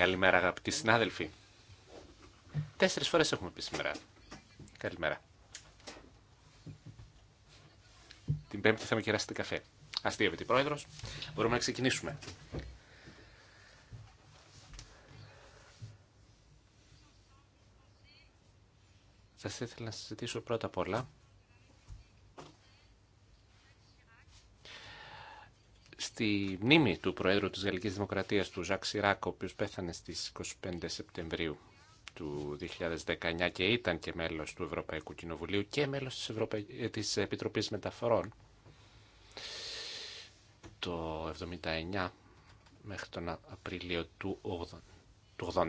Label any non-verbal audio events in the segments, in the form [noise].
Καλημέρα αγαπητοί συνάδελφοι. Τέσσερις φορές έχουμε πει σήμερα. Καλημέρα. Την πέμπτη θα με κεράσετε καφέ. Αστείευεται η πρόεδρος. Μπορούμε να ξεκινήσουμε. Θα ήθελα να συζητήσω πρώτα απ' όλα στη μνήμη του Προέδρου της Γαλλικής Δημοκρατίας, του Ζακ Σιράκ, ο οποίος πέθανε στις 25 Σεπτεμβρίου του 2019 και ήταν και μέλος του Ευρωπαϊκού Κοινοβουλίου και μέλος της, Ευρωπα... Ε, Επιτροπής Μεταφορών το 79 μέχρι τον Απρίλιο του 80.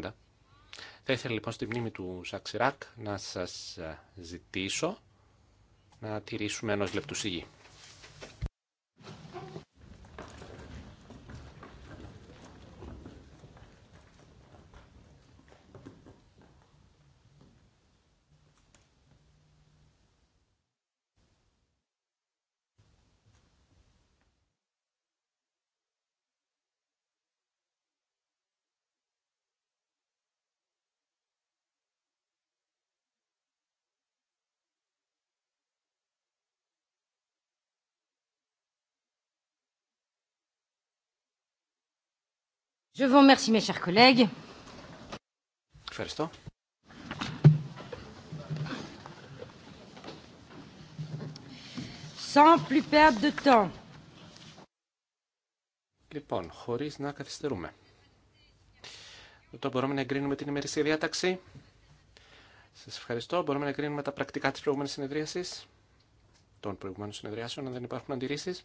Θα ήθελα λοιπόν στη μνήμη του Ζακ Σιράκ να σας ε, ζητήσω να τηρήσουμε ενός λεπτού σιγή. Je vous remercie, mes chers collègues. Ευχαριστώ. Sans plus perdre de temps. Λοιπόν, χωρίς να καθυστερούμε. εδώ μπορούμε να εγκρίνουμε την ημερήσια διάταξη. Σας ευχαριστώ. Μπορούμε να εγκρίνουμε τα πρακτικά της προηγούμενης συνεδρίασης, των προηγούμενων συνεδριάσεων, αν δεν υπάρχουν αντιρρήσεις.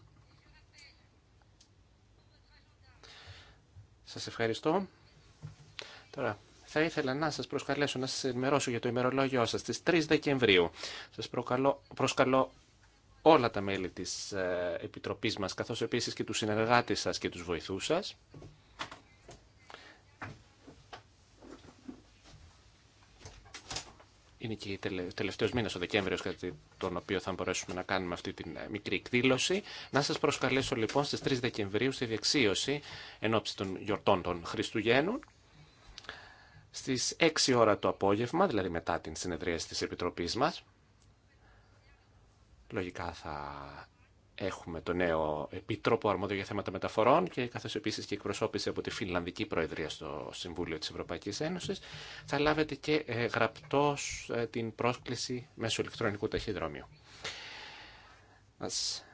Σας ευχαριστώ. Τώρα, θα ήθελα να σας προσκαλέσω να σας ενημερώσω για το ημερολόγιο σας στις 3 Δεκεμβρίου. Σας προσκαλώ όλα τα μέλη της ε, Επιτροπής μας, καθώς επίσης και τους συνεργάτες σας και τους βοηθούς σας. Είναι και τελευταίος μήνας, ο Δεκέμβριο τον οποίο θα μπορέσουμε να κάνουμε αυτή την ε, μικρή εκδήλωση. Να σας προσκαλέσω λοιπόν στις 3 Δεκεμβρίου στη διεξίωση εν ώψη των γιορτών των Χριστουγέννων στις 6 ώρα το απόγευμα, δηλαδή μετά την συνεδρία της Επιτροπής μας. Λογικά θα Έχουμε το νέο Επίτροπο Αρμόδιο για θέματα μεταφορών και καθώς επίσης και εκπροσώπηση από τη Φινλανδική Προεδρία στο Συμβούλιο της Ευρωπαϊκής Ένωσης θα λάβετε και ε, γραπτός ε, την πρόσκληση μέσω ηλεκτρονικού ταχυδρομείου. Ας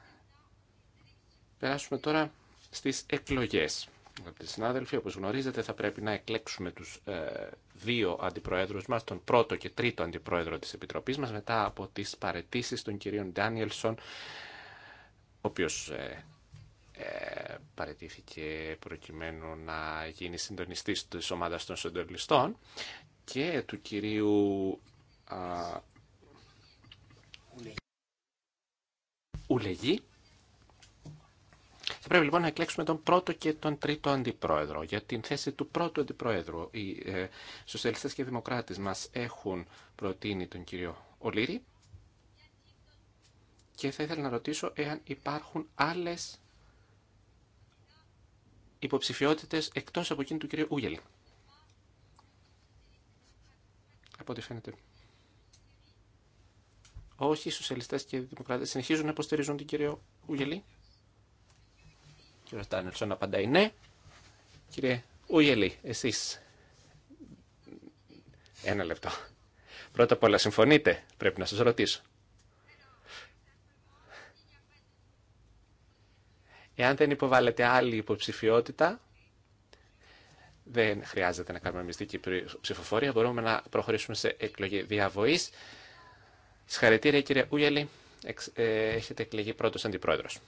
περάσουμε τώρα στις εκλογές. Αγαπητοί συνάδελφοι, όπως γνωρίζετε θα πρέπει να εκλέξουμε τους ε, δύο αντιπροέδρους μας, τον πρώτο και τρίτο αντιπρόεδρο της Επιτροπής μας, μετά από τις παρετήσεις των κυρίων Ντάνιελσον οποίος ε, ε, παραιτήθηκε προκειμένου να γίνει συντονιστής της ομάδας των συντονιστών και του κυρίου α, Ουλεγή. Θα πρέπει λοιπόν να εκλέξουμε τον πρώτο και τον τρίτο αντιπρόεδρο. Για την θέση του πρώτου αντιπρόεδρου οι ε, σοσιαλιστές και δημοκράτες μας έχουν προτείνει τον κύριο Ολύρη και θα ήθελα να ρωτήσω εάν υπάρχουν άλλες υποψηφιότητες εκτός από εκείνη του κυρίου Ούγελη. Από ό,τι φαίνεται. Όχι, οι σοσιαλιστές και οι δημοκράτες συνεχίζουν να υποστηρίζουν την κυριό Ούγελη. Κύριε κύριος Τάνελσον απαντάει ναι. Κύριε Ούγελη, εσείς. Ένα λεπτό. Πρώτα απ' όλα συμφωνείτε, πρέπει να σας ρωτήσω. Εάν δεν υποβάλλεται άλλη υποψηφιότητα, δεν χρειάζεται να κάνουμε μυστική ψηφοφορία. Μπορούμε να προχωρήσουμε σε εκλογή διαβοής. Συγχαρητήρια κύριε Ούγελη. Ε, έχετε εκλεγεί πρώτος αντιπρόεδρος.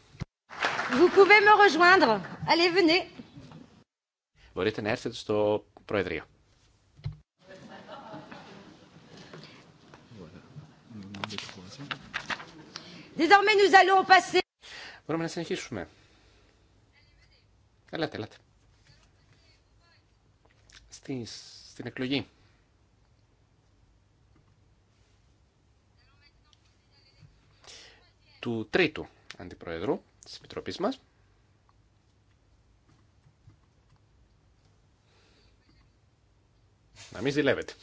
Μπορείτε να έρθετε στο Προεδρείο. Μπορούμε να συνεχίσουμε. Ελάτε, ελάτε. στην εκλογή. Του τρίτου αντιπροεδρού της Επιτροπής μας. Να μην ζηλεύετε.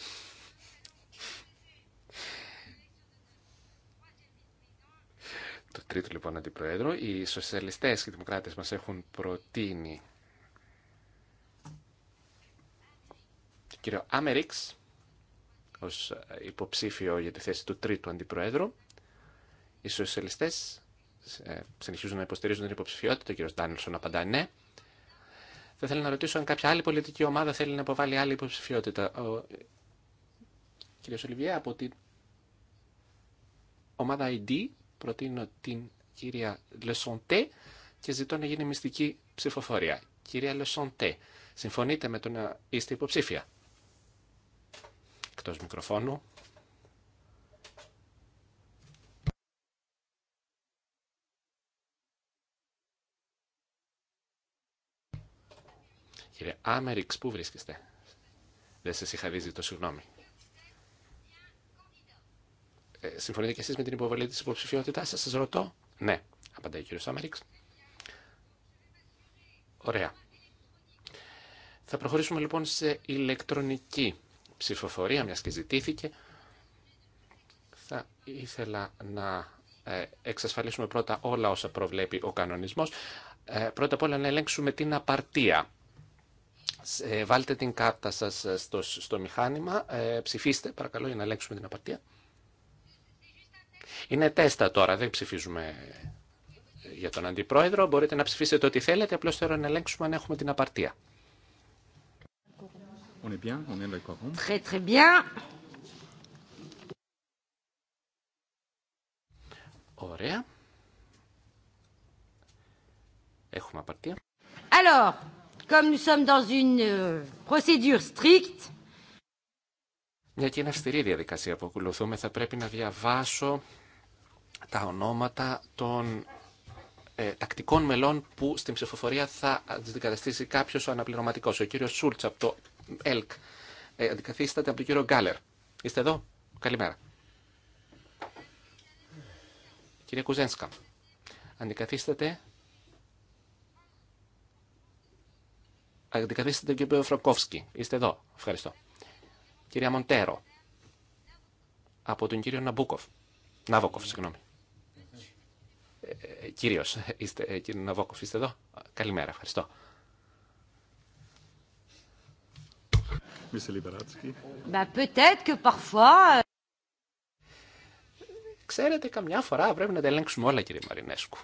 το τρίτο λοιπόν Αντιπρόεδρου. Οι σοσιαλιστές και οι δημοκράτες μας έχουν προτείνει τον κύριο Άμεριξ ως υποψήφιο για τη θέση του τρίτου αντιπροέδρου. Οι σοσιαλιστές ε, συνεχίζουν να υποστηρίζουν την υποψηφιότητα. Ο κύριο Ντάνιλσον απαντά ναι. Θα ήθελα να ρωτήσω αν κάποια άλλη πολιτική ομάδα θέλει να αποβάλει άλλη υποψηφιότητα. Ο κύριος Ολιβιέ από την ομάδα ID προτείνω την κυρία Λεσοντέ και ζητώ να γίνει μυστική ψηφοφορία. Κυρία Λεσοντέ, συμφωνείτε με το να είστε υποψήφια. Εκτός μικροφώνου. Κύριε Άμεριξ, πού βρίσκεστε. Δεν σας είχα το συγγνώμη. Ε, συμφωνείτε και εσείς με την υποβολή της υποψηφιότητά σας, σα ρωτώ. Ναι, απαντάει ο κύριο Σάμαριξ. Ωραία. Θα προχωρήσουμε λοιπόν σε ηλεκτρονική ψηφοφορία, μια και ζητήθηκε. Θα ήθελα να ε, εξασφαλίσουμε πρώτα όλα όσα προβλέπει ο κανονισμός. Ε, πρώτα απ' όλα να ελέγξουμε την απαρτία. Βάλτε την κάρτα σας στο, στο μηχάνημα, ψηφίστε παρακαλώ για να ελέγξουμε την απαρτία. Είναι τέστα τώρα, δεν ψηφίζουμε για τον Αντιπρόεδρο. Μπορείτε να ψηφίσετε ό,τι θέλετε, απλώς θέλω να ελέγξουμε αν έχουμε την απαρτία. Ωραία. Έχουμε απαρτία. Alors, comme euh, μια και είναι αυστηρή διαδικασία που ακολουθούμε, θα πρέπει να διαβάσω τα ονόματα των ε, τακτικών μελών που στην ψηφοφορία θα αντικαταστήσει κάποιο ο αναπληρωματικό. Ο κύριο Σούλτ από το ΕΛΚ ε, αντικαθίσταται από τον κύριο Γκάλερ. Είστε εδώ. Καλημέρα. Κυρία Κουζένσκα, αντικαθίσταται. Αντικαθίσταται τον κύριο Φροκόφσκι. Είστε εδώ. Ευχαριστώ. Κυρία Μοντέρο, από τον κύριο Ναμπούκοφ. Ναβόκοφ, συγγνώμη. Κύριος, είστε, ε, κύριε Ναβόκοφ, είστε εδώ. Καλημέρα, ευχαριστώ. Euh, Ξέρετε, καμιά φορά πρέπει να τα ελέγξουμε όλα, κύριε Μαρινέσκου.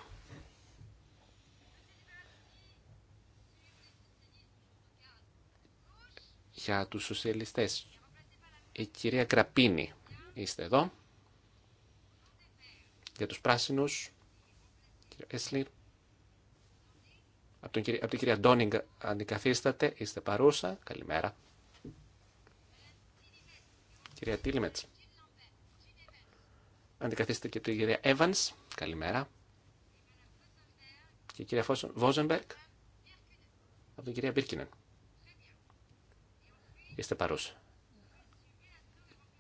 Για τους σοσιαλιστές, η κυρία Κραπίνη, είστε εδώ. Για τους πράσινους, κύριο Έσλι. Από, την κυρία Ντόνιγκ αντικαθίσταται. Είστε παρούσα. Καλημέρα. Κυρία Τίλιμετς. Αντικαθίσταται και την κυρία Εύανς. Καλημέρα. Και η κυρία Βόζενμπερκ. Από την κυρία Μπίρκινεν. Είστε παρούσα.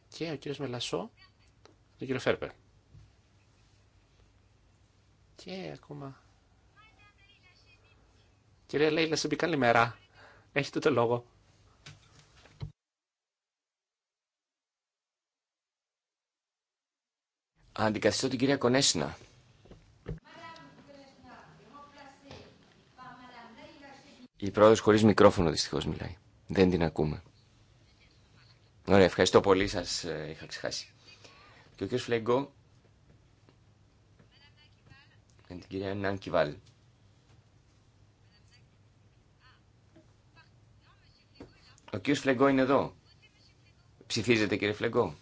Και ο κύριος Μελασσό. τον κύριο Φέρπερ. Και ακόμα. Κυρία Λέιλα μπει καλημέρα. Έχετε το λόγο. Αντικαθιστώ την κυρία Κονέσινα. Η πρόεδρος χωρίς μικρόφωνο δυστυχώς μιλάει. Δεν την ακούμε. Ωραία, ευχαριστώ πολύ. Σας ε, είχα ξεχάσει. Και ο κ. Φλέγκο με την κυρία Νάν Κιβάλ. Ο κύριος Φλεγκό είναι εδώ. Ψηφίζετε κύριε Φλεγκό.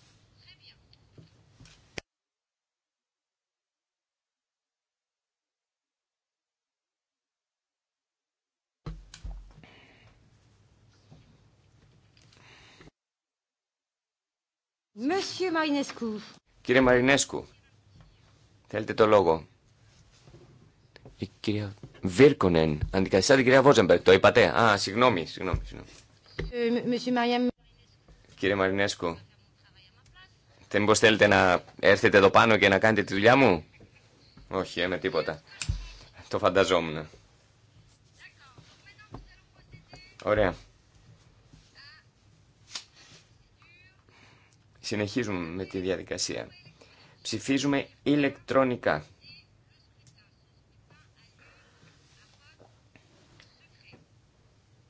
Κύριε Μαρινέσκου, θέλετε το λόγο. Η κυρία Βίρκονεν αντικαθιστά την κυρία Βόζεμπερ. Το είπατε. Α, συγγνώμη, συγγνώμη. συγγνώμη. Κύριε Μαρινέσκου, δεν θέλετε να έρθετε εδώ πάνω και να κάνετε τη δουλειά μου. Όχι, έμε ε, τίποτα. Το φανταζόμουν. Ωραία. Συνεχίζουμε με τη διαδικασία. Ψηφίζουμε ηλεκτρονικά.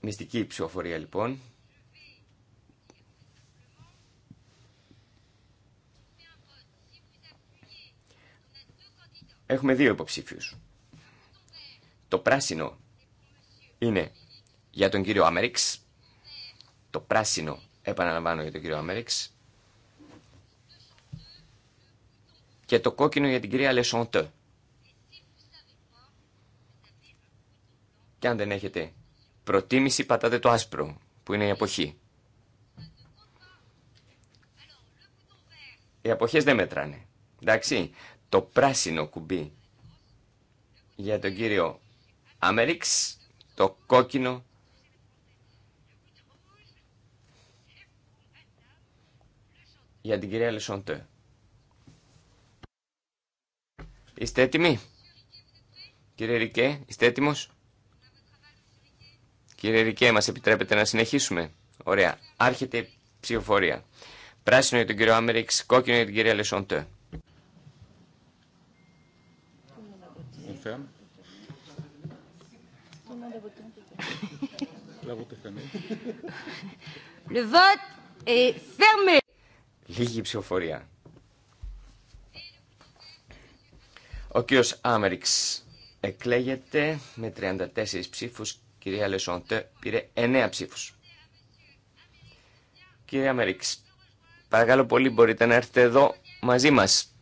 Μυστική ψηφοφορία λοιπόν. Έχουμε δύο υποψήφιους. Το πράσινο είναι για τον κύριο Άμεριξ. Το πράσινο, επαναλαμβάνω, για τον κύριο Άμεριξ. Και το κόκκινο για την κυρία Λεσόντε. Και αν δεν έχετε προτίμηση πατάτε το άσπρο, που είναι η αποχή. Οι εποχές δεν μετράνε. Εντάξει, το πράσινο κουμπί για τον κύριο Αμερίξ, το κόκκινο για την κυρία Λεσόντε. Είστε έτοιμοι? Κύριε Ρικέ, είστε έτοιμος? Κύριε Ρικέ, μα επιτρέπετε να συνεχίσουμε. Ωραία. Άρχεται η ψηφοφορία. Πράσινο για τον κύριο Άμεριξ, κόκκινο για την κυρία Λεσοντέ. Le vote est Λίγη ψηφοφορία. Ο κύριος Άμεριξ εκλέγεται με 34 ψήφους κυρία Λεσόντε πήρε εννέα ψήφους. Κυρία Μερίξ, παρακαλώ πολύ μπορείτε να έρθετε εδώ μαζί μας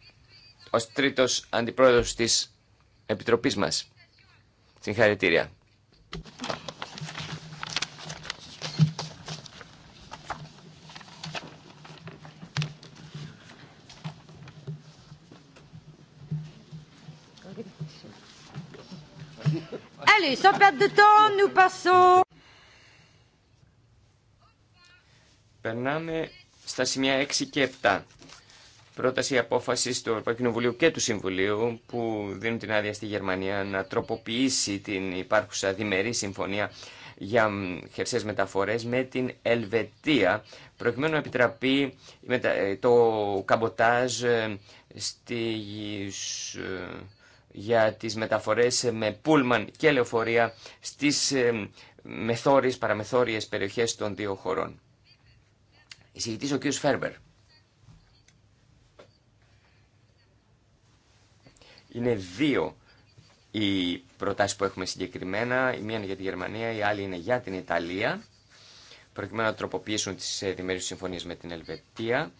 ως τρίτος αντιπρόεδρος της Επιτροπής μας. Συγχαρητήρια. Allez, sans Περνάμε στα σημεία 6 και 7. Πρόταση απόφαση του Ευρωπαϊκού Κοινοβουλίου και του Συμβουλίου που δίνουν την άδεια στη Γερμανία να τροποποιήσει την υπάρχουσα διμερή συμφωνία για χερσές μεταφορέ με την Ελβετία προκειμένου να επιτραπεί το καμποτάζ ε, στις για τις μεταφορές με πούλμαν και λεωφορεία στις ε, μεθόρειες, παραμεθόριες περιοχές των δύο χωρών. Εισηγητής ο κ. Φέρμπερ. Είναι δύο οι προτάσεις που έχουμε συγκεκριμένα. Η μία είναι για τη Γερμανία, η άλλη είναι για την Ιταλία. Προκειμένου να τροποποιήσουν τις ε, διμερείς συμφωνίες με την Ελβετία.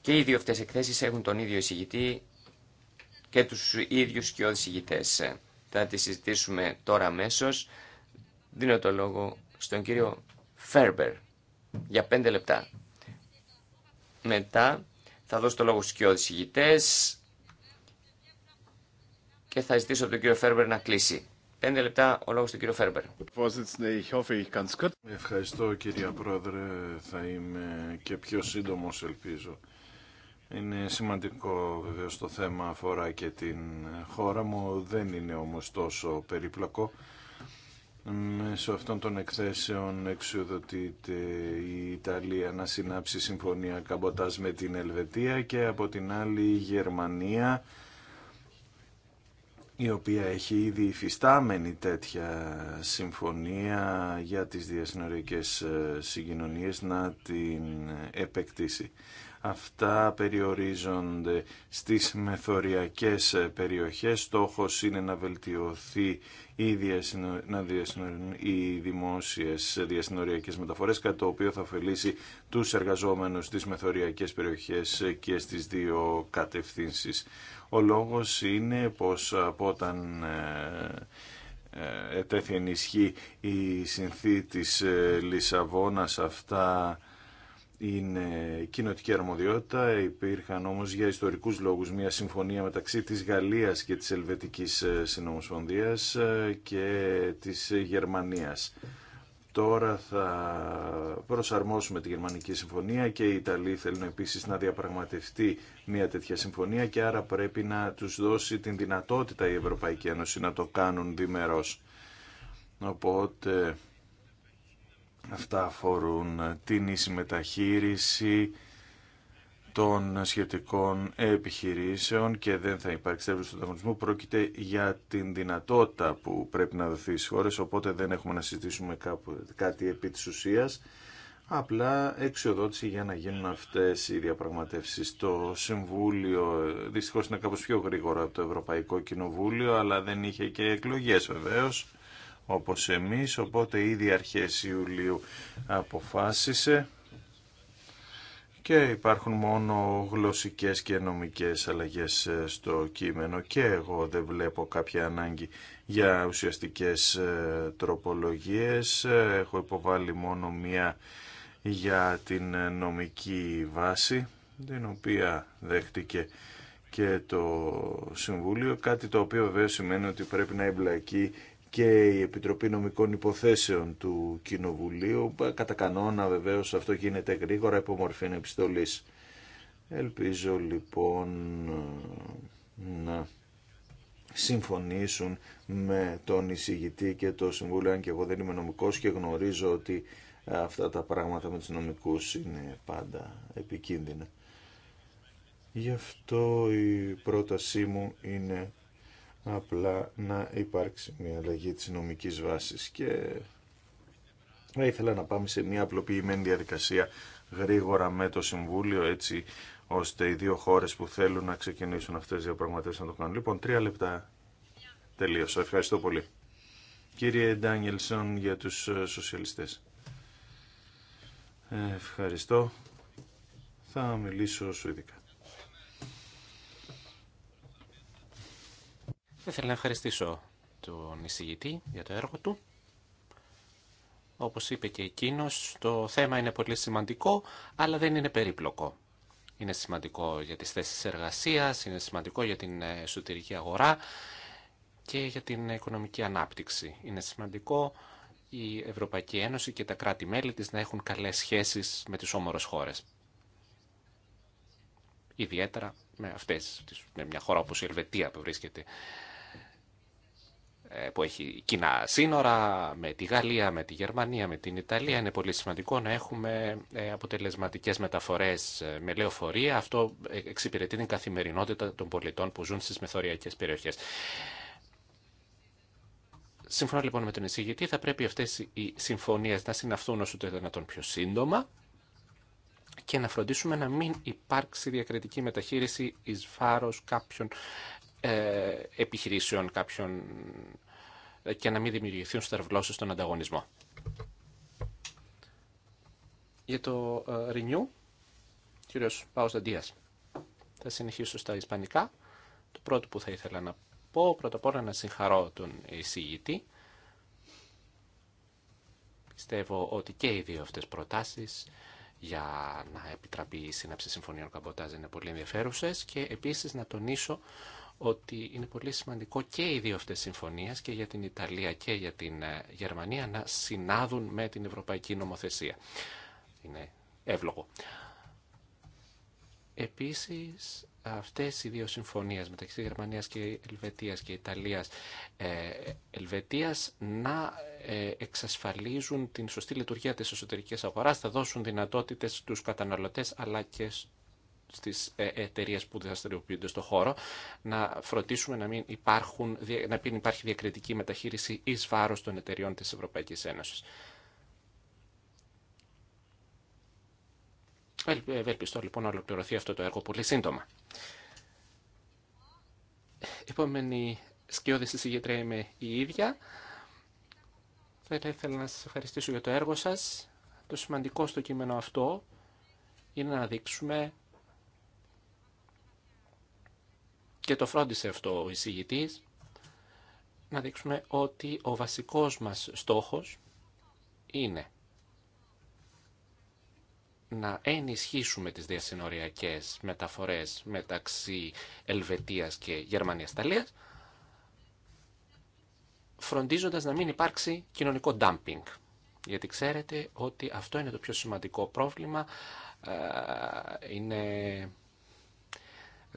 Και οι δύο αυτές εκθέσεις έχουν τον ίδιο εισηγητή, και τους ίδιους και ηγητές. Θα τη συζητήσουμε τώρα αμέσω. Δίνω το λόγο στον κύριο Φέρμπερ για πέντε λεπτά. Μετά θα δώσω το λόγο στους κοιόδης ηγητές και θα ζητήσω από τον κύριο Φέρμπερ να κλείσει. Πέντε λεπτά ο λόγος του κύριο Φέρμπερ. Ευχαριστώ κυρία Πρόεδρε, θα είμαι και πιο σύντομος ελπίζω. Είναι σημαντικό βεβαίως το θέμα αφορά και την χώρα μου, δεν είναι όμως τόσο περίπλοκο. Μέσω αυτών των εκθέσεων εξουδοτείται η Ιταλία να συνάψει συμφωνία καμποτάς με την Ελβετία και από την άλλη η Γερμανία η οποία έχει ήδη υφιστάμενη τέτοια συμφωνία για τις διασυνοριακές ε, συγκοινωνίες να την επεκτήσει. Αυτά περιορίζονται στις μεθοριακές περιοχές. Στόχος είναι να βελτιωθεί οι, διασυνο... να διασυνο... οι δημόσιες διασυνοριακές μεταφορές, κατά το οποίο θα ωφελήσει τους εργαζόμενους στις μεθοριακές περιοχές και στις δύο κατευθύνσεις. Ο λόγος είναι πως από όταν ε, ε, τέθη ενισχύ η συνθήτης της ε, Λισαβόνας αυτά είναι κοινοτική αρμοδιότητα. Υπήρχαν όμως για ιστορικούς λόγους μια συμφωνία μεταξύ της Γαλλίας και της Ελβετικής ε, Συνομοσπονδίας ε, και της Γερμανίας. Τώρα θα προσαρμόσουμε τη Γερμανική Συμφωνία και οι Ιταλοί θέλουν επίσης να διαπραγματευτεί μια τέτοια συμφωνία και άρα πρέπει να τους δώσει την δυνατότητα η Ευρωπαϊκή Ένωση να το κάνουν διμερός. Οπότε Αυτά αφορούν ε, την ίση μεταχείριση των σχετικών επιχειρήσεων και δεν θα υπάρξει έβριση του ανταγωνισμού. Πρόκειται για την δυνατότητα που πρέπει να δοθεί στις χώρες, οπότε δεν έχουμε να συζητήσουμε κάπου, κάτι επί της ουσίας. Απλά εξοδότηση για να γίνουν αυτές οι διαπραγματεύσεις. Το Συμβούλιο ε, δυστυχώς είναι κάπως πιο γρήγορο από το Ευρωπαϊκό Κοινοβούλιο, αλλά δεν είχε και εκλογές βεβαίως όπως εμείς, οπότε ήδη αρχές Ιουλίου αποφάσισε και υπάρχουν μόνο γλωσσικές και νομικές αλλαγές ε, στο κείμενο και εγώ δεν βλέπω κάποια ανάγκη για ουσιαστικές ε, τροπολογίες. Ε, έχω υποβάλει μόνο μία για την νομική βάση, την οποία δέχτηκε και το Συμβούλιο, κάτι το οποίο βέβαια σημαίνει ότι πρέπει να εμπλακεί και η Επιτροπή Νομικών Υποθέσεων του Κοινοβουλίου. Ε, κατά κανόνα βεβαίως αυτό γίνεται γρήγορα υπό μορφή επιστολής. Ελπίζω λοιπόν να συμφωνήσουν με τον εισηγητή και το Συμβούλιο, αν και εγώ δεν είμαι νομικός και γνωρίζω ότι αυτά τα πράγματα με τους νομικούς είναι πάντα επικίνδυνα. Γι' αυτό η πρότασή μου είναι απλά να υπάρξει μια αλλαγή της νομικής βάσης και θα ήθελα να πάμε σε μια απλοποιημένη διαδικασία γρήγορα με το Συμβούλιο έτσι ώστε οι δύο χώρες που θέλουν να ξεκινήσουν αυτές τις διαπραγματεύσεις να το κάνουν. Λοιπόν, τρία λεπτά τελείωσα. Ευχαριστώ πολύ. Κύριε Ντάνιελσον για τους ε, σοσιαλιστές. Ε, ευχαριστώ. Θα μιλήσω σου ειδικά. Θα ήθελα να ευχαριστήσω τον εισηγητή για το έργο του. Όπως είπε και εκείνος, το θέμα είναι πολύ σημαντικό, αλλά δεν είναι περίπλοκο. Είναι σημαντικό για τις θέσεις εργασίας, είναι σημαντικό για την εσωτερική αγορά και για την οικονομική ανάπτυξη. Είναι σημαντικό η Ευρωπαϊκή Ένωση και τα κράτη-μέλη της να έχουν καλές σχέσεις με τις όμορες χώρες. Ιδιαίτερα με αυτές, με μια χώρα όπως η Ελβετία που βρίσκεται ε, που έχει κοινά σύνορα με τη Γαλλία, με τη Γερμανία, με την Ιταλία. Είναι πολύ σημαντικό να έχουμε ε, αποτελεσματικές μεταφορές ε, με λεωφορεία. Αυτό εξυπηρετεί την καθημερινότητα των πολιτών που ζουν στις μεθοριακές περιοχές. Σύμφωνα λοιπόν με τον εισηγητή θα πρέπει αυτές οι συμφωνίες να συναυθούν όσο το δυνατόν πιο σύντομα και να φροντίσουμε να μην υπάρξει διακριτική μεταχείριση εις βάρος κάποιων ε, επιχειρήσεων κάποιων ε, και να μην δημιουργηθούν σταρβλώσεις στον ανταγωνισμό. Για το ε, Renew, κύριος Πάος Δαντίας. Θα συνεχίσω στα ισπανικά. Το πρώτο που θα ήθελα να πω, πρώτα απ' όλα να συγχαρώ τον εισηγητή. Πιστεύω ότι και οι δύο αυτές προτάσεις για να επιτραπεί η σύναψη συμφωνίων καμποτάζ είναι πολύ ενδιαφέρουσες και επίσης να τονίσω ότι είναι πολύ σημαντικό και οι δύο αυτέ συμφωνίε και για την Ιταλία και για την ε, Γερμανία να συνάδουν με την Ευρωπαϊκή Νομοθεσία. Είναι εύλογο. Επίσης, αυτές οι δύο συμφωνίες μεταξύ Γερμανίας και Ελβετίας και Ιταλίας ε, Ελβετίας να ε, εξασφαλίζουν την σωστή λειτουργία της εσωτερικής αγοράς, θα δώσουν δυνατότητες στους καταναλωτές αλλά και Στι ε, εταιρείε που δραστηριοποιούνται στο χώρο, να φροντίσουμε να μην, υπάρχουν, να μην υπάρχει διακριτική μεταχείριση ει βάρο των εταιριών τη ευρωπαικη ενωση Ευελπιστώ λοιπόν να ολοκληρωθεί αυτό το έργο πολύ σύντομα. Επόμενη σκιώδη συγγετρία είμαι η ίδια. Θα ήθελα να σας ευχαριστήσω για το έργο σας. Το σημαντικό στο κείμενο αυτό είναι να δείξουμε και το φρόντισε αυτό ο εισηγητής, να δείξουμε ότι ο βασικός μας στόχος είναι να ενισχύσουμε τις διασυνοριακές μεταφορές μεταξύ Ελβετίας και Γερμανίας-Ταλίας, φροντίζοντας να μην υπάρξει κοινωνικό dumping. Γιατί ξέρετε ότι αυτό είναι το πιο σημαντικό πρόβλημα. Ε, είναι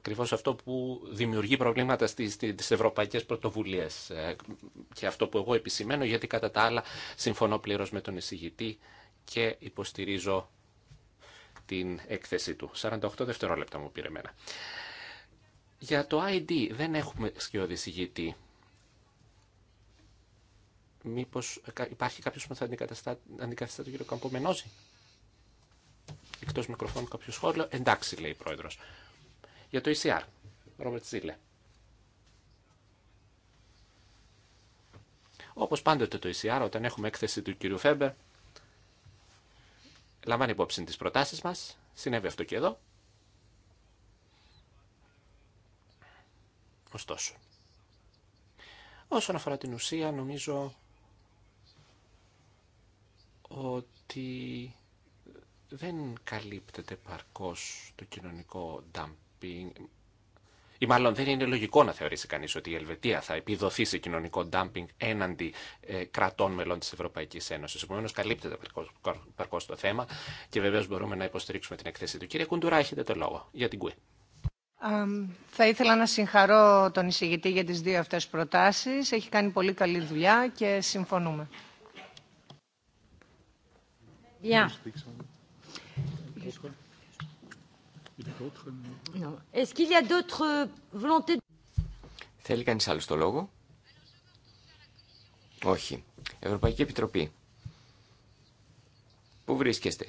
ακριβώς αυτό που δημιουργεί προβλήματα στις, στις ευρωπαϊκές πρωτοβουλίες. Ε, και αυτό που εγώ επισημαίνω, γιατί κατά τα άλλα συμφωνώ πλήρως με τον εισηγητή και υποστηρίζω την έκθεση του. 48 δευτερόλεπτα μου πήρε εμένα. Για το ID δεν έχουμε σκιώδη εισηγητή. Μήπως υπάρχει κάποιος που θα αντικαταστά, τον κύριο Καμπομενόζη. Εκτός μικροφώνου κάποιο σχόλιο. Εντάξει λέει η πρόεδρος. Για το ECR, Ρόμπερτ Σίλε. Όπως πάντοτε το ECR, όταν έχουμε έκθεση του κυρίου Φέμπερ, λαμβάνει υπόψη τις προτάσεις μας, συνέβη αυτό και εδώ. Ωστόσο, όσον αφορά την ουσία, νομίζω ότι δεν καλύπτεται παρκώς το κοινωνικό dump η Ελβετία θα επιδοθεί σε κοινωνικό ντάμπινγκ έναντι ε, κρατών μελών της Ευρωπαϊκής Ένωσης. Επομένω, καλύπτεται παρκώς το θέμα και βεβαίως μπορούμε να υποστηρίξουμε την εκθέση του. Κύριε Κουντουρά, έχετε το λόγο για την ΚΟΕ. Θα ήθελα να συγχαρώ τον εισηγητή για τι δύο αυτέ προτάσει. Έχει κάνει πολύ καλή δουλειά και συμφωνούμε. Yeah. Θέλει κανείς άλλο το λόγο. Όχι. Ευρωπαϊκή Επιτροπή. Πού βρίσκεστε.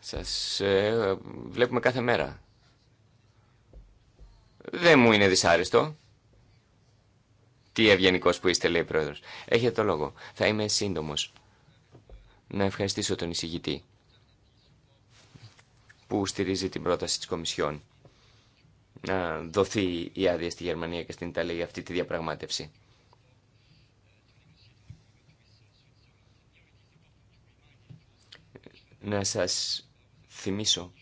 Σας ε, βλέπουμε κάθε μέρα. Δεν μου είναι δυσάρεστο. Τι ευγενικό που είστε, λέει ο πρόεδρο. Έχετε το λόγο. Θα είμαι σύντομο. Να ευχαριστήσω τον εισηγητή που στηρίζει την πρόταση της Κομισιόν να δοθεί η άδεια στη Γερμανία και στην Ιταλία για αυτή τη διαπραγμάτευση. Να σας θυμίσω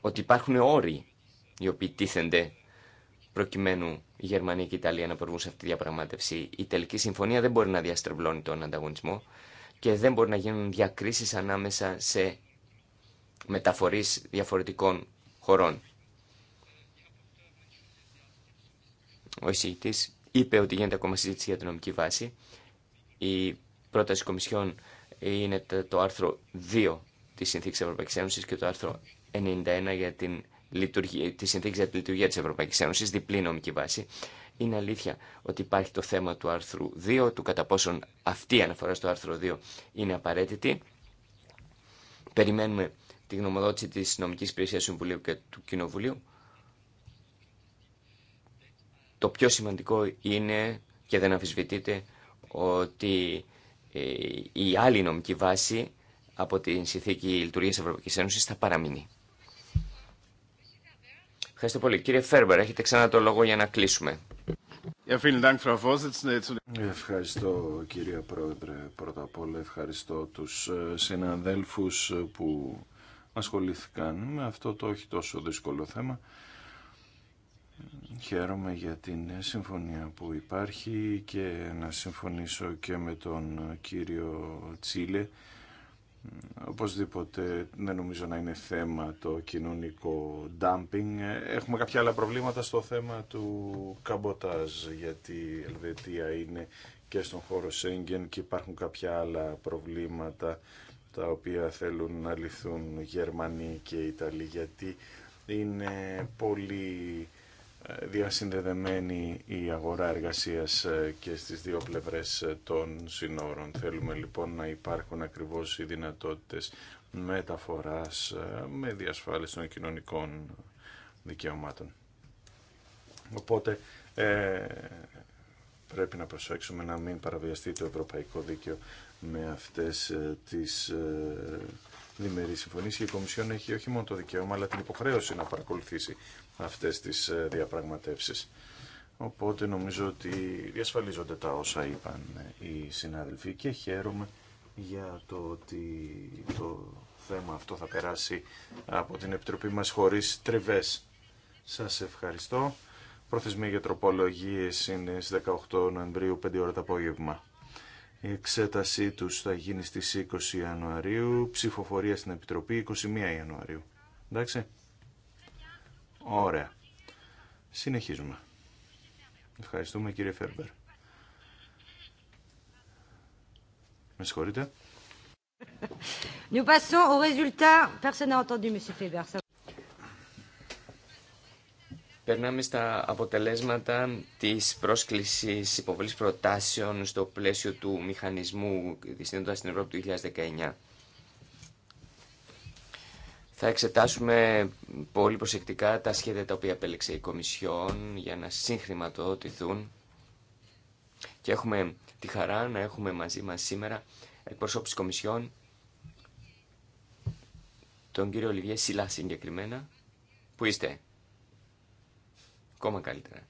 ότι υπάρχουν όροι οι οποίοι τίθενται προκειμένου η Γερμανία και η Ιταλία να προβούν σε αυτή τη διαπραγμάτευση. Η τελική συμφωνία δεν μπορεί να διαστρεβλώνει τον ανταγωνισμό και δεν μπορεί να γίνουν διακρίσεις ανάμεσα σε μεταφορής διαφορετικών χωρών. Ο εισηγητής είπε ότι γίνεται ακόμα συζήτηση για την νομική βάση. Η πρόταση Κομισιόν είναι το άρθρο 2 της Συνθήκης Ευρωπαϊκή Ένωσης και το άρθρο 91 για την τη συνθήκη για τη λειτουργία τη Ευρωπαϊκή Ένωση, διπλή νομική βάση. Είναι αλήθεια ότι υπάρχει το θέμα του άρθρου 2, του κατά πόσον αυτή η αναφορά στο άρθρο 2 είναι απαραίτητη. Περιμένουμε τη γνωμοδότηση της νομικής υπηρεσίας του Συμβουλίου και του Κοινοβουλίου. Το πιο σημαντικό είναι και δεν αμφισβητείτε ότι ε, η άλλη νομική βάση από την συνθήκη λειτουργία της Ευρωπαϊκή Ένωση θα παραμείνει. Ευχαριστώ πολύ. Κύριε Φέρμπερ, έχετε ξανά το λόγο για να κλείσουμε. Ευχαριστώ κύριε Πρόεδρε. Πρώτα απ' όλα ευχαριστώ τους ε, συναδέλφους που ασχολήθηκαν με αυτό το όχι τόσο δύσκολο θέμα. Χαίρομαι για την συμφωνία που υπάρχει και να συμφωνήσω και με τον κύριο Τσίλε. Οπωσδήποτε δεν νομίζω να είναι θέμα το κοινωνικό dumping. Έχουμε κάποια άλλα προβλήματα στο θέμα του καμποτάζ, γιατί η Ελβετία είναι και στον χώρο Σέγγεν και υπάρχουν κάποια άλλα προβλήματα τα οποία θέλουν να λυθούν Γερμανοί και Ιταλοί γιατί είναι πολύ ε, διασυνδεδεμένη η αγορά εργασίας ε, και στις δύο πλευρές ε, των συνόρων. Θέλουμε λοιπόν να υπάρχουν ακριβώς οι δυνατότητες μεταφοράς με διασφάλιση των κοινωνικών δικαιωμάτων. Οπότε ε, πρέπει να προσέξουμε να μην παραβιαστεί το ευρωπαϊκό δίκαιο με αυτές ε, τις ε, διμερείς συμφωνίες και η Κομισιόν έχει όχι μόνο το δικαίωμα αλλά την υποχρέωση να παρακολουθήσει αυτές τις ε, διαπραγματεύσεις. Οπότε νομίζω ότι διασφαλίζονται τα όσα είπαν οι συνάδελφοι και χαίρομαι για το ότι το θέμα αυτό θα περάσει από την Επιτροπή μας χωρίς τριβές. Σας ευχαριστώ. Προθεσμία για τροπολογίες είναι στις 18 Νοεμβρίου 5 ώρα το απόγευμα. Η εξέτασή του θα γίνει στις 20 Ιανουαρίου, ψηφοφορία στην Επιτροπή 21 Ιανουαρίου. Εντάξει. Ωραία. Συνεχίζουμε. Ευχαριστούμε κύριε Φέρμπερ. Με συγχωρείτε. Nous passons aux Personne n'a entendu, Περνάμε στα αποτελέσματα της πρόσκλησης υποβολής προτάσεων στο πλαίσιο του μηχανισμού δυσυνέντας στην Ευρώπη του 2019. Θα εξετάσουμε πολύ προσεκτικά τα σχέδια τα οποία επέλεξε η Κομισιόν για να συγχρηματοδοτηθούν και έχουμε τη χαρά να έχουμε μαζί μας σήμερα εκπροσώπηση Κομισιόν τον κύριο Ολιβιέ Σιλά συγκεκριμένα. Πού είστε? Ακόμα καλύτερα.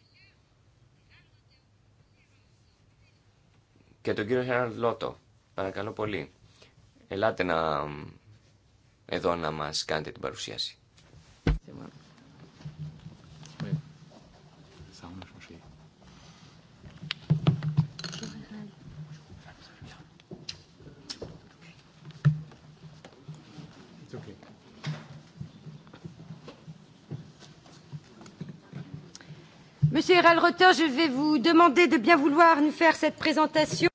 Και τον κύριο Χέραν Λότο, παρακαλώ πολύ, ελάτε να εδώ να μας κάνετε την παρουσίαση. Monsieur Ralrotter, je vais vous demander de bien vouloir nous faire cette présentation.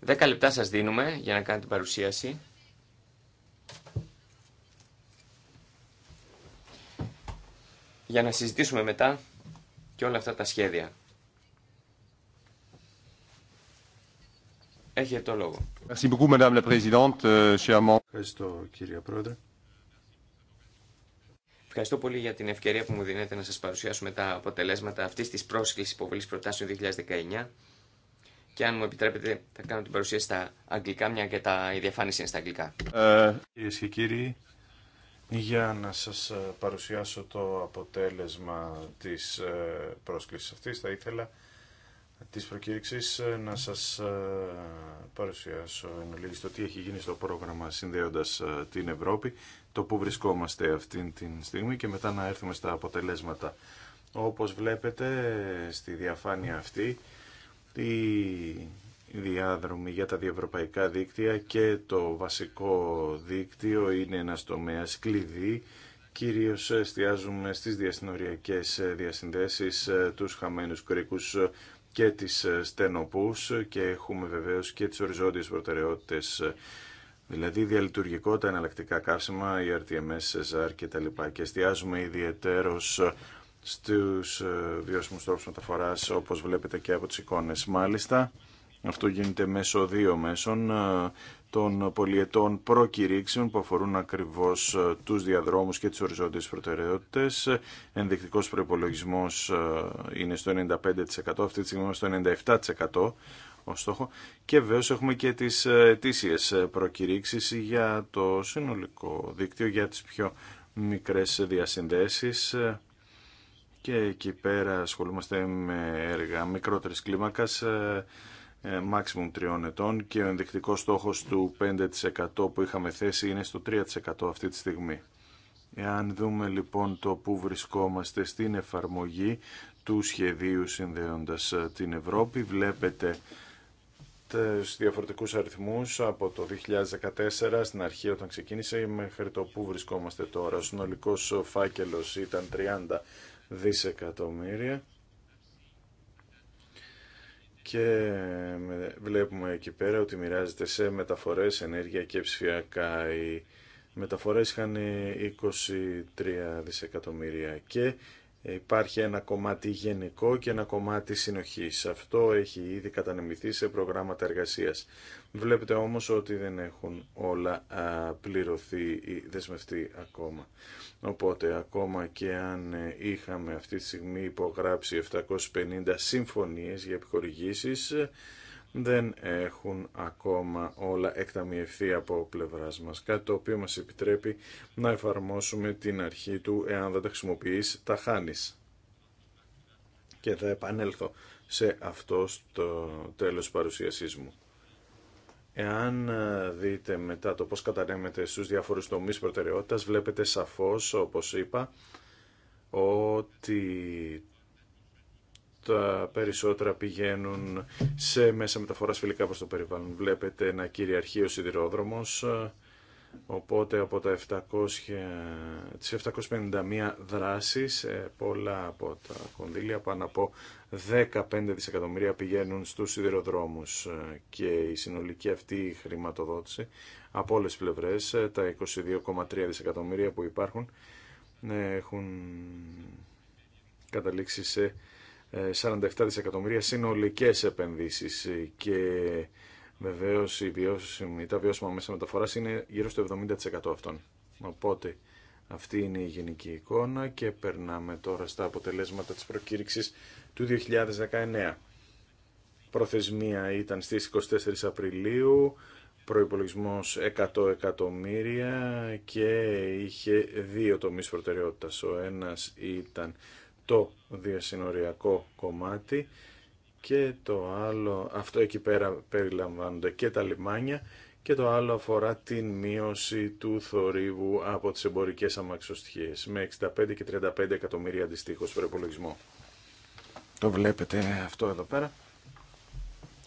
Δέκα λεπτά σας δίνουμε για να κάνετε την παρουσίαση. Για να συζητήσουμε μετά και όλα αυτά τα σχέδια. Έχετε το λόγο. Euh, Ευχαριστώ κύριε Πρόεδρε. Ευχαριστώ πολύ για την ευκαιρία που μου δίνετε να σας παρουσιάσουμε τα αποτελέσματα αυτής της πρόσκλησης υποβολής προτάσεων 2019 και αν μου επιτρέπετε θα κάνω την παρουσίαση στα αγγλικά μια και τα, η διαφάνιση είναι στα αγγλικά. Ε, Κυρίε και κύριοι, για να σας ε, παρουσιάσω το αποτέλεσμα της ε, πρόσκλησης αυτής θα ήθελα της προκήρυξης ε, να σας παρουσιάσω εν το τι έχει γίνει στο πρόγραμμα συνδέοντας την Ευρώπη το που βρισκόμαστε αυτή τη στιγμή και μετά να έρθουμε στα αποτελέσματα. Όπως βλέπετε στη διαφάνεια αυτή, η διάδρομη για τα διευρωπαϊκά δίκτυα και το βασικό δίκτυο είναι ένας τομέας κλειδί. Κυρίως εστιάζουμε στις διασυνοριακές διασυνδέσεις, τους χαμένους κρίκους και τις στενοπούς και έχουμε βεβαίως και τις οριζόντιες προτεραιότητες Δηλαδή διαλειτουργικότητα, εναλλακτικά καύσιμα, RTMS SSR κτλ. Και εστιάζουμε ιδιαίτερως στους ε, βιώσιμους τρόπους μεταφοράς όπως βλέπετε και από τις εικόνες. Μάλιστα, αυτό γίνεται μέσω δύο μέσων ε, των πολιετών προκηρύξεων που αφορούν ακριβώς ε, τους διαδρόμους και τις οριζόντιες προτεραιότητες. Ενδεικτικός προπολογισμό είναι στο 95%, αυτή τη στιγμή στο 97% στόχο και βεβαίω έχουμε και τι ετήσιες ε, προκηρύξεις για το συνολικό δίκτυο για τις πιο μικρές διασυνδέσεις ε, και εκεί πέρα ασχολούμαστε με έργα μικρότερη κλίμακα ε, maximum τριών ετών και ο ενδεικτικός στόχος του 5% που είχαμε θέσει είναι στο 3% αυτή τη στιγμή. Εάν δούμε λοιπόν το που βρισκόμαστε στην εφαρμογή του σχεδίου συνδέοντας την Ευρώπη, βλέπετε στις διαφορετικούς αριθμούς από το 2014 στην αρχή όταν ξεκίνησε μέχρι το που βρισκόμαστε τώρα. Ο συνολικός φάκελος ήταν 30 δισεκατομμύρια και βλέπουμε εκεί πέρα ότι μοιράζεται σε μεταφορές, ενέργεια και ψηφιακά. Οι μεταφορές είχαν 23 δισεκατομμύρια και Υπάρχει ένα κομμάτι γενικό και ένα κομμάτι συνοχής. Αυτό έχει ήδη κατανεμηθεί σε προγράμματα εργασίας. Βλέπετε όμως ότι δεν έχουν όλα πληρωθεί ή δεσμευτεί ακόμα. Οπότε ακόμα και αν ε, είχαμε αυτή τη στιγμή υπογράψει 750 συμφωνίες για επιχορηγήσεις, δεν έχουν ακόμα όλα εκταμιευθεί από πλευράς μας, κάτι το οποίο μας επιτρέπει να εφαρμόσουμε την αρχή του «εάν δεν τα χρησιμοποιείς, τα χάνεις». Και θα επανέλθω σε αυτό το τέλος παρουσίασής μου. Εάν ε, δείτε μετά το πώς κατανέμεται στους διάφορους τομείς προτεραιότητας, βλέπετε σαφώς, όπως είπα, ότι τα περισσότερα πηγαίνουν σε μέσα μεταφοράς φιλικά προς το περιβάλλον. Βλέπετε να κυριαρχεί ο σιδηρόδρομος, οπότε από τα 700, τις 751 δράσεις, ε, πολλά από τα κονδύλια, πάνω από 15 δισεκατομμύρια πηγαίνουν στους σιδηροδρόμους ε, και η συνολική αυτή χρηματοδότηση από όλες τις πλευρές, ε, τα 22,3 δισεκατομμύρια που υπάρχουν, έχουν καταλήξει σε 47 δισεκατομμύρια συνολικές επενδύσεις και βεβαίως η βιώσιμη, τα βιώσιμα μέσα μεταφοράς είναι γύρω στο 70% αυτών. Οπότε αυτή είναι η γενική εικόνα και περνάμε τώρα στα αποτελέσματα της προκήρυξης του 2019. Προθεσμία ήταν στις 24 Απριλίου, προϋπολογισμός 100 εκατομμύρια και είχε δύο τομείς προτεραιότητας. Ο ένας ήταν το διασυνοριακό κομμάτι και το άλλο, αυτό εκεί πέρα περιλαμβάνονται και τα λιμάνια και το άλλο αφορά την μείωση του θορύβου από τις εμπορικές αμαξοστοιχίες με 65 και 35 εκατομμύρια αντιστοίχως προπολογισμό. Το βλέπετε αυτό εδώ πέρα.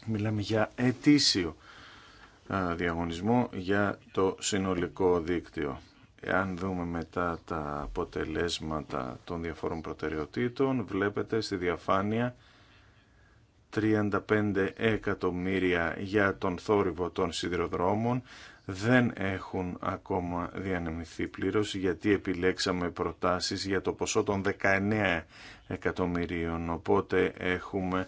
Μιλάμε για ετήσιο διαγωνισμό για το συνολικό δίκτυο. Εάν δούμε μετά τα αποτελέσματα των διαφόρων προτεραιοτήτων, βλέπετε στη διαφάνεια 35 εκατομμύρια για τον θόρυβο των σιδηροδρόμων δεν έχουν ακόμα διανεμηθεί πλήρως γιατί επιλέξαμε προτάσεις για το ποσό των 19 εκατομμυρίων οπότε έχουμε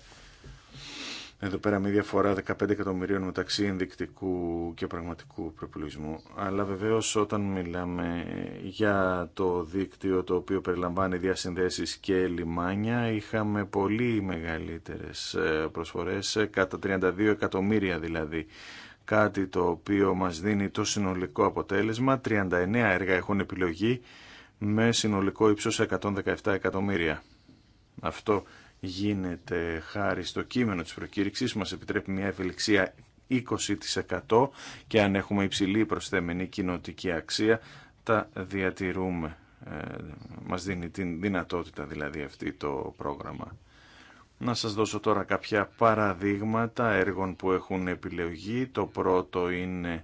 εδώ πέρα μια διαφορά 15 εκατομμυρίων μεταξύ ενδεικτικού και πραγματικού προπολογισμού. Αλλά βεβαίως όταν μιλάμε για το δίκτυο το οποίο περιλαμβάνει διασυνδέσει και λιμάνια είχαμε πολύ μεγαλύτερες ε, προσφορές, ε, κατά 32 εκατομμύρια δηλαδή. Κάτι το οποίο μας δίνει το συνολικό αποτέλεσμα. 39 έργα έχουν επιλογή με συνολικό ύψο 117 εκατομμύρια. Αυτό γίνεται χάρη στο κείμενο της προκήρυξης, μας επιτρέπει μια ευελιξία 20% και αν έχουμε υψηλή προσθέμενη κοινοτική αξία τα διατηρούμε. Ε, μας δίνει την δυνατότητα δηλαδή αυτή το πρόγραμμα. Να σας δώσω τώρα κάποια παραδείγματα έργων που έχουν επιλεγεί. Το πρώτο είναι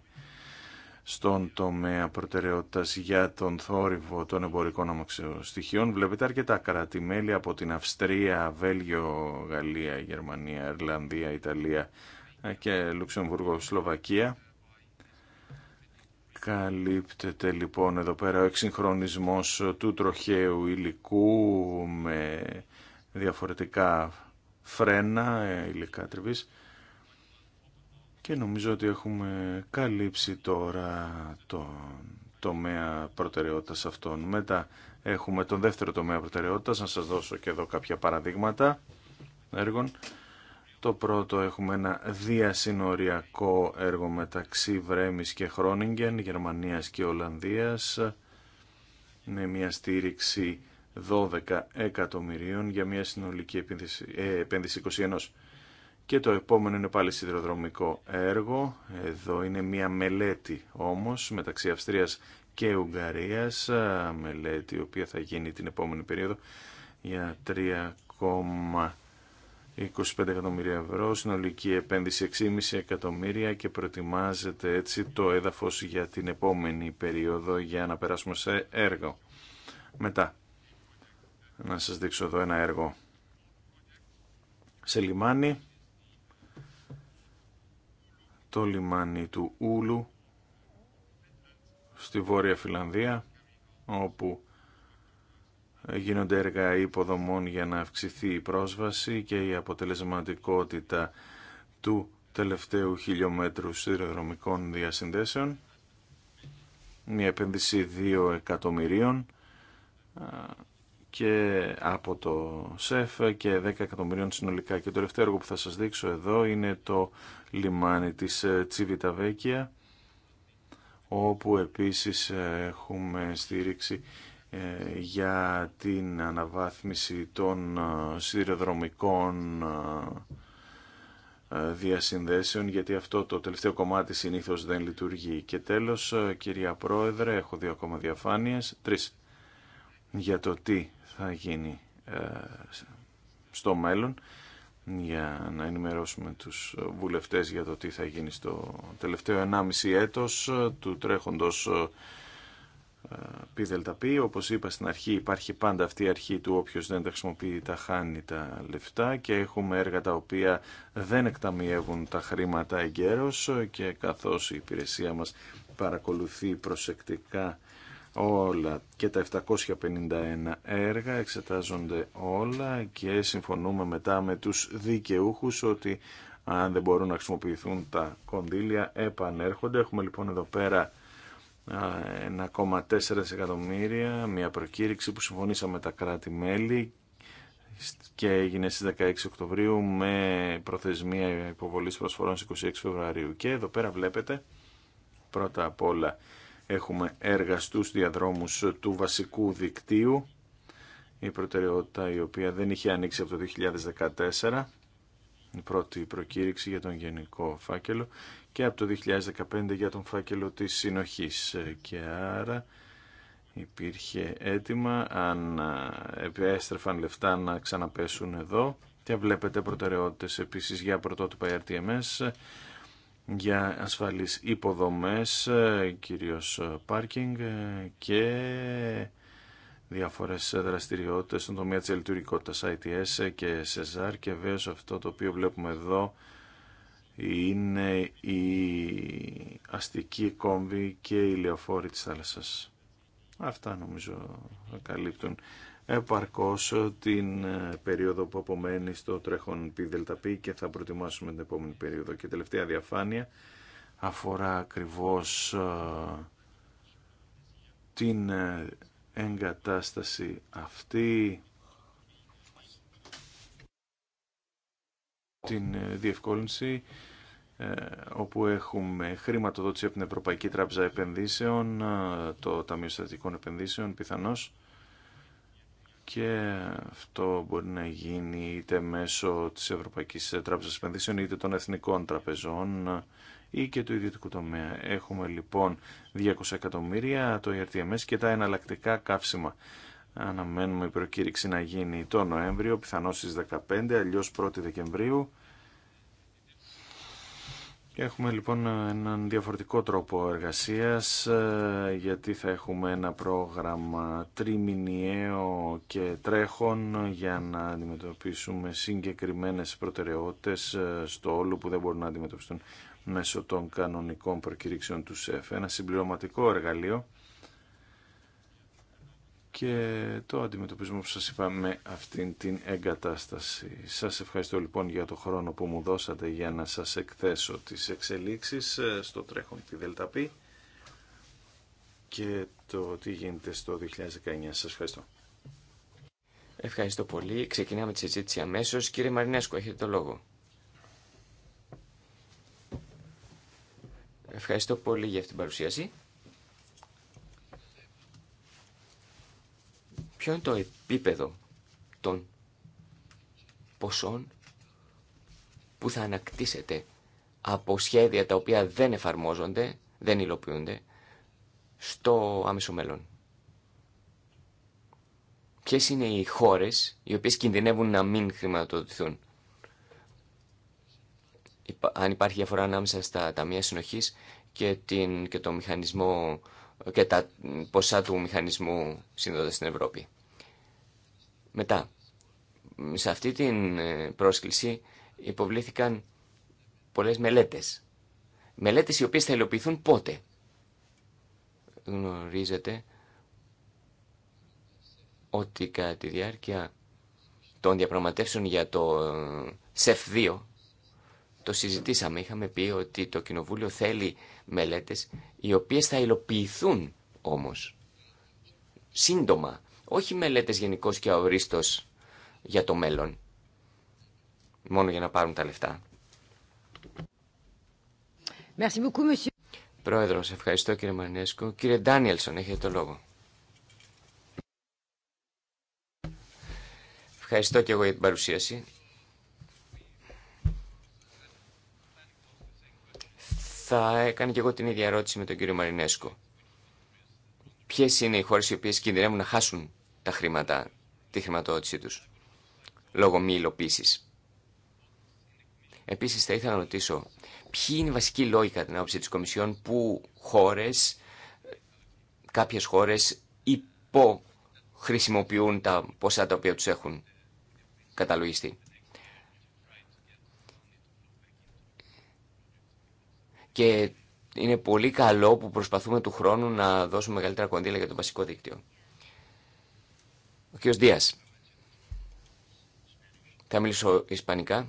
στον τομέα προτεραιότητα για τον θόρυβο των εμπορικών αμαξιοστοιχείων. Βλέπετε αρκετά κράτη-μέλη από την Αυστρία, Βέλγιο, Γαλλία, Γερμανία, Ιρλανδία, Ιταλία και Λουξεμβούργο, Σλοβακία. Καλύπτεται λοιπόν εδώ πέρα ο εξυγχρονισμός του τροχαίου υλικού με διαφορετικά φρένα, υλικά τριβής και νομίζω ότι έχουμε καλύψει τώρα τον τομέα προτεραιότητας αυτών. Μετά έχουμε τον δεύτερο τομέα προτεραιότητας, να σας δώσω και εδώ κάποια παραδείγματα έργων. Το πρώτο έχουμε ένα διασυνοριακό έργο μεταξύ Βρέμης και Χρόνιγκεν, Γερμανίας και Ολλανδίας, με μια στήριξη 12 εκατομμυρίων για μια συνολική επένδυση, ε, επένδυση και το επόμενο είναι πάλι σιδηροδρομικό έργο. Εδώ είναι μια μελέτη όμως μεταξύ Αυστρίας και Ουγγαρίας. Μελέτη η οποία θα γίνει την επόμενη περίοδο για 3,25 εκατομμύρια ευρώ. Συνολική επένδυση 6,5 εκατομμύρια και προετοιμάζεται έτσι το έδαφος για την επόμενη περίοδο για να περάσουμε σε έργο. Μετά, να σας δείξω εδώ ένα έργο σε λιμάνι το λιμάνι του Ούλου στη Βόρεια Φιλανδία όπου γίνονται έργα υποδομών για να αυξηθεί η πρόσβαση και η αποτελεσματικότητα του τελευταίου χιλιόμετρου σιδηροδρομικών διασυνδέσεων. Μια επένδυση 2 εκατομμυρίων και από το ΣΕΦ και 10 εκατομμυρίων συνολικά. Και το τελευταίο έργο που θα σας δείξω εδώ είναι το λιμάνι της ε, Τσιβιταβέκια όπου επίσης ε, έχουμε στήριξη ε, για την αναβάθμιση των σιδηροδρομικών διασυνδέσεων γιατί αυτό το τελευταίο κομμάτι συνήθως δεν λειτουργεί. Και τέλος, κυρία Πρόεδρε, έχω δύο ακόμα διαφάνειες, τρεις, για το τι θα γίνει στο μέλλον για να ενημερώσουμε τους βουλευτές για το τι θα γίνει στο τελευταίο 1,5 έτος του τρέχοντος ε, ΠΔΠ. Όπως είπα στην αρχή υπάρχει πάντα αυτή η αρχή του όποιος δεν τα χρησιμοποιεί τα χάνει τα λεφτά και έχουμε έργα τα οποία δεν εκταμιεύουν τα χρήματα εγκαίρως και καθώς η υπηρεσία μας παρακολουθεί προσεκτικά όλα και τα 751 έργα εξετάζονται όλα και συμφωνούμε μετά με τους δικαιούχους ότι αν δεν μπορούν να χρησιμοποιηθούν τα κονδύλια επανέρχονται. Έχουμε λοιπόν εδώ πέρα 1,4 εκατομμύρια, μια προκήρυξη που συμφωνήσαμε τα κράτη-μέλη και έγινε στις 16 Οκτωβρίου με προθεσμία υποβολής προσφορών στις 26 Φεβρουαρίου. Και εδώ πέρα βλέπετε πρώτα απ' όλα Έχουμε έργα στους διαδρόμους του βασικού δικτύου, η προτεραιότητα η οποία δεν είχε ανοίξει από το 2014, η πρώτη προκήρυξη για τον γενικό φάκελο και από το 2015 για τον φάκελο της συνοχής. Και άρα υπήρχε αίτημα αν ε, έστρεφαν λεφτά να ξαναπέσουν εδώ και βλέπετε προτεραιότητες επίσης για πρωτότυπα RTMS για ασφαλείς υποδομές, ε, κυρίως ε, πάρκινγκ ε, και διάφορες δραστηριότητες στον τομέα της λειτουργικότητας ITS και ΣΕΖΑΡ και βέβαια αυτό το οποίο βλέπουμε εδώ είναι η αστική κόμβη και η λεωφόρη της θάλασσας. Αυτά νομίζω καλύπτουν επαρκώς την ε, περίοδο που απομένει στο τρέχον ΠΔΠ και θα προετοιμάσουμε την επόμενη περίοδο. Και τελευταία διαφάνεια αφορά ακριβώς ε, την ε, εγκατάσταση αυτή, την διευκόλυνση όπου έχουμε χρηματοδότηση από την Ευρωπαϊκή Τράπεζα Επενδύσεων, το Ταμείο Στατικών Επενδύσεων πιθανώς, και αυτό μπορεί να γίνει είτε μέσω της Ευρωπαϊκής Τράπεζας Επενδύσεων είτε των Εθνικών Τραπεζών ή και του ιδιωτικού τομέα. Έχουμε λοιπόν 200 εκατομμύρια το ERTMS και τα εναλλακτικά καύσιμα. Αναμένουμε η προκήρυξη να γίνει το Νοέμβριο, πιθανώς στις 15, αλλιώς 1η Δεκεμβρίου Έχουμε λοιπόν έναν διαφορετικό τρόπο εργασίας ε, γιατί θα έχουμε ένα πρόγραμμα τριμηνιαίο και τρέχον για να αντιμετωπίσουμε συγκεκριμένες προτεραιότητες ε, στο όλο που δεν μπορούν να αντιμετωπιστούν μέσω των κανονικών προκηρύξεων του ΣΕΦ. Ένα συμπληρωματικό εργαλείο και το αντιμετωπίζουμε που σας είπα με αυτήν την εγκατάσταση. Σας ευχαριστώ λοιπόν για το χρόνο που μου δώσατε για να σας εκθέσω τις εξελίξεις ε, στο τρέχον τη ΔΕΛΤΑΠΗ και το τι γίνεται στο 2019. Σας ευχαριστώ. Ευχαριστώ πολύ. Ξεκινάμε τη συζήτηση αμέσως. Κύριε Μαρινέσκο, έχετε το λόγο. Ευχαριστώ πολύ για αυτή την παρουσίαση. ποιο είναι το επίπεδο των ποσών που θα ανακτήσετε από σχέδια τα οποία δεν εφαρμόζονται, δεν υλοποιούνται, στο άμεσο μέλλον. Ποιες είναι οι χώρες οι οποίες κινδυνεύουν να μην χρηματοδοτηθούν. Αν υπάρχει διαφορά ανάμεσα στα ταμεία συνοχής και, την, και το μηχανισμό και τα ποσά του μηχανισμού σύνδοδος στην Ευρώπη. Μετά, σε αυτή την ε, πρόσκληση υποβλήθηκαν πολλές μελέτες. Μελέτες οι οποίες θα υλοποιηθούν πότε. Γνωρίζετε ότι κατά τη διάρκεια των διαπραγματεύσεων για το ε, ΣΕΦ 2 το συζητήσαμε. Είχαμε πει ότι το Κοινοβούλιο θέλει μελέτες οι οποίες θα υλοποιηθούν όμως σύντομα. Όχι μελέτες γενικώ και αορίστως για το μέλλον. Μόνο για να πάρουν τα λεφτά. Merci Πρόεδρος, ευχαριστώ κύριε Μαρινέσκο. Κύριε Ντάνιελσον, έχετε το λόγο. Ευχαριστώ και εγώ για την παρουσίαση. θα έκανε και εγώ την ίδια ερώτηση με τον κύριο Μαρινέσκο. Ποιε είναι οι χώρε οι οποίε κινδυνεύουν να χάσουν τα χρήματα, τη χρηματοδότησή του, λόγω μη υλοποίηση. Επίση, θα ήθελα να ρωτήσω, ποιοι είναι οι βασικοί λόγοι κατά την άποψη τη Κομισιόν που χώρε, κάποιε χώρε, υποχρησιμοποιούν τα ποσά τα οποία του έχουν καταλογιστεί. και είναι πολύ καλό που προσπαθούμε του χρόνου να δώσουμε μεγαλύτερα κονδύλια για το βασικό δίκτυο. Ο κ. Δίας. Θα μιλήσω ισπανικά.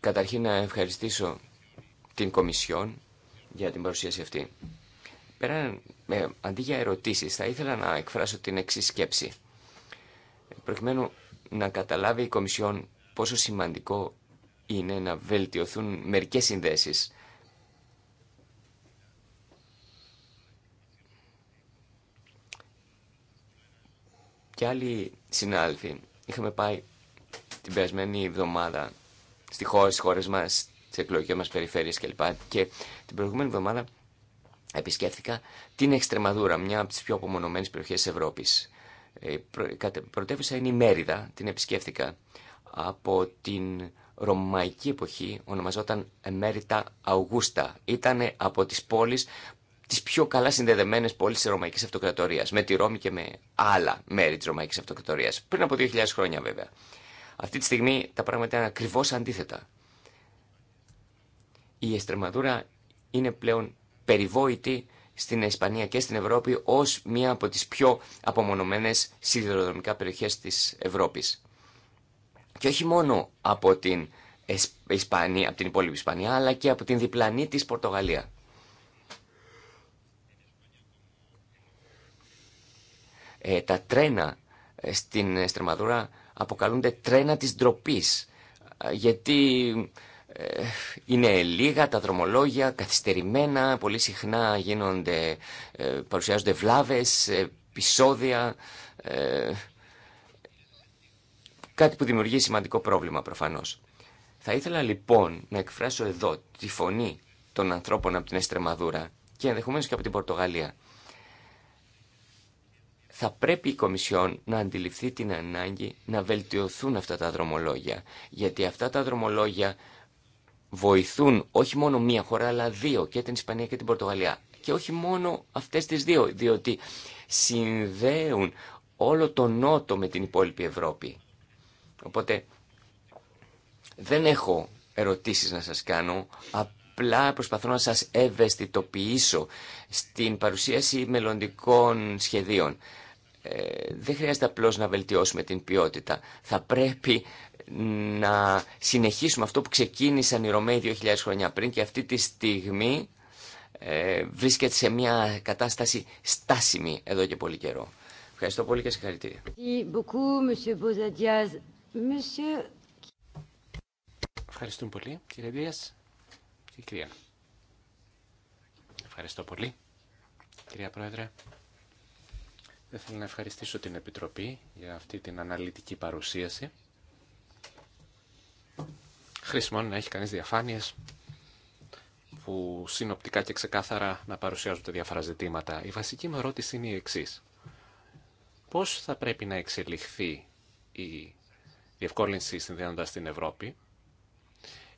Καταρχήν να ευχαριστήσω την Κομισιόν για την παρουσίαση αυτή. Πέραν, ε, αντί για ερωτήσεις, θα ήθελα να εκφράσω την εξή σκέψη. Προκειμένου να καταλάβει η Κομισιόν πόσο σημαντικό είναι να βελτιωθούν μερικές συνδέσεις. Και άλλοι συνάδελφοι, είχαμε πάει την περασμένη εβδομάδα στις χώρες μας, στις εκλογικές μας περιφέρειες κλπ. Και την προηγούμενη εβδομάδα επισκέφθηκα την Εξτρεμαδούρα, μια από τις πιο απομονωμένες περιοχές της Ευρώπης. Η ε, πρωτεύουσα είναι η Μέριδα, την επισκέφθηκα από την ρωμαϊκή εποχή ονομαζόταν Εμέριτα Αουγούστα. Ήταν από τις πόλεις, τις πιο καλά συνδεδεμένες πόλεις της Ρωμαϊκής Αυτοκρατορίας, με τη Ρώμη και με άλλα μέρη της Ρωμαϊκής Αυτοκρατορίας, πριν από 2.000 χρόνια βέβαια. Αυτή τη στιγμή τα πράγματα είναι ακριβώς αντίθετα. Η Εστρεμαδούρα είναι πλέον περιβόητη στην Ισπανία και στην Ευρώπη ως μία από τις πιο απομονωμένες σιδηροδρομικά περιοχές της Ευρώπης και όχι μόνο από την, Ισπανία, από την υπόλοιπη Ισπανία, αλλά και από την διπλανή της Πορτογαλία. Ε, τα τρένα ε, στην Στρεμαδούρα αποκαλούνται τρένα της ντροπή, ε, γιατί είναι λίγα τα δρομολόγια, καθυστερημένα, πολύ συχνά γίνονται, παρουσιάζονται βλάβες, επεισόδια, Κάτι που δημιουργεί σημαντικό πρόβλημα προφανώς. Θα ήθελα λοιπόν να εκφράσω εδώ τη φωνή των ανθρώπων από την Εστρεμαδούρα και ενδεχομένως και από την Πορτογαλία. Θα πρέπει η Κομισιόν να αντιληφθεί την ανάγκη να βελτιωθούν αυτά τα δρομολόγια, γιατί αυτά τα δρομολόγια βοηθούν όχι μόνο μία χώρα, αλλά δύο, και την Ισπανία και την Πορτογαλία. Και όχι μόνο αυτές τις δύο, διότι συνδέουν όλο τον Νότο με την υπόλοιπη Ευρώπη. Οπότε δεν έχω ερωτήσεις να σας κάνω, απλά προσπαθώ να σας ευαισθητοποιήσω στην παρουσίαση μελλοντικών σχεδίων. Ε, δεν χρειάζεται απλώς να βελτιώσουμε την ποιότητα. Θα πρέπει να συνεχίσουμε αυτό που ξεκίνησαν οι Ρωμαίοι 2.000 χρόνια πριν και αυτή τη στιγμή ε, βρίσκεται σε μια κατάσταση στάσιμη εδώ και πολύ καιρό. Ευχαριστώ πολύ και συγχαρητήρια. Ευχαριστούμε πολύ, κύριε Δίας και κυρία. Ευχαριστώ πολύ, κυρία Πρόεδρε. Δεν θέλω να ευχαριστήσω την Επιτροπή για αυτή την αναλυτική παρουσίαση. Χρήσιμο να έχει κανείς διαφάνειες που συνοπτικά και ξεκάθαρα να παρουσιάζουν τα διάφορα ζητήματα. Η βασική μου ερώτηση είναι η εξής. Πώς θα πρέπει να εξελιχθεί η διευκόλυνση συνδέοντας την Ευρώπη,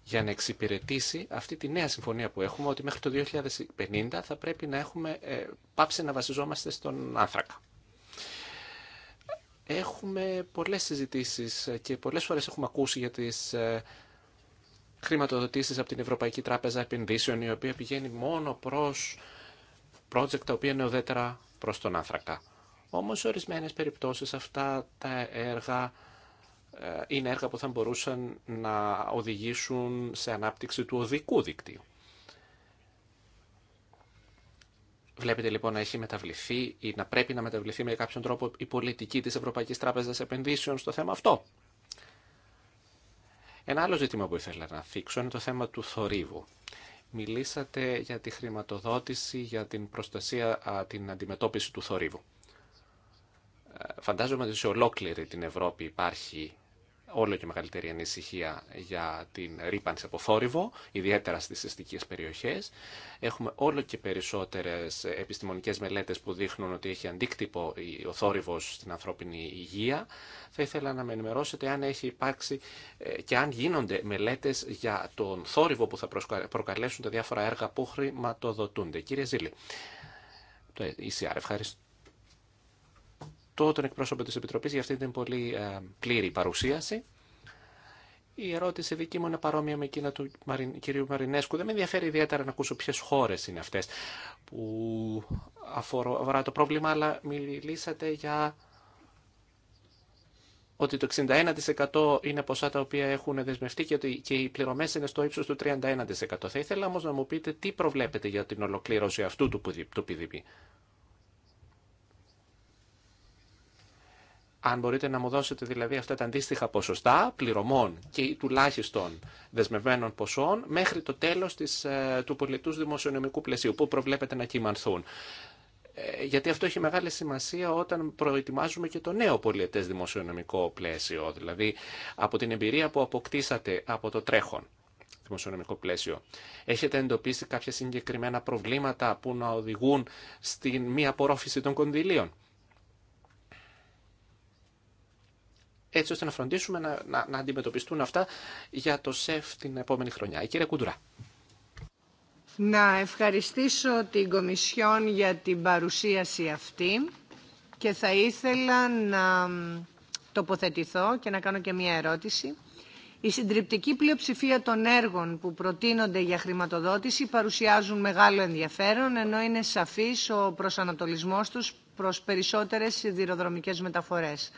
για να εξυπηρετήσει αυτή τη νέα συμφωνία που έχουμε, ότι μέχρι το 2050 θα πρέπει να έχουμε ε, πάψει να βασιζόμαστε στον άνθρακα. Έχουμε πολλές συζητήσεις και πολλές φορές έχουμε ακούσει για τις ε, χρηματοδοτήσεις από την Ευρωπαϊκή Τράπεζα Επενδύσεων, η οποία πηγαίνει μόνο προς project τα οποία είναι οδέτερα προς τον άνθρακα. Όμως, σε ορισμένες περιπτώσεις αυτά τα έργα ε, είναι έργα που θα μπορούσαν να οδηγήσουν σε ανάπτυξη του οδικού δικτύου. Βλέπετε λοιπόν να έχει μεταβληθεί ή να πρέπει να μεταβληθεί με κάποιον τρόπο η πολιτική της Ευρωπαϊκής Τράπεζας Επενδύσεων στο θέμα αυτό. Ένα άλλο ζήτημα που ήθελα να θίξω είναι το θέμα του θορύβου. Μιλήσατε για τη χρηματοδότηση, για την προστασία, την αντιμετώπιση του θορύβου. Ε, φαντάζομαι ότι σε ολόκληρη την Ευρώπη υπάρχει όλο και μεγαλύτερη ανησυχία για την ρήπανση από θόρυβο, ιδιαίτερα στις αισθητικές περιοχές. Έχουμε όλο και περισσότερες επιστημονικές μελέτες που δείχνουν ότι έχει αντίκτυπο ο θόρυβος στην ανθρώπινη υγεία. Θα ήθελα να με ενημερώσετε αν έχει υπάρξει ε, και αν γίνονται μελέτες για τον θόρυβο που θα προκαλέσουν τα διάφορα έργα που χρηματοδοτούνται. Κύριε Ζήλη, το ECR, ε ευχαριστώ. Το τον εκπρόσωπο της Επιτροπής για αυτή την πολύ ε, πλήρη παρουσίαση. Η ερώτηση δική μου είναι παρόμοια με εκείνα του κυρίου Μαρινέσκου. Δεν με ενδιαφέρει ιδιαίτερα να ακούσω ποιε χώρε είναι αυτέ που αφορά το πρόβλημα, αλλά μιλήσατε για ότι το 61% είναι ποσά τα οποία έχουν δεσμευτεί και, ότι και οι πληρωμές είναι στο ύψος του 31%. Θα ήθελα όμως να μου πείτε τι προβλέπετε για την ολοκλήρωση αυτού του PDP. Αν μπορείτε να μου δώσετε δηλαδή αυτά τα αντίστοιχα ποσοστά πληρωμών και τουλάχιστον δεσμευμένων ποσών μέχρι το τέλος της, ε, του πολιτού δημοσιονομικού πλαισίου που προβλέπετε να κυμανθούν. Ε, γιατί αυτό έχει μεγάλη σημασία όταν προετοιμάζουμε και το νέο πολιετές δημοσιονομικό πλαίσιο, δηλαδή από την εμπειρία που αποκτήσατε από το τρέχον δημοσιονομικό πλαίσιο. Έχετε εντοπίσει κάποια συγκεκριμένα προβλήματα που να οδηγούν στην μη απορρόφηση των κονδυλίων. έτσι ώστε να φροντίσουμε να, αντιμετωπιστούν αυτά για το ΣΕΦ την επόμενη χρονιά. Η κυρία Κουντουρά. Να ευχαριστήσω την Κομισιόν για την παρουσίαση αυτή και θα ήθελα να τοποθετηθώ και να κάνω και μία ερώτηση. Η συντριπτική πλειοψηφία των έργων που προτείνονται για χρηματοδότηση παρουσιάζουν μεγάλο ενδιαφέρον, ενώ είναι σαφής ο προσανατολισμός τους προς περισσότερες σιδηροδρομικές μεταφορές.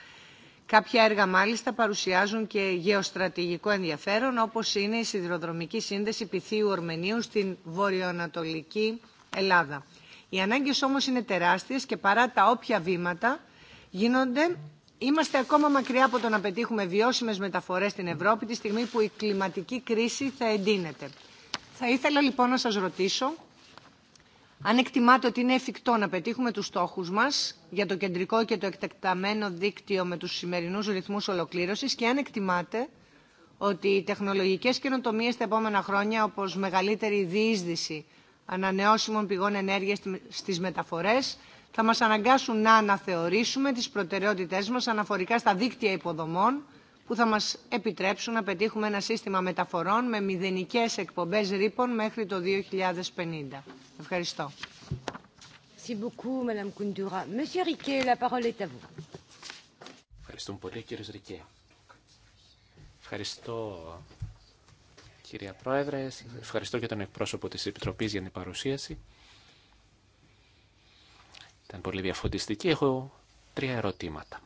Κάποια έργα μάλιστα παρουσιάζουν και γεωστρατηγικό ενδιαφέρον, όπως είναι η σιδηροδρομική σύνδεση Πυθίου Ορμενίου στην βορειοανατολική Ελλάδα. Οι ανάγκες όμως είναι τεράστιες και παρά τα όποια βήματα γίνονται, είμαστε ακόμα μακριά από το να πετύχουμε βιώσιμες μεταφορές στην Ευρώπη τη στιγμή που η κλιματική κρίση θα εντείνεται. Θα ήθελα λοιπόν να σας ρωτήσω αν εκτιμάτε ότι είναι εφικτό να πετύχουμε τους στόχους μας για το κεντρικό και το εκτεκταμένο δίκτυο με τους σημερινούς ρυθμούς ολοκλήρωσης και αν εκτιμάτε ότι οι τεχνολογικές καινοτομίες τα επόμενα χρόνια, όπως μεγαλύτερη διείσδυση ανανεώσιμων πηγών ενέργειας στις μεταφορές, θα μας αναγκάσουν να αναθεωρήσουμε τις προτεραιότητές μας αναφορικά στα δίκτυα υποδομών, που θα μας επιτρέψουν να πετύχουμε ένα σύστημα μεταφορών με μηδενικές εκπομπές ρήπων μέχρι το 2050. Ευχαριστώ. Ευχαριστούμε πολύ κύριε Ρικέ. Ευχαριστώ κυρία Πρόεδρε, ευχαριστώ και τον εκπρόσωπο της Επιτροπής για την παρουσίαση. Ήταν πολύ διαφωτιστική. Έχω τρία ερωτήματα.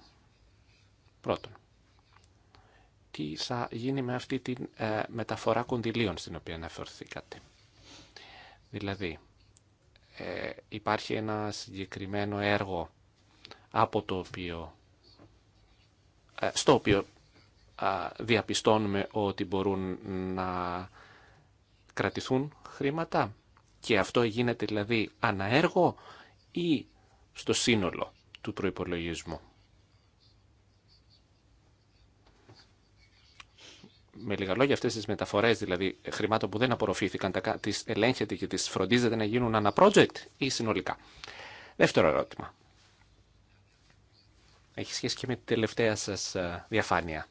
Πρώτον, τι θα γίνει με αυτή τη ε, μεταφορά κοντιλίων στην οποία αναφερθήκατε. Δηλαδή, ε, υπάρχει ένα συγκεκριμένο έργο από το οποίο, ε, στο οποίο διαπιστώνουμε ότι μπορούν να κρατηθούν χρήματα και αυτό γίνεται δηλαδή αναέργο ή στο σύνολο του προϋπολογισμού. με λίγα λόγια, αυτέ τι μεταφορέ δηλαδή χρημάτων που δεν απορροφήθηκαν, τι ελέγχετε και τι φροντίζετε να γίνουν ανά project ή συνολικά. Δεύτερο ερώτημα. Έχει σχέση και με την τελευταία σας διαφάνεια.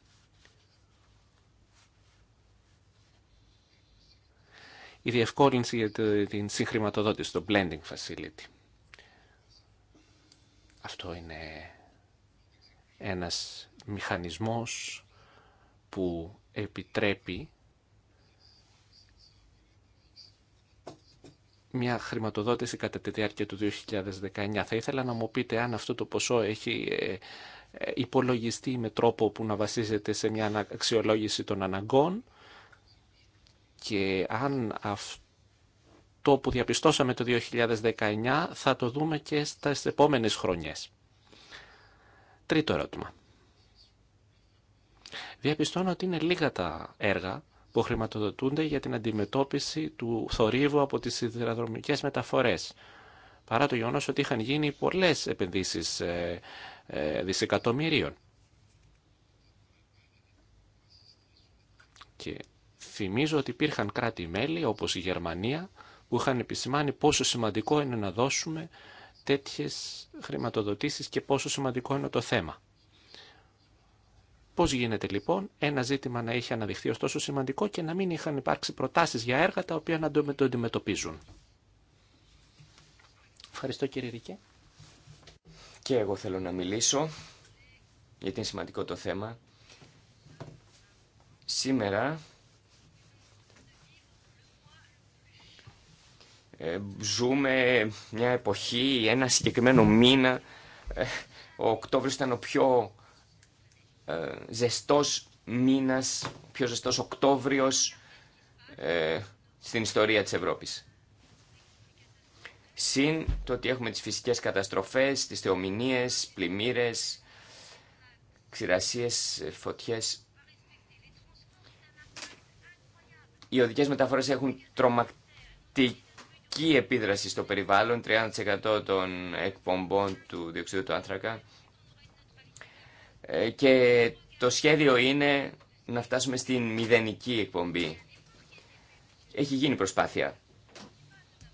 Η διευκόλυνση για την συγχρηματοδότηση, το blending facility. Αυτό είναι ένας μηχανισμός που επιτρέπει μια χρηματοδότηση κατά τη διάρκεια του 2019. Θα ήθελα να μου πείτε αν αυτό το ποσό έχει ε, ε, υπολογιστεί με τρόπο που να βασίζεται σε μια αξιολόγηση των αναγκών και αν αυτό που διαπιστώσαμε το 2019 θα το δούμε και στις επόμενες χρονιές. Τρίτο ερώτημα διαπιστώνω ότι είναι λίγα τα έργα που χρηματοδοτούνται για την αντιμετώπιση του θορύβου από τις σιδηροδρομικές μεταφορές. Παρά το γεγονός ότι είχαν γίνει πολλές επενδύσεις ε, ε, δισεκατομμυρίων. Και θυμίζω ότι υπήρχαν κράτη-μέλη όπως η Γερμανία που είχαν επισημάνει πόσο σημαντικό είναι να δώσουμε τέτοιες χρηματοδοτήσεις και πόσο σημαντικό είναι το θέμα. Πώς γίνεται λοιπόν ένα ζήτημα να έχει αναδειχθεί ω τόσο σημαντικό και να μην είχαν υπάρξει προτάσεις για έργα τα οποία να το αντιμετωπίζουν. Ευχαριστώ κύριε Ρικέ. Και εγώ θέλω να μιλήσω, γιατί είναι σημαντικό το θέμα. Σήμερα ε, ζούμε μια εποχή, ένα συγκεκριμένο μήνα. Ε, ο Οκτώβριος ήταν ο πιο ε, ζεστός μήνας, πιο ζεστός Οκτώβριος ε, στην ιστορία της Ευρώπης. Συν το ότι έχουμε τις φυσικές καταστροφές, τις θεομηνίες, πλημμύρες, ξηρασίες, φωτιές. Οι οδικές μεταφορές έχουν τρομακτική επίδραση στο περιβάλλον, 30% των εκπομπών του διοξιδίου του άνθρακα ε, και το σχέδιο είναι να φτάσουμε στην μηδενική εκπομπή. Έχει γίνει προσπάθεια.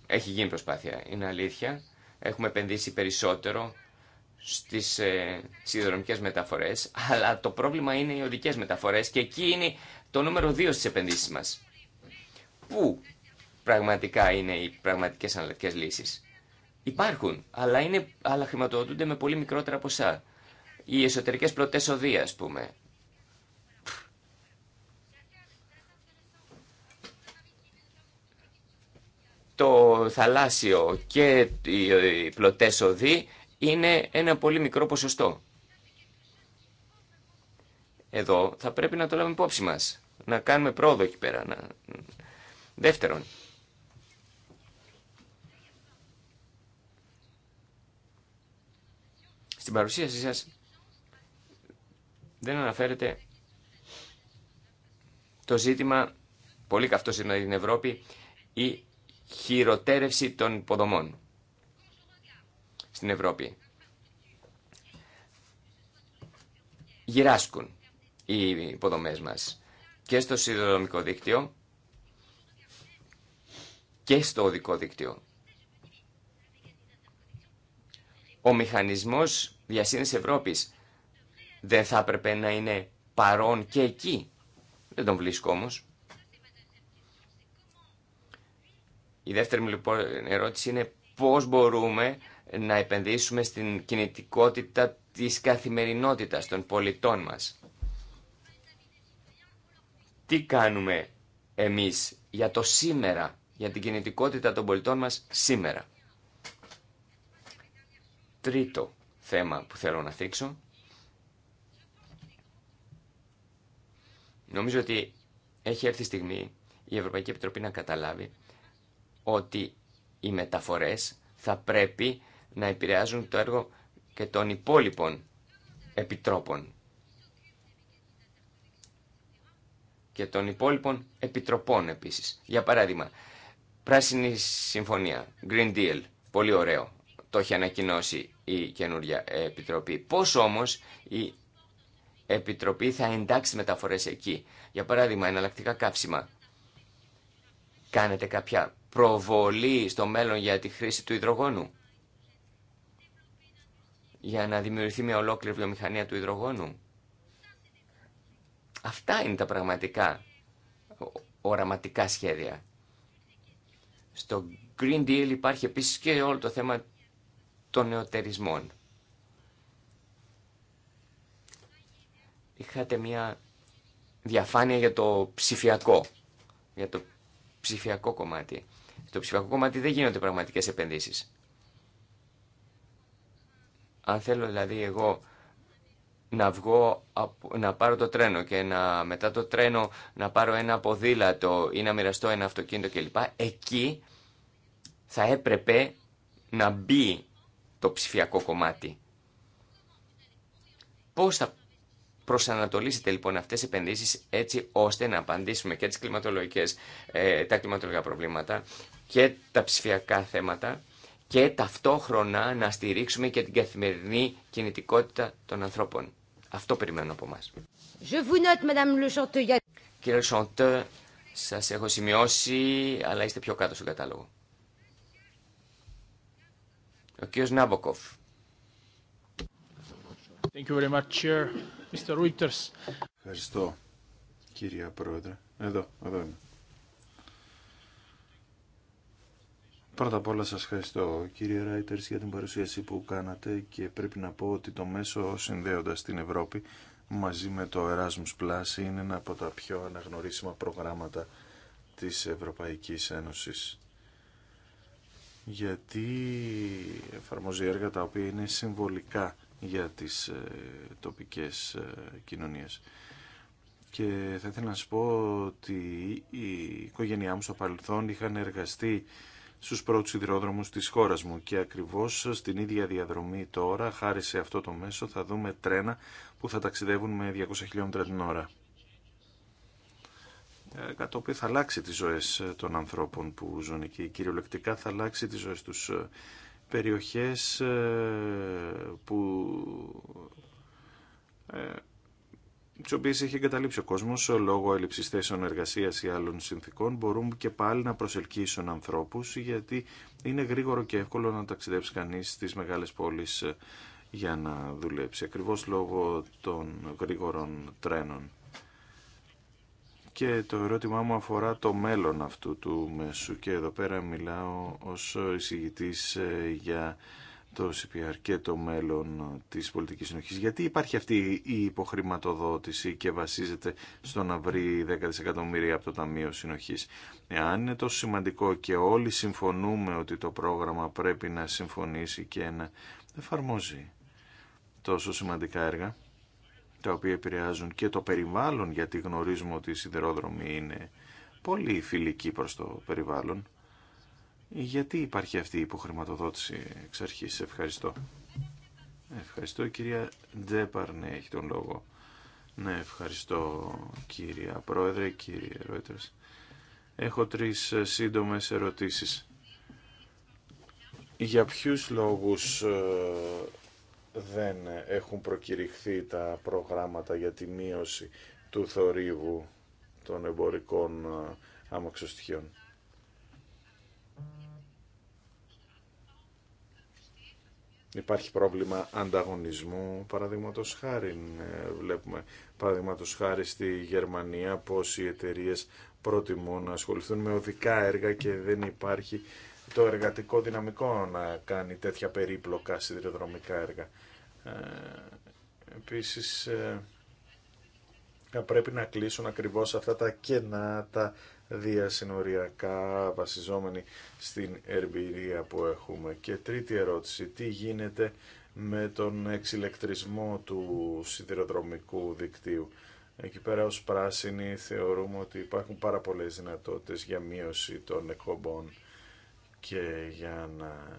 Έχει γίνει προσπάθεια, είναι αλήθεια. Έχουμε επενδύσει περισσότερο στις ε, σιδηροδρομικές μεταφορές, αλλά το πρόβλημα είναι οι οδικές μεταφορές και εκεί είναι το νούμερο δύο στις επενδύσεις μας. Πού πραγματικά είναι οι πραγματικές αναλυτικές λύσεις. Υπάρχουν, αλλά, είναι, αλλά χρηματοδοτούνται με πολύ μικρότερα ποσά οι εσωτερικές πλωτές οδοί, ας πούμε. Το θαλάσσιο και οι πλωτές οδοί είναι ένα πολύ μικρό ποσοστό. Εδώ θα πρέπει να το λάβουμε υπόψη μας, να κάνουμε πρόοδο εκεί πέρα. Να... Δεύτερον, στην παρουσίασή σας δεν αναφέρεται το ζήτημα, πολύ καυτό είναι στην Ευρώπη, η χειροτέρευση των υποδομών στην Ευρώπη. Γυράσκουν οι υποδομές μας και στο σιδηροδρομικό δίκτυο και στο οδικό δίκτυο. Ο μηχανισμός διασύνδεσης Ευρώπης δεν θα έπρεπε να είναι παρόν και εκεί. Δεν τον βρίσκω όμως. Η δεύτερη μου λοιπόν ερώτηση είναι πώς μπορούμε να επενδύσουμε στην κινητικότητα της καθημερινότητας των πολιτών μας. Τι κάνουμε εμείς για το σήμερα, για την κινητικότητα των πολιτών μας σήμερα. Τρίτο θέμα που θέλω να θίξω Νομίζω ότι έχει έρθει η στιγμή η Ευρωπαϊκή Επιτροπή να καταλάβει ότι οι μεταφορές θα πρέπει να επηρεάζουν το έργο και των υπόλοιπων επιτρόπων και των υπόλοιπων επιτροπών επίσης. Για παράδειγμα, Πράσινη Συμφωνία, Green Deal, πολύ ωραίο, το έχει ανακοινώσει η καινούργια επιτροπή. Πώς όμως η Επιτροπή θα εντάξει μεταφορές εκεί. Για παράδειγμα, εναλλακτικά καύσιμα. Κάνετε κάποια προβολή στο μέλλον για τη χρήση του υδρογόνου. Για να δημιουργηθεί μια ολόκληρη βιομηχανία του υδρογόνου. Αυτά είναι τα πραγματικά οραματικά σχέδια. Στο Green Deal υπάρχει επίσης και όλο το θέμα των νεοτερισμών. είχατε μια διαφάνεια για το ψηφιακό, για το ψηφιακό κομμάτι. Στο ψηφιακό κομμάτι δεν γίνονται πραγματικές επενδύσεις. Αν θέλω δηλαδή εγώ να βγω, να πάρω το τρένο και να, μετά το τρένο να πάρω ένα ποδήλατο ή να μοιραστώ ένα αυτοκίνητο κλπ. Εκεί θα έπρεπε να μπει το ψηφιακό κομμάτι. Πώς θα προσανατολίσετε λοιπόν αυτές τι επενδύσει έτσι ώστε να απαντήσουμε και τις κλιματολογικές, ε, τα κλιματολογικά προβλήματα και τα ψηφιακά θέματα και ταυτόχρονα να στηρίξουμε και την καθημερινή κινητικότητα των ανθρώπων. Αυτό περιμένω από εμάς. Κύριε Σοντέ, σα έχω σημειώσει, αλλά είστε πιο κάτω στον κατάλογο. Ο κύριο Νάμποκοφ. Thank you very much, Ευχαριστώ, κυρία Πρόεδρε. Εδώ, εδώ είμαι. Πρώτα απ' όλα σας ευχαριστώ κύριε Ράιτερς για την παρουσίαση που κάνατε και πρέπει να πω ότι το μέσο συνδέοντας την Ευρώπη μαζί με το Erasmus Plus είναι ένα από τα πιο αναγνωρίσιμα προγράμματα της Ευρωπαϊκής Ένωσης γιατί εφαρμόζει έργα τα οποία είναι συμβολικά για τις ε, τοπικές ε, κοινωνίες. Και θα ήθελα να σας πω ότι η οικογένειά μου στο παρελθόν είχαν εργαστεί στους πρώτους σιδηρόδρομους της χώρας μου και ακριβώς στην ίδια διαδρομή τώρα, χάρη σε αυτό το μέσο, θα δούμε τρένα που θα ταξιδεύουν με 200 χιλιόμετρα την ώρα. Ε, Κατ' θα αλλάξει τις ζωές των ανθρώπων που ζουν εκεί. Κυριολεκτικά θα αλλάξει τις ζωές τους περιοχές ε, που ε, τι οποίε έχει εγκαταλείψει ο κόσμο ε, λόγω έλλειψης θέσεων εργασία ή άλλων συνθήκων, μπορούν και πάλι να προσελκύσουν ανθρώπους γιατί είναι γρήγορο και εύκολο να ταξιδέψει κανείς στις μεγάλες πόλεις για να δουλέψει. ακριβώς λόγω των γρήγορων τρένων και το ερώτημά μου αφορά το μέλλον αυτού του μέσου και εδώ πέρα μιλάω ως εισηγητής ε, για το CPR και το μέλλον της πολιτικής συνοχής. Γιατί υπάρχει αυτή η υποχρηματοδότηση και βασίζεται στο να βρει 10 δισεκατομμύρια από το Ταμείο Συνοχής. Εάν είναι τόσο σημαντικό και όλοι συμφωνούμε ότι το πρόγραμμα πρέπει να συμφωνήσει και να εφαρμόζει τόσο σημαντικά έργα τα οποία επηρεάζουν και το περιβάλλον, γιατί γνωρίζουμε ότι οι σιδερόδρομοι είναι πολύ φιλικοί προς το περιβάλλον. Γιατί υπάρχει αυτή η υποχρηματοδότηση εξ αρχής. Ευχαριστώ. Ευχαριστώ κυρία Τζέπαρνε, έχει τον λόγο. Ναι, ευχαριστώ κυρία Πρόεδρε, κύριε Ρόιτρες. Έχω τρεις σύντομες ερωτήσεις. Για ποιους λόγους ε, δεν έχουν προκηρυχθεί τα προγράμματα για τη μείωση του θορύβου των εμπορικών ε, αμαξοστοιχείων. Υπάρχει πρόβλημα ανταγωνισμού, παραδείγματο χάρη. Ε, βλέπουμε, παραδείγματο χάρη στη Γερμανία, πως οι εταιρείε προτιμούν να ασχοληθούν με οδικά έργα και δεν υπάρχει το εργατικό δυναμικό να κάνει τέτοια περίπλοκα σιδηροδρομικά έργα. Ε, επίσης ε, θα πρέπει να κλείσουν ακριβώς αυτά τα κενά, τα διασυνοριακά βασιζόμενοι στην εμπειρία που έχουμε. Και τρίτη ερώτηση, τι γίνεται με τον εξηλεκτρισμό του σιδηροδρομικού δικτύου. Εκεί πέρα ως πράσινοι θεωρούμε ότι υπάρχουν πάρα πολλές δυνατότητες για μείωση των εκπομπών και για να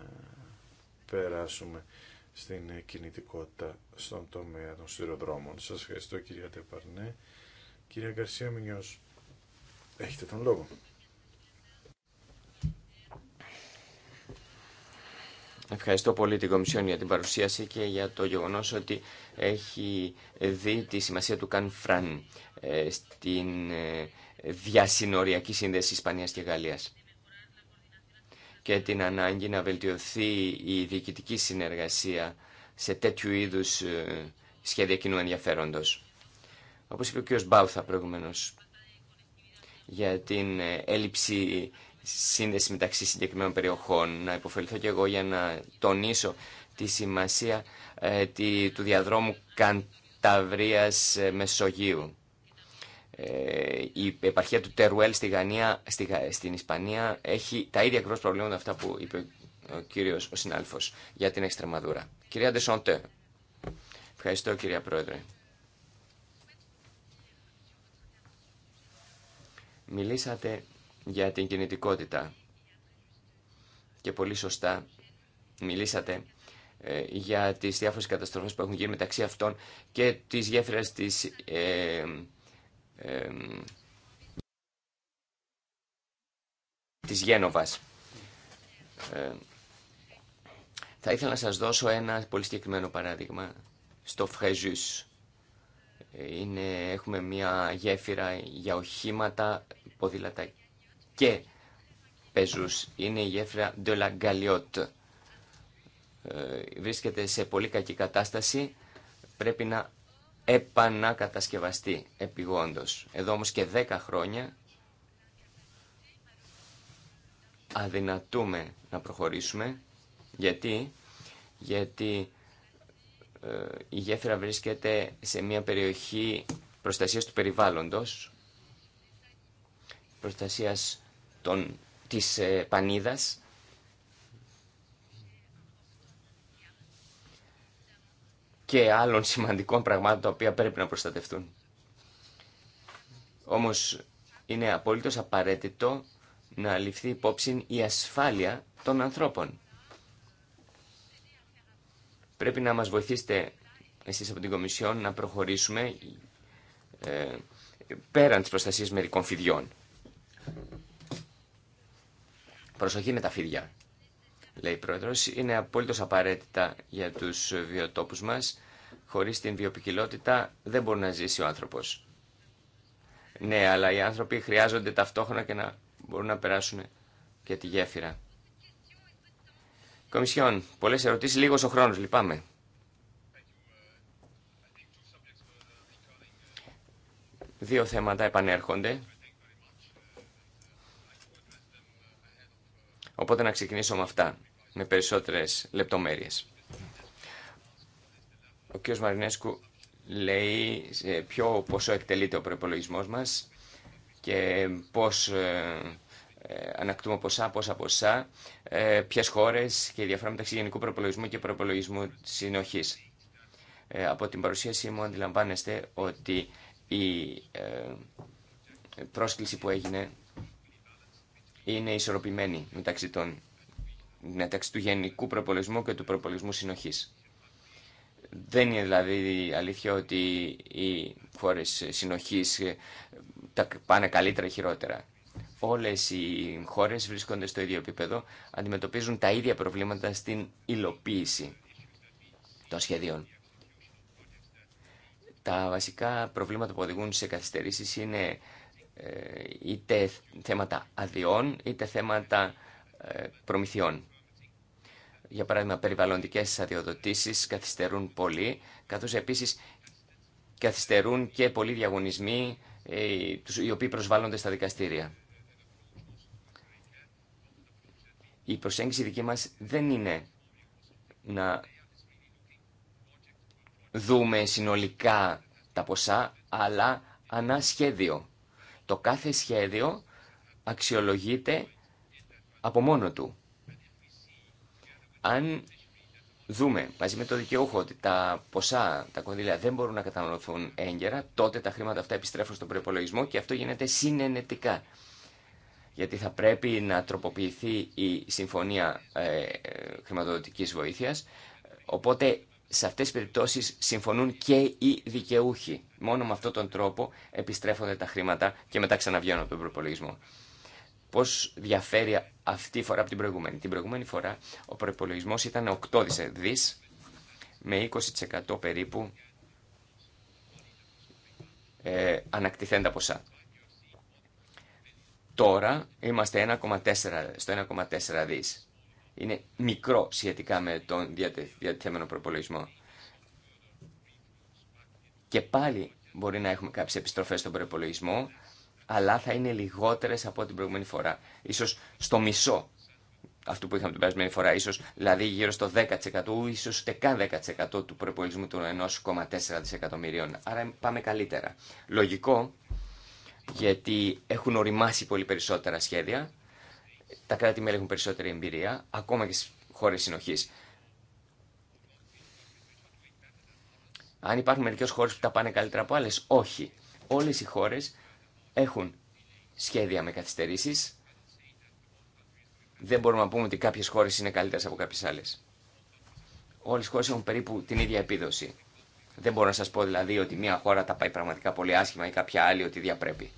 περάσουμε στην ε, κινητικότητα στον τομέα των σιδηροδρόμων. Σας ευχαριστώ κυρία Τεπαρνέ. Κυρία Γκαρσία Μινιός, έχετε τον λόγο. Ευχαριστώ πολύ την Κομισιόν για την παρουσίαση και για το γεγονός ότι έχει δει τη σημασία του Κανφραν ε, στην ε, διασυνοριακή σύνδεση Ισπανίας και Γαλλίας και την ανάγκη να βελτιωθεί η διοικητική συνεργασία σε τέτοιου είδους ε, σχέδια κοινού ενδιαφέροντος. Όπως είπε ο κ. Μπάουθα προηγουμένως, για την ε, έλλειψη σύνδεση μεταξύ συγκεκριμένων περιοχών. Να υποφεληθώ και εγώ για να τονίσω τη σημασία ε, τη, του διαδρόμου Κανταβρίας Μεσογείου. Ε, η επαρχία του Τερουέλ στη Γανία, στη, στην Ισπανία έχει τα ίδια ακριβώ προβλήματα αυτά που είπε ο κύριος, ο συνάλφος, για την Εξτρεμαδούρα. Κυρία Ντεσόντε, ευχαριστώ κυρία Πρόεδρε. Μιλήσατε για την κινητικότητα και πολύ σωστά μιλήσατε ε, για τις διάφορες καταστροφές που έχουν γίνει μεταξύ αυτών και τις γέφυρες της ε, ε, της Γένοβας. θα ήθελα να σας δώσω ένα πολύ συγκεκριμένο παράδειγμα. Στο Φρέζους είναι, έχουμε μια γέφυρα για οχήματα, ποδήλατα και πεζούς. Είναι η γέφυρα de la ε, βρίσκεται σε πολύ κακή κατάσταση. Πρέπει να επανακατασκευαστεί επιγόντως. Εδώ όμως και 10 χρόνια αδυνατούμε να προχωρήσουμε. Γιατί, Γιατί ε, η γέφυρα βρίσκεται σε μια περιοχή προστασίας του περιβάλλοντος, προστασίας των, της ε, πανίδας και άλλων σημαντικών πραγμάτων τα οποία πρέπει να προστατευτούν. Όμως είναι απολύτως απαραίτητο να ληφθεί υπόψη η ασφάλεια των ανθρώπων. Πρέπει να μας βοηθήσετε εσείς από την Κομισιόν να προχωρήσουμε ε, πέραν της προστασίας μερικών φιδιών. Προσοχή με τα φίδια λέει η Πρόεδρος, είναι απόλυτος απαραίτητα για τους βιοτόπους μας. Χωρίς την βιοπικιλότητα δεν μπορεί να ζήσει ο άνθρωπος. Ναι, αλλά οι άνθρωποι χρειάζονται ταυτόχρονα και να μπορούν να περάσουν και τη γέφυρα. Κομισιόν, πολλές ερωτήσεις, λίγος ο χρόνος, λυπάμαι. Δύο θέματα επανέρχονται. Οπότε να ξεκινήσω με αυτά με περισσότερες λεπτομέρειες. Ο κ. Μαρινέσκου λέει ποιο ποσό εκτελείται ο προπολογισμό μας και πώς ε, ε, ανακτούμε ποσά, πόσα ποσά, ε, ποιες χώρες και η διαφορά μεταξύ γενικού προπολογισμού και προπολογισμού συνοχής. από την παρουσίασή μου αντιλαμβάνεστε ότι η πρόσκληση που έγινε είναι ισορροπημένη μεταξύ των μεταξύ του γενικού προπολισμού και του προπολισμού συνοχής. Δεν είναι δηλαδή αλήθεια ότι οι χώρε συνοχής ε, τα πάνε καλύτερα ή χειρότερα. Όλες οι χώρες βρίσκονται στο ίδιο επίπεδο, αντιμετωπίζουν τα ίδια προβλήματα στην υλοποίηση των σχεδίων. Τα βασικά προβλήματα που οδηγούν σε καθυστερήσεις είναι ε, είτε θέματα αδειών, είτε θέματα ε, προμηθειών. Για παράδειγμα, περιβαλλοντικές αδειοδοτήσεις καθυστερούν πολύ, καθώς επίσης καθυστερούν και πολλοί διαγωνισμοί ε, οι οποίοι προσβάλλονται στα δικαστήρια. Η προσέγγιση δική μας δεν είναι να δούμε συνολικά τα ποσά, αλλά ανά σχέδιο. Το κάθε σχέδιο αξιολογείται από μόνο του. Αν δούμε μαζί με το δικαιούχο ότι τα ποσά, τα κονδύλια δεν μπορούν να καταναλωθούν έγκαιρα, τότε τα χρήματα αυτά επιστρέφουν στον προπολογισμό και αυτό γίνεται συνενετικά. Γιατί θα πρέπει να τροποποιηθεί η συμφωνία ε, χρηματοδοτικής βοήθειας, οπότε σε αυτές τις περιπτώσεις συμφωνούν και οι δικαιούχοι. Μόνο με αυτόν τον τρόπο επιστρέφονται τα χρήματα και μετά ξαναβγαίνουν από τον προπολογισμό. Πώς διαφέρει αυτή η φορά από την προηγούμενη. Την προηγούμενη φορά ο προπολογισμό ήταν 8 δι με 20% περίπου ε, ανακτηθέντα ποσά. Τώρα είμαστε 1,4, στο 1,4 δις. Είναι μικρό σχετικά με τον διατεθέμενο προπολογισμό. Και πάλι μπορεί να έχουμε κάποιες επιστροφές στον προπολογισμό, αλλά θα είναι λιγότερε από την προηγούμενη φορά. Ίσως στο μισό αυτού που είχαμε την περασμένη φορά, ίσως δηλαδή γύρω στο 10%, ίσως ούτε καν 10% του προπολογισμού των 1,4 δισεκατομμυρίων. Άρα πάμε καλύτερα. Λογικό, γιατί έχουν οριμάσει πολύ περισσότερα σχέδια, τα κράτη-μέλη έχουν περισσότερη εμπειρία, ακόμα και στι χώρε συνοχή. Αν υπάρχουν μερικέ χώρε που τα πάνε καλύτερα από άλλε, όχι. Όλε οι χώρε έχουν σχέδια με καθυστερήσει. Δεν μπορούμε να πούμε ότι κάποιες χώρες είναι καλύτερες από κάποιες άλλες. Όλες οι χώρε έχουν περίπου την ίδια επίδοση. Δεν μπορώ να σας πω δηλαδή ότι μια χώρα τα πάει πραγματικά πολύ άσχημα ή κάποια άλλη ότι διαπρέπει.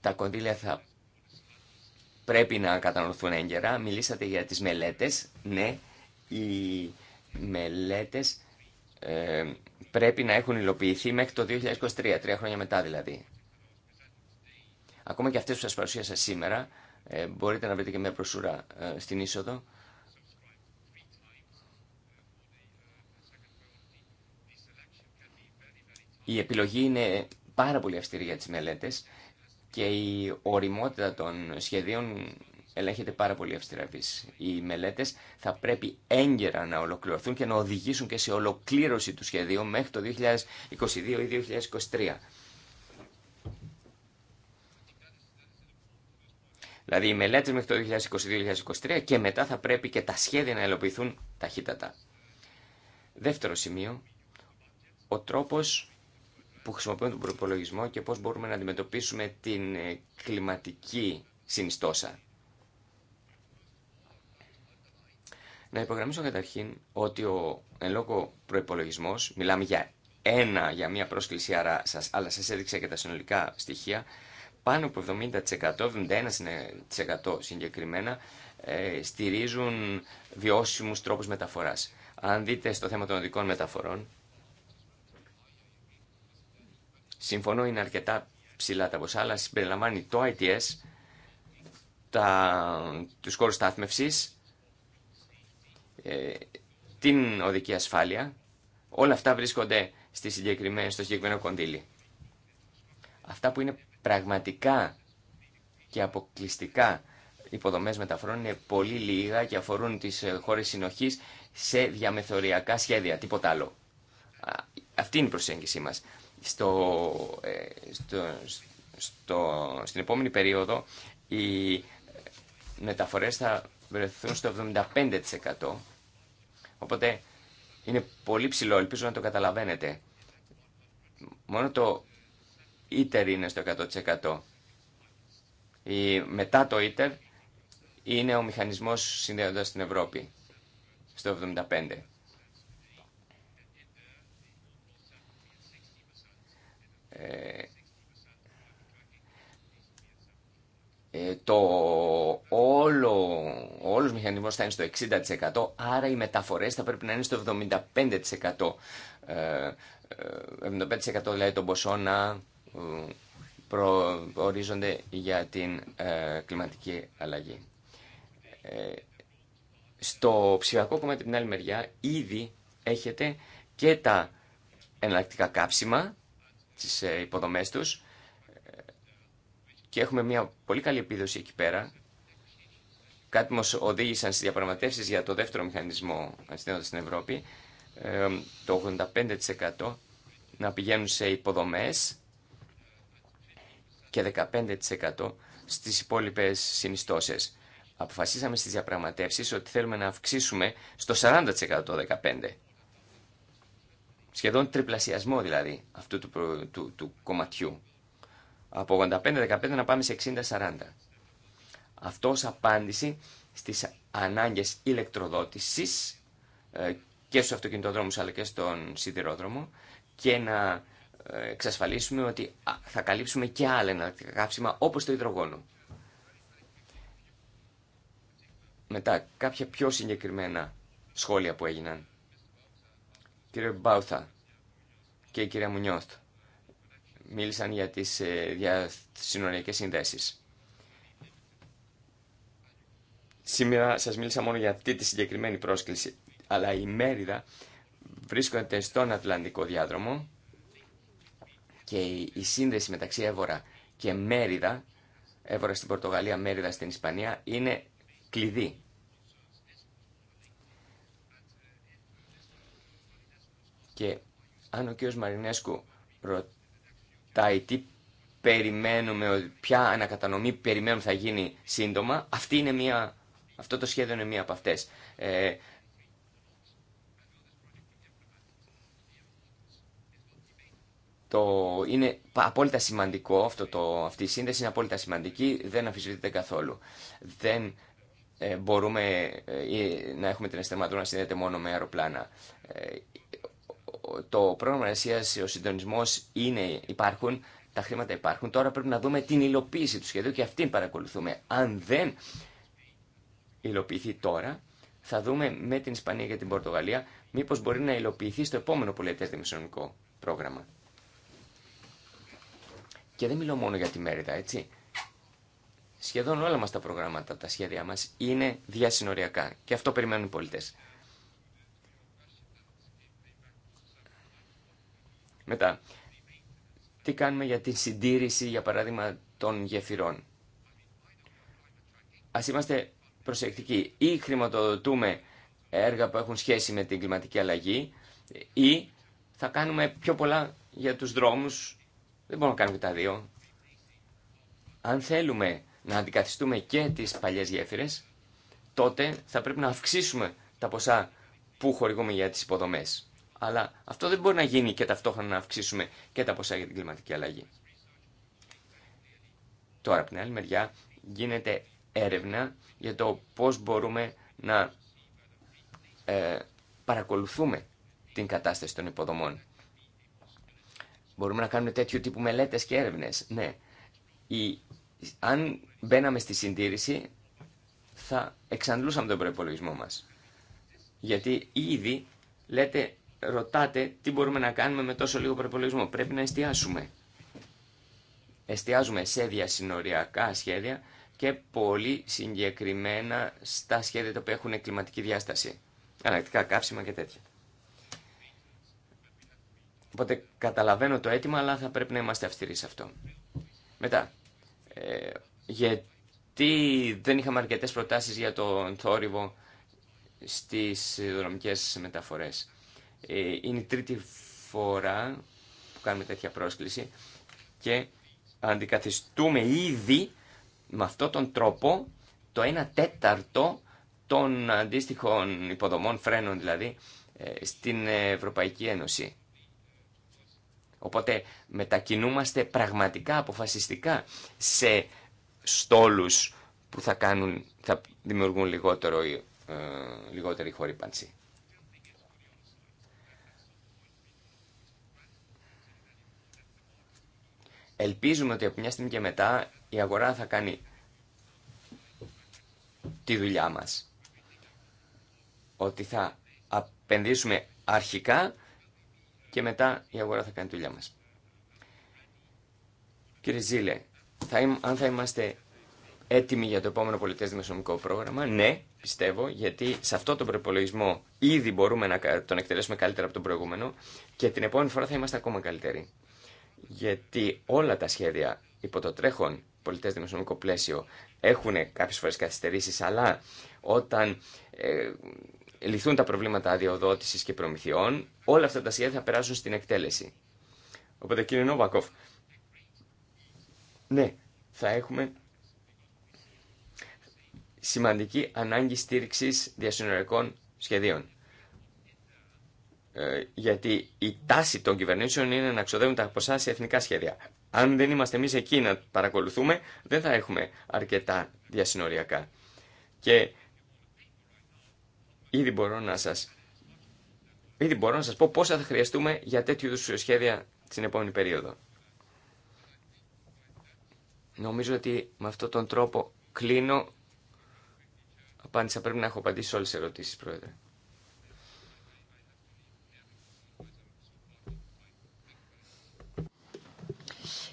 Τα κονδύλια θα πρέπει να κατανοηθούν έγκαιρα. Μιλήσατε για τις μελέτες. Ναι, οι μελέτες ε, πρέπει να έχουν υλοποιηθεί μέχρι το 2023, τρία χρόνια μετά δηλαδή. Ακόμα και αυτές που σας παρουσίασα σήμερα, ε, μπορείτε να βρείτε και μια προσούρα ε, στην είσοδο. Η επιλογή είναι πάρα πολύ αυστηρή για τις μελέτες και η οριμότητα των σχεδίων ελέγχεται πάρα πολύ αυστηρά Οι μελέτε θα πρέπει έγκαιρα να ολοκληρωθούν και να οδηγήσουν και σε ολοκλήρωση του σχεδίου μέχρι το 2022 ή 2023. Δηλαδή οι μελέτες μέχρι το 2022-2023 και μετά θα πρέπει και τα σχέδια να ελοποιηθούν ταχύτατα. Δεύτερο σημείο, ο τρόπος που χρησιμοποιούμε τον προπολογισμό και πώς μπορούμε να αντιμετωπίσουμε την ε, κλιματική συνιστόσα. Να υπογραμμίσω καταρχήν ότι ο εν λόγω προπολογισμό, μιλάμε για ένα, για μία πρόσκληση, άρα σας, αλλά σα έδειξα και τα συνολικά στοιχεία, πάνω από 70%, 71% συγκεκριμένα, ε, στηρίζουν βιώσιμου τρόπους μεταφοράς. Αν δείτε στο θέμα των οδικών μεταφορών, συμφωνώ είναι αρκετά ψηλά τα ποσά, αλλά συμπεριλαμβάνει το ITS, τα, τους χώρους στάθμευσης, ε, την οδική ασφάλεια. Όλα αυτά βρίσκονται στη συγκεκριμένη, στο συγκεκριμένο κονδύλι. Αυτά που είναι πραγματικά και αποκλειστικά υποδομές μεταφορών είναι πολύ λίγα και αφορούν τις ε, χώρες συνοχής σε διαμεθοριακά σχέδια, τίποτα άλλο. Αυτή είναι η προσέγγιση μας. Ε, στο, στην επόμενη περίοδο οι μεταφορές θα βρεθούν στο 75% Οπότε είναι πολύ ψηλό, ελπίζω να το καταλαβαίνετε. Μόνο το ίτερ είναι στο 100%. Η, μετά το ίτερ είναι ο μηχανισμός συνδέοντας την Ευρώπη στο 75%. Ε, Ε, το όλο, ο μηχανισμός θα είναι στο 60%, άρα οι μεταφορές θα πρέπει να είναι στο 75%. Ε, 75% ε, δηλαδή των ποσών να ε, προορίζονται για την κλιματική αλλαγή. στο ψηφιακό κομμάτι την άλλη μεριά ήδη έχετε και τα εναλλακτικά κάψιμα, στις υποδομές τους, και έχουμε μια πολύ καλή επίδοση εκεί πέρα. Κάτι μας οδήγησαν στις διαπραγματεύσεις για το δεύτερο μηχανισμό ασθενότητας στην Ευρώπη, το 85% να πηγαίνουν σε υποδομές και 15% στις υπόλοιπες συνιστώσεις. Αποφασίσαμε στις διαπραγματεύσεις ότι θέλουμε να αυξήσουμε στο 40% το 15%. Σχεδόν τριπλασιασμό δηλαδή αυτού του κομματιού από 85-15 να πάμε σε 60-40. Αυτό ως απάντηση στις ανάγκες ηλεκτροδότησης ε, και στους αυτοκινητοδρόμους αλλά και στον σιδηρόδρομο και να ε, εξασφαλίσουμε ότι θα καλύψουμε και άλλα εναλλακτικά καύσιμα όπως το υδρογόνο. Μετά κάποια πιο συγκεκριμένα σχόλια που έγιναν. Κύριε Μπάουθα και η κυρία Μουνιώθ μίλησαν για τις διασυνοριακές ε, συνδέσεις. Σήμερα σας μίλησα μόνο για αυτή τη συγκεκριμένη πρόσκληση, αλλά η Μέριδα βρίσκονται στον Ατλαντικό διάδρομο και η σύνδεση μεταξύ Εύωρα και Μέριδα, Εύωρα στην Πορτογαλία, Μέριδα στην Ισπανία, είναι κλειδί. Και αν ο κ. Μαρινέσκου ρωτήσει τα τι περιμένουμε, ποια ανακατανομή περιμένουμε θα γίνει σύντομα, αυτή είναι μια, αυτό το σχέδιο είναι μία από αυτές. Ε, το, είναι απόλυτα σημαντικό αυτό το, αυτή η σύνδεση είναι απόλυτα σημαντική, δεν αμφισβητείται καθόλου. Δεν ε, μπορούμε ε, να έχουμε την αισθηματούρα να συνδέεται μόνο με αεροπλάνα το πρόγραμμα εργασία, ο συντονισμό είναι, υπάρχουν, τα χρήματα υπάρχουν. Τώρα πρέπει να δούμε την υλοποίηση του σχεδίου και αυτήν παρακολουθούμε. Αν δεν υλοποιηθεί τώρα, θα δούμε με την Ισπανία και την Πορτογαλία μήπω μπορεί να υλοποιηθεί στο επόμενο πολιτέ δημοσιονομικό πρόγραμμα. Και δεν μιλώ μόνο για τη Μέριδα, έτσι. Σχεδόν όλα μας τα προγράμματα, τα σχέδια μας είναι διασυνοριακά και αυτό περιμένουν οι πολίτες. Μετά, τι κάνουμε για τη συντήρηση, για παράδειγμα, των γεφυρών. Ας είμαστε προσεκτικοί. Ή χρηματοδοτούμε έργα που έχουν σχέση με την κλιματική αλλαγή ή θα κάνουμε πιο πολλά για τους δρόμους. Δεν μπορούμε να κάνουμε τα δύο. Αν θέλουμε να αντικαθιστούμε και τις παλιές γέφυρες, τότε θα πρέπει να αυξήσουμε τα ποσά που χορηγούμε για τις υποδομές. Αλλά αυτό δεν μπορεί να γίνει και ταυτόχρονα να αυξήσουμε και τα ποσά για την κλιματική αλλαγή. Τώρα, από την άλλη μεριά, γίνεται έρευνα για το πώς μπορούμε να ε, παρακολουθούμε την κατάσταση των υποδομών. Μπορούμε να κάνουμε τέτοιου τύπου μελέτες και έρευνες. Ναι, Η, αν μπαίναμε στη συντήρηση θα εξαντλούσαμε τον προπολογισμό μας. Γιατί ήδη λέτε ρωτάτε τι μπορούμε να κάνουμε με τόσο λίγο προπολογισμό. Πρέπει να εστιάσουμε. Εστιάζουμε σε διασυνοριακά σχέδια και πολύ συγκεκριμένα στα σχέδια τα οποία έχουν κλιματική διάσταση. Ανακτικά καύσιμα και τέτοια. Οπότε καταλαβαίνω το αίτημα, αλλά θα πρέπει να είμαστε αυστηροί σε αυτό. Μετά, ε, γιατί δεν είχαμε αρκετές προτάσεις για τον θόρυβο στις δρομικές μεταφορές. Ε, είναι η τρίτη φορά που κάνουμε τέτοια πρόσκληση και αντικαθιστούμε ήδη με αυτόν τον τρόπο το 1 τέταρτο των αντίστοιχων υποδομών φρένων δηλαδή ε, στην Ευρωπαϊκή Ένωση. Οπότε μετακινούμαστε πραγματικά αποφασιστικά σε στόλους που θα, κάνουν, θα δημιουργούν λιγότερο, ε, λιγότερη χορύπανση. Ελπίζουμε ότι από μια στιγμή και μετά η αγορά θα κάνει τη δουλειά μας. Ότι θα απενδύσουμε αρχικά και μετά η αγορά θα κάνει τη δουλειά μας. Κύριε Ζήλε, αν θα είμαστε έτοιμοι για το επόμενο πολιτές δημοσιονομικό πρόγραμμα, ναι, πιστεύω, γιατί σε αυτό τον προπολογισμό ήδη μπορούμε να τον εκτελέσουμε καλύτερα από τον προηγούμενο και την επόμενη φορά θα είμαστε ακόμα καλύτεροι γιατί όλα τα σχέδια υπό το τρέχον πολιτές δημοσιονομικό πλαίσιο έχουν κάποιες φορές καθυστερήσεις, αλλά όταν ε, λυθούν τα προβλήματα αδειοδότησης και προμηθειών, όλα αυτά τα σχέδια θα περάσουν στην εκτέλεση. Οπότε κύριε Νόβακοφ, ναι, θα έχουμε σημαντική ανάγκη στήριξης διασυνοριακών σχεδίων. Ε, γιατί η τάση των κυβερνήσεων είναι να ξοδεύουν τα ποσά σε εθνικά σχέδια. Αν δεν είμαστε εμεί εκεί να παρακολουθούμε, δεν θα έχουμε αρκετά διασυνοριακά. Και ήδη μπορώ να σας, ήδη μπορώ να σας πω πόσα θα χρειαστούμε για τέτοιου είδους σχέδια στην επόμενη περίοδο. Νομίζω ότι με αυτόν τον τρόπο κλείνω. Απάντησα πρέπει να έχω απαντήσει σε όλες τις ερωτήσεις, Πρόεδρε.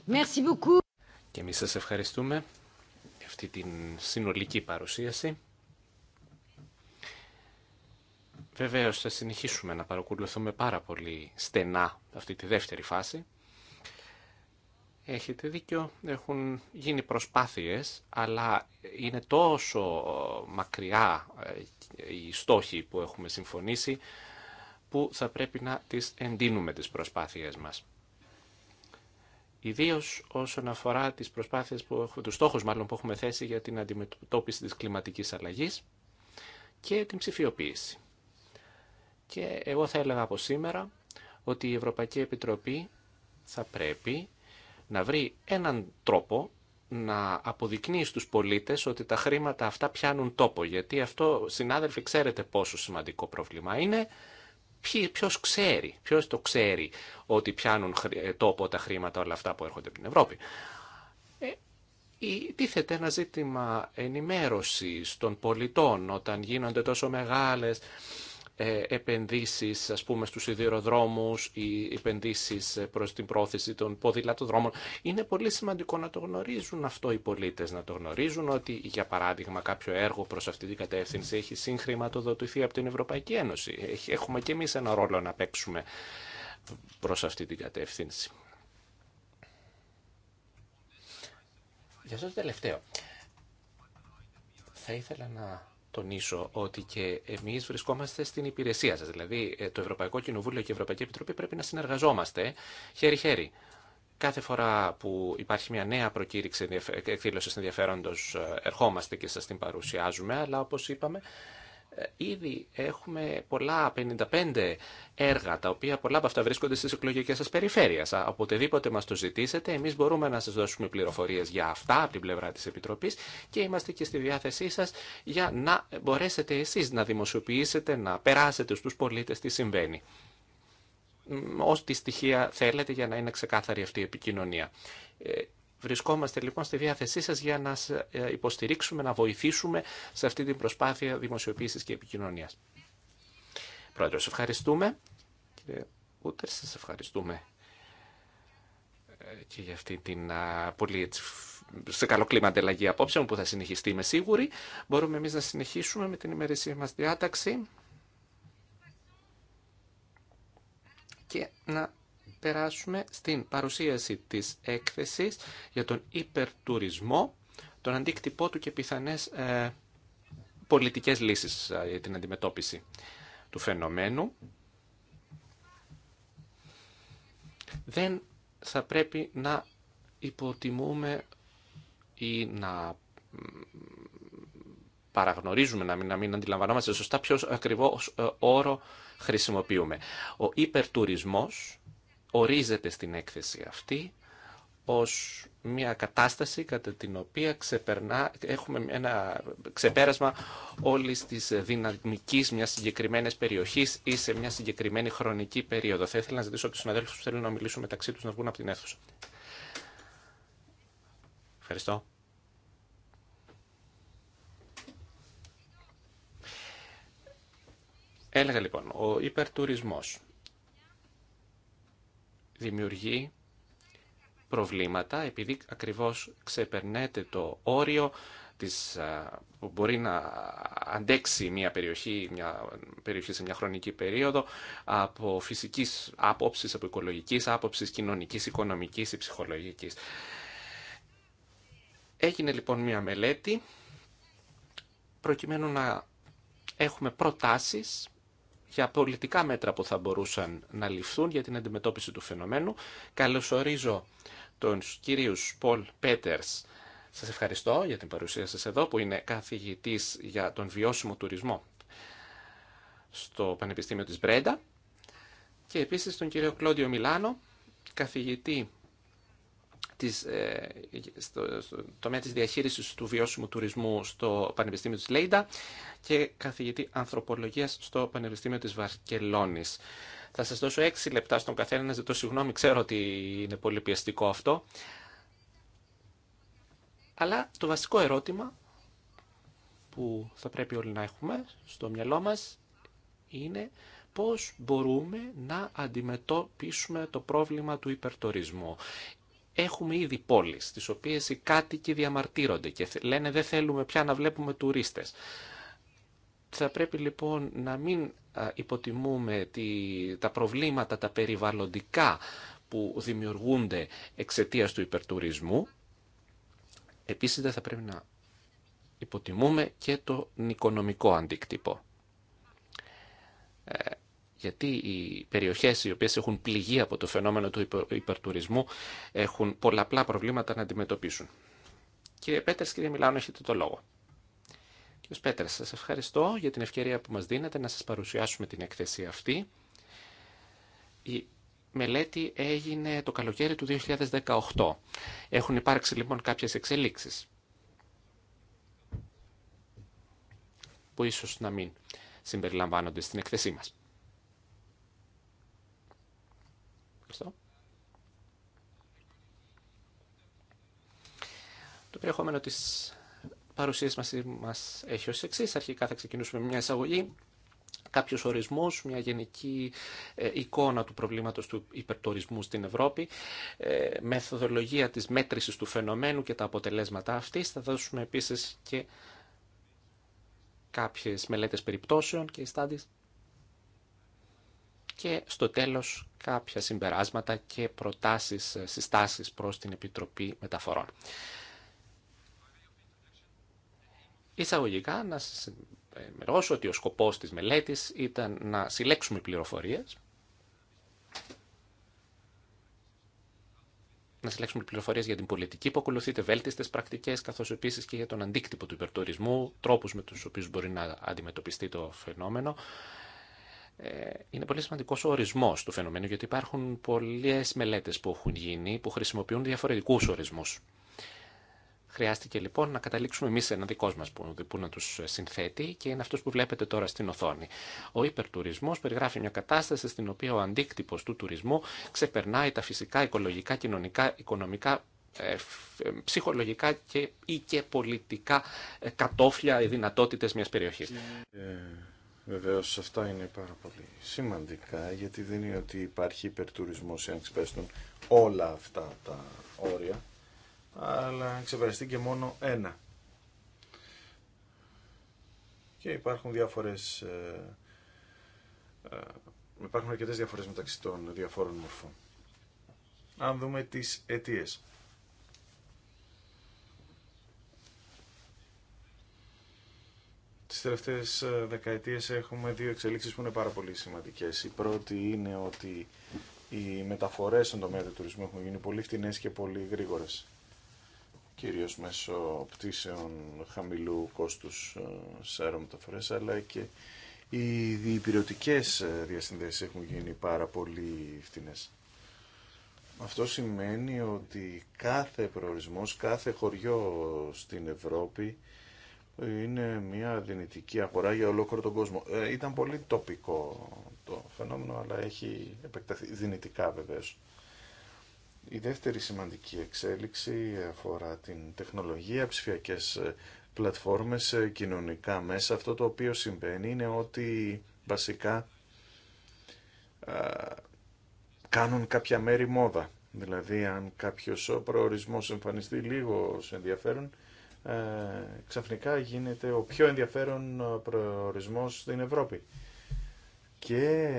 Merci beaucoup. Και εμείς σας ευχαριστούμε για αυτή την συνολική παρουσίαση. Βεβαίως θα συνεχίσουμε να παρακολουθούμε πάρα πολύ στενά αυτή τη δεύτερη φάση. Έχετε δίκιο, έχουν γίνει προσπάθειες, αλλά είναι τόσο μακριά ε, οι στόχοι που έχουμε συμφωνήσει, που θα πρέπει να τις εντείνουμε τις προσπάθειές μας. Ιδίω όσον αφορά τις προσπάθειες, που, τους μάλλον που έχουμε θέσει για την αντιμετώπιση της κλιματικής αλλαγής και την ψηφιοποίηση. Και εγώ θα έλεγα από σήμερα ότι η Ευρωπαϊκή Επιτροπή θα πρέπει να βρει έναν τρόπο να αποδεικνύει στους πολίτες ότι τα χρήματα αυτά πιάνουν τόπο, γιατί αυτό, συνάδελφοι, ξέρετε πόσο σημαντικό πρόβλημα είναι Ποιο ξέρει, ποιο το ξέρει ότι πιάνουν ε, τόπο τα χρήματα όλα αυτά που έρχονται από την Ευρώπη. Ε, τίθεται ένα ζήτημα ενημέρωσης των πολιτών όταν γίνονται τόσο μεγάλες ε, επενδύσεις ας πούμε στους σιδηροδρόμους ή επενδύσεις ε, προς την πρόθεση των ποδηλατοδρόμων. Είναι πολύ σημαντικό να το γνωρίζουν αυτό οι πολίτες, να το γνωρίζουν ότι για παράδειγμα κάποιο έργο προς αυτή την κατεύθυνση έχει συγχρηματοδοτηθεί από την Ευρωπαϊκή Ένωση. Έχουμε και εμείς ένα ρόλο να παίξουμε προς αυτή την κατεύθυνση. Για αυτό το τελευταίο. Θα ήθελα να τονίσω ότι και εμεί βρισκόμαστε στην υπηρεσία σα. Δηλαδή, ε, το Ευρωπαϊκό Κοινοβούλιο και η Ευρωπαϊκή Επιτροπή πρέπει να συνεργαζόμαστε χέρι-χέρι. Κάθε φορά που υπάρχει μια νέα προκήρυξη εκδήλωση ενδιαφέροντο, ε, ερχόμαστε και σα την παρουσιάζουμε, αλλά όπω είπαμε, ε, ήδη έχουμε πολλά 55 έργα, τα οποία πολλά από αυτά βρίσκονται στις εκλογικές σας περιφέρειες. Οποτεδήποτε μας το ζητήσετε, εμείς μπορούμε να σας δώσουμε πληροφορίες για αυτά από την πλευρά της Επιτροπής και είμαστε και στη διάθεσή σας για να μπορέσετε εσείς να δημοσιοποιήσετε, να περάσετε στους πολίτες τι συμβαίνει. Ό,τι στοιχεία θέλετε για να είναι ξεκάθαρη αυτή η επικοινωνία. Ε, Βρισκόμαστε λοιπόν στη διάθεσή σας για να ε, υποστηρίξουμε, να βοηθήσουμε σε αυτή την προσπάθεια δημοσιοποίησης και επικοινωνίας. Πρόεδρο, ευχαριστούμε. Κύριε Ούτερ, σας ευχαριστούμε ε, και για αυτή την πολύ σε καλό κλίμα ανταλλαγή απόψεων που θα συνεχιστεί, είμαι σίγουρη. Μπορούμε εμείς να συνεχίσουμε με την ημερήσια μας διάταξη και να περάσουμε στην παρουσίαση της έκθεσης για τον υπερτουρισμό, τον αντίκτυπό του και πιθανές ε, πολιτικές λύσεις ε, για την αντιμετώπιση του φαινομένου. Δεν θα πρέπει να υποτιμούμε ή να παραγνωρίζουμε, να μην, να μην αντιλαμβανόμαστε σωστά ποιος ακριβώς ε, όρο χρησιμοποιούμε. Ο υπερτουρισμός ορίζεται στην έκθεση αυτή ως μια κατάσταση κατά την οποία έχουμε ένα ξεπέρασμα όλης της δυναμικής μιας συγκεκριμένης περιοχής ή σε μια συγκεκριμένη χρονική περίοδο. Θα ήθελα να ζητήσω από τους συναδέλφους που θέλουν να μιλήσουν μεταξύ τους να βγουν από την αίθουσα. Ευχαριστώ. Έλεγα λοιπόν, ο υπερτουρισμός δημιουργεί προβλήματα επειδή ακριβώς ξεπερνέται το όριο της, που μπορεί να αντέξει μια περιοχή, μια περιοχή σε μια χρονική περίοδο από φυσικής άποψης, από οικολογικής άποψης, κοινωνικής, οικονομικής ή ψυχολογικής. Έγινε λοιπόν μια μελέτη προκειμένου να έχουμε προτάσεις για πολιτικά μέτρα που θα μπορούσαν να ληφθούν για την αντιμετώπιση του φαινομένου. Καλωσορίζω τον κύριο Πολ Πέτερς. Σας ευχαριστώ για την παρουσία σας εδώ, που είναι καθηγητής για τον βιώσιμο τουρισμό στο Πανεπιστήμιο της Μπρέντα και επίσης τον κύριο Κλόντιο Μιλάνο, καθηγητή της, ε, στο, στο τομέα της διαχείρισης του βιώσιμου τουρισμού στο Πανεπιστήμιο της Λέιντα και καθηγητή ανθρωπολογίας στο Πανεπιστήμιο της Βαρκελόνης. Θα σας δώσω έξι λεπτά στον καθένα να ζητώ συγγνώμη, ξέρω ότι είναι πολύ πιεστικό αυτό. Αλλά το βασικό ερώτημα που θα πρέπει όλοι να έχουμε στο μυαλό μας είναι πώς μπορούμε να αντιμετωπίσουμε το πρόβλημα του υπερτορισμού. Έχουμε ήδη πόλεις, τις οποίες οι κάτοικοι διαμαρτύρονται και λένε δεν θέλουμε πια να βλέπουμε τουρίστες. Θα πρέπει λοιπόν να μην υποτιμούμε τα προβλήματα τα περιβαλλοντικά που δημιουργούνται εξαιτίας του υπερτουρισμού. Επίσης δεν θα πρέπει να υποτιμούμε και τον οικονομικό αντίκτυπο. Ε, γιατί οι περιοχές οι οποίες έχουν πληγεί από το φαινόμενο του υπερτουρισμού έχουν πολλαπλά προβλήματα να αντιμετωπίσουν. Κύριε Πέτρας, κύριε Μιλάνο, έχετε το λόγο. Κύριος Πέτρας, σας ευχαριστώ για την ευκαιρία που μας δίνετε να σας παρουσιάσουμε την εκθεσία αυτή. Η μελέτη έγινε το καλοκαίρι του 2018. Έχουν υπάρξει λοιπόν κάποιες εξελίξεις που ίσως να μην συμπεριλαμβάνονται στην εκθεσή μας. Το περιεχόμενο της παρουσίας μας, έχει ως εξή. Αρχικά θα ξεκινήσουμε με μια εισαγωγή κάποιο ορισμό, μια γενική ε, εικόνα του προβλήματος του υπερτορισμού στην Ευρώπη, ε, μεθοδολογία της μέτρηση του φαινομένου και τα αποτελέσματα αυτή. Θα δώσουμε επίση και κάποιε μελέτε περιπτώσεων και ιστάντης και στο τέλος κάποια συμπεράσματα και προτάσεις, ε, συστάσεις προς την Επιτροπή Μεταφορών. Εισαγωγικά να σας ενημερώσω ότι ο σκοπός της μελέτης ήταν να συλλέξουμε πληροφορίες να συλλέξουμε πληροφορίε για την πολιτική που ακολουθείται, βέλτιστε πρακτικέ, καθώ επίση και για τον αντίκτυπο του υπερτορισμού, τρόπου με του οποίου μπορεί να αντιμετωπιστεί το φαινόμενο, ε, είναι πολύ σημαντικός ο ορισμός του φαινομένου, γιατί υπάρχουν πολλές μελέτες που έχουν γίνει, που χρησιμοποιούν διαφορετικούς ορισμούς. Χρειάστηκε λοιπόν να καταλήξουμε εμείς ένα δικό μας που, που να του συνθέτει και είναι αυτός που βλέπετε τώρα στην οθόνη. Ο υπερτουρισμό περιγράφει μια κατάσταση στην οποία ο αντίκτυπος του τουρισμού ξεπερνάει τα φυσικά, οικολογικά, κοινωνικά, οικονομικά, ε, ε, ψυχολογικά και, ή και πολιτικά κατόφλια, οι δυνατότητε μια περιοχή. Βεβαίω αυτά είναι πάρα πολύ σημαντικά γιατί δεν είναι ότι υπάρχει υπερτουρισμός αν ξεπεραστούν όλα αυτά τα όρια αλλά ξεπεραστεί και μόνο ένα. Και υπάρχουν διάφορες ε, ε, υπάρχουν αρκετές διαφορές μεταξύ των διαφόρων μορφών. Αν δούμε τις αιτίες. Τις τελευταίες ε, δεκαετίες έχουμε δύο εξελίξεις που είναι πάρα πολύ σημαντικές. Η πρώτη είναι ότι οι μεταφορές στον τομέα του τουρισμού έχουν γίνει πολύ φτηνές και πολύ γρήγορες. Κυρίως μέσω πτήσεων χαμηλού κόστους ε, σε αερομεταφορές, αλλά και οι διπηρεωτικές ε, διασυνδέσεις έχουν γίνει πάρα πολύ φτηνές. Αυτό σημαίνει ότι κάθε προορισμός, κάθε χωριό στην Ευρώπη είναι μια δυνητική αγορά για ολόκληρο τον κόσμο. Ε, ήταν πολύ τοπικό το φαινόμενο, αλλά έχει επεκταθεί δυνητικά βεβαίως. Η δεύτερη σημαντική εξέλιξη αφορά την τεχνολογία, ψηφιακές ε, πλατφόρμες, ε, κοινωνικά μέσα. Αυτό το οποίο συμβαίνει είναι ότι βασικά κάνουν κάποια μέρη μόδα. Δηλαδή αν κάποιος προορισμός εμφανιστεί λίγο σε ενδιαφέρον, ε, ξαφνικά γίνεται ο πιο ενδιαφέρον ε, προορισμός στην Ευρώπη. Και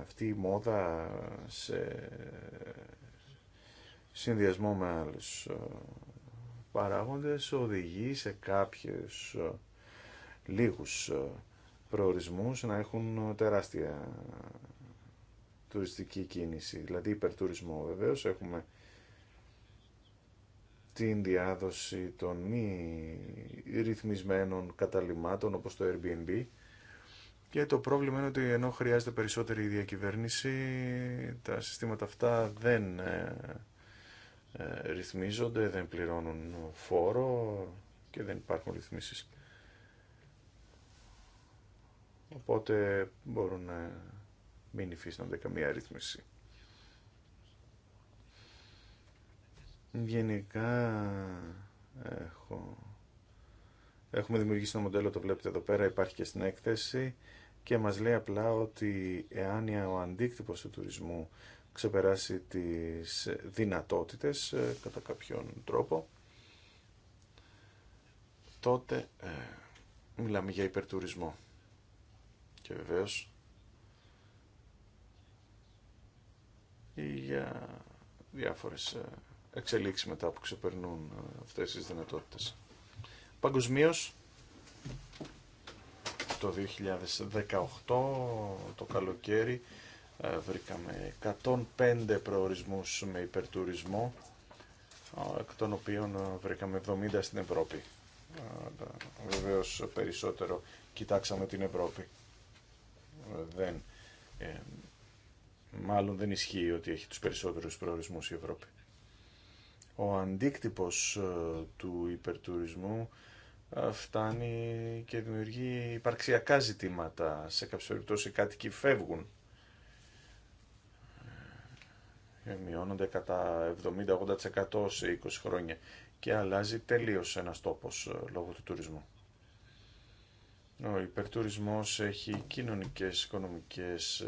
αυτή η μόδα σε συνδυασμό με άλλους ε, παράγοντες οδηγεί σε κάποιους λίγους προορισμούς να έχουν τεράστια τουριστική κίνηση. Δηλαδή υπερτουρισμό βεβαίως έχουμε την διάδοση των μη ρυθμισμένων καταλήμματων όπως το Airbnb και το πρόβλημα είναι ότι ενώ χρειάζεται περισσότερη διακυβέρνηση τα συστήματα αυτά δεν ε, ε, ρυθμίζονται, δεν πληρώνουν φόρο και δεν υπάρχουν ρυθμίσεις. Οπότε μπορούν να μην υφίστανται καμία ρύθμιση. Γενικά έχω... έχουμε δημιουργήσει ένα μοντέλο, το βλέπετε εδώ πέρα, υπάρχει και στην έκθεση και μας λέει απλά ότι εάν ο αντίκτυπος του τουρισμού ξεπεράσει τις δυνατότητες ε, κατά κάποιον τρόπο, τότε ε, μιλάμε για υπερτουρισμό. Και βεβαίως ή για διάφορες ε, εξελίξει μετά που ξεπερνούν ε, αυτές τις δυνατότητες. Παγκοσμίω, το 2018 το καλοκαίρι ε, βρήκαμε 105 προορισμούς με υπερτουρισμό ε, εκ των οποίων βρήκαμε 70 στην Ευρώπη. Βεβαίως περισσότερο κοιτάξαμε την Ευρώπη. Δεν, μάλλον δεν ισχύει ότι έχει τους περισσότερους προορισμούς η Ευρώπη ο αντίκτυπος ε, του υπερτουρισμού ε, φτάνει και δημιουργεί υπαρξιακά ζητήματα. Σε κάποιες περιπτώσεις οι κάτοικοι φεύγουν. Ε, μειώνονται κατά 70-80% σε 20 χρόνια και αλλάζει τελείως ένας τόπος λόγω του τουρισμού. Ο υπερτουρισμός έχει κοινωνικές, οικονομικές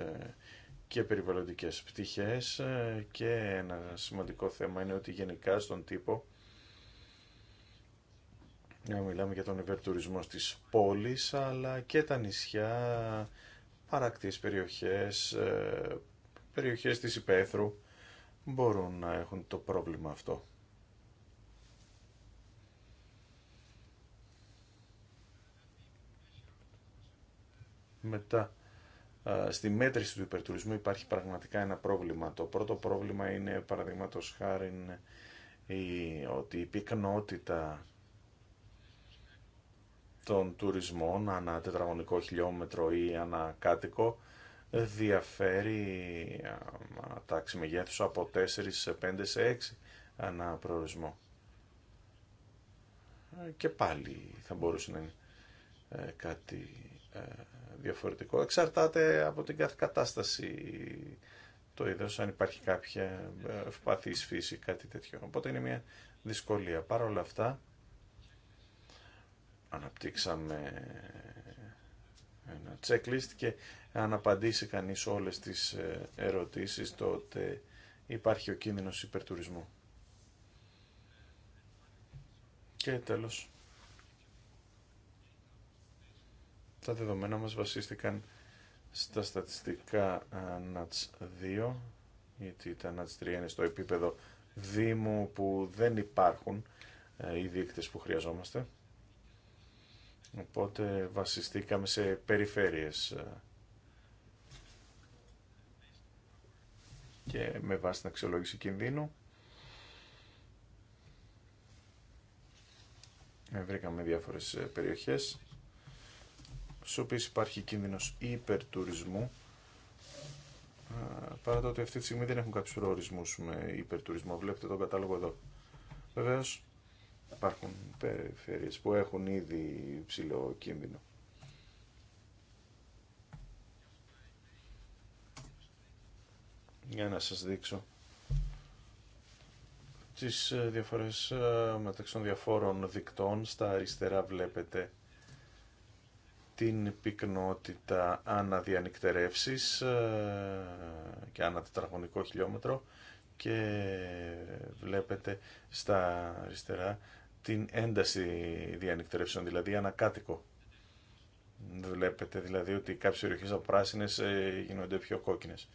και περιβαλλοντικές πτυχές ε, και ένα σημαντικό θέμα είναι ότι γενικά στον τύπο να μιλάμε για τον ευερτουρισμό στις πόλεις αλλά και τα νησιά, παρακτής περιοχές, ε, περιοχές της υπαίθρου μπορούν να έχουν το πρόβλημα αυτό. Μετά στη μέτρηση του υπερτουρισμού υπάρχει πραγματικά ένα πρόβλημα. Το πρώτο πρόβλημα είναι παραδείγματο χάρη ότι η πυκνότητα των τουρισμών ανά τετραγωνικό χιλιόμετρο ή ανά κάτοικο διαφέρει τάξη μεγέθους από 4 σε 5 σε 6 ανά προορισμό. Και πάλι θα μπορούσε να είναι ε, κάτι ε, διαφορετικό. Εξαρτάται από την κάθε κατάσταση το είδο, αν υπάρχει κάποια ε, ευπαθή φύση, κάτι τέτοιο. Οπότε είναι μια δυσκολία. Παρ' όλα αυτά, αναπτύξαμε ένα checklist και αν απαντήσει κανείς όλες τις ε, ερωτήσεις, τότε υπάρχει ο κίνδυνος υπερτουρισμού. Και τέλος, τα δεδομένα μας βασίστηκαν στα στατιστικά ΝΑΤΣ ε, 2, γιατί τα ΝΑΤΣ 3 είναι στο επίπεδο Δήμου που δεν υπάρχουν ε, οι δείκτες που χρειαζόμαστε. Οπότε βασιστήκαμε σε περιφέρειες ε, και με βάση την αξιολόγηση κινδύνου βρήκαμε διάφορες περιοχές στους οποίες υπάρχει κίνδυνος υπερτουρισμού παρά το ότι αυτή τη στιγμή δεν έχουν κάποιους προορισμούς με υπερτουρισμό. Βλέπετε τον κατάλογο εδώ. Βεβαίως υπάρχουν περιφέρειες που έχουν ήδη ψηλό κίνδυνο. Για να σας δείξω τις ε, διαφορές ε, μεταξύ των διαφόρων δικτών. Στα αριστερά βλέπετε την πυκνότητα αναδιανυκτερεύσεις ε, και ανά τετραγωνικό χιλιόμετρο και βλέπετε στα αριστερά την ένταση διανυκτερεύσεων, δηλαδή ανακάτοικο. Βλέπετε δηλαδή ότι κάποιες περιοχές από πράσινες ε, γίνονται πιο κόκκινες.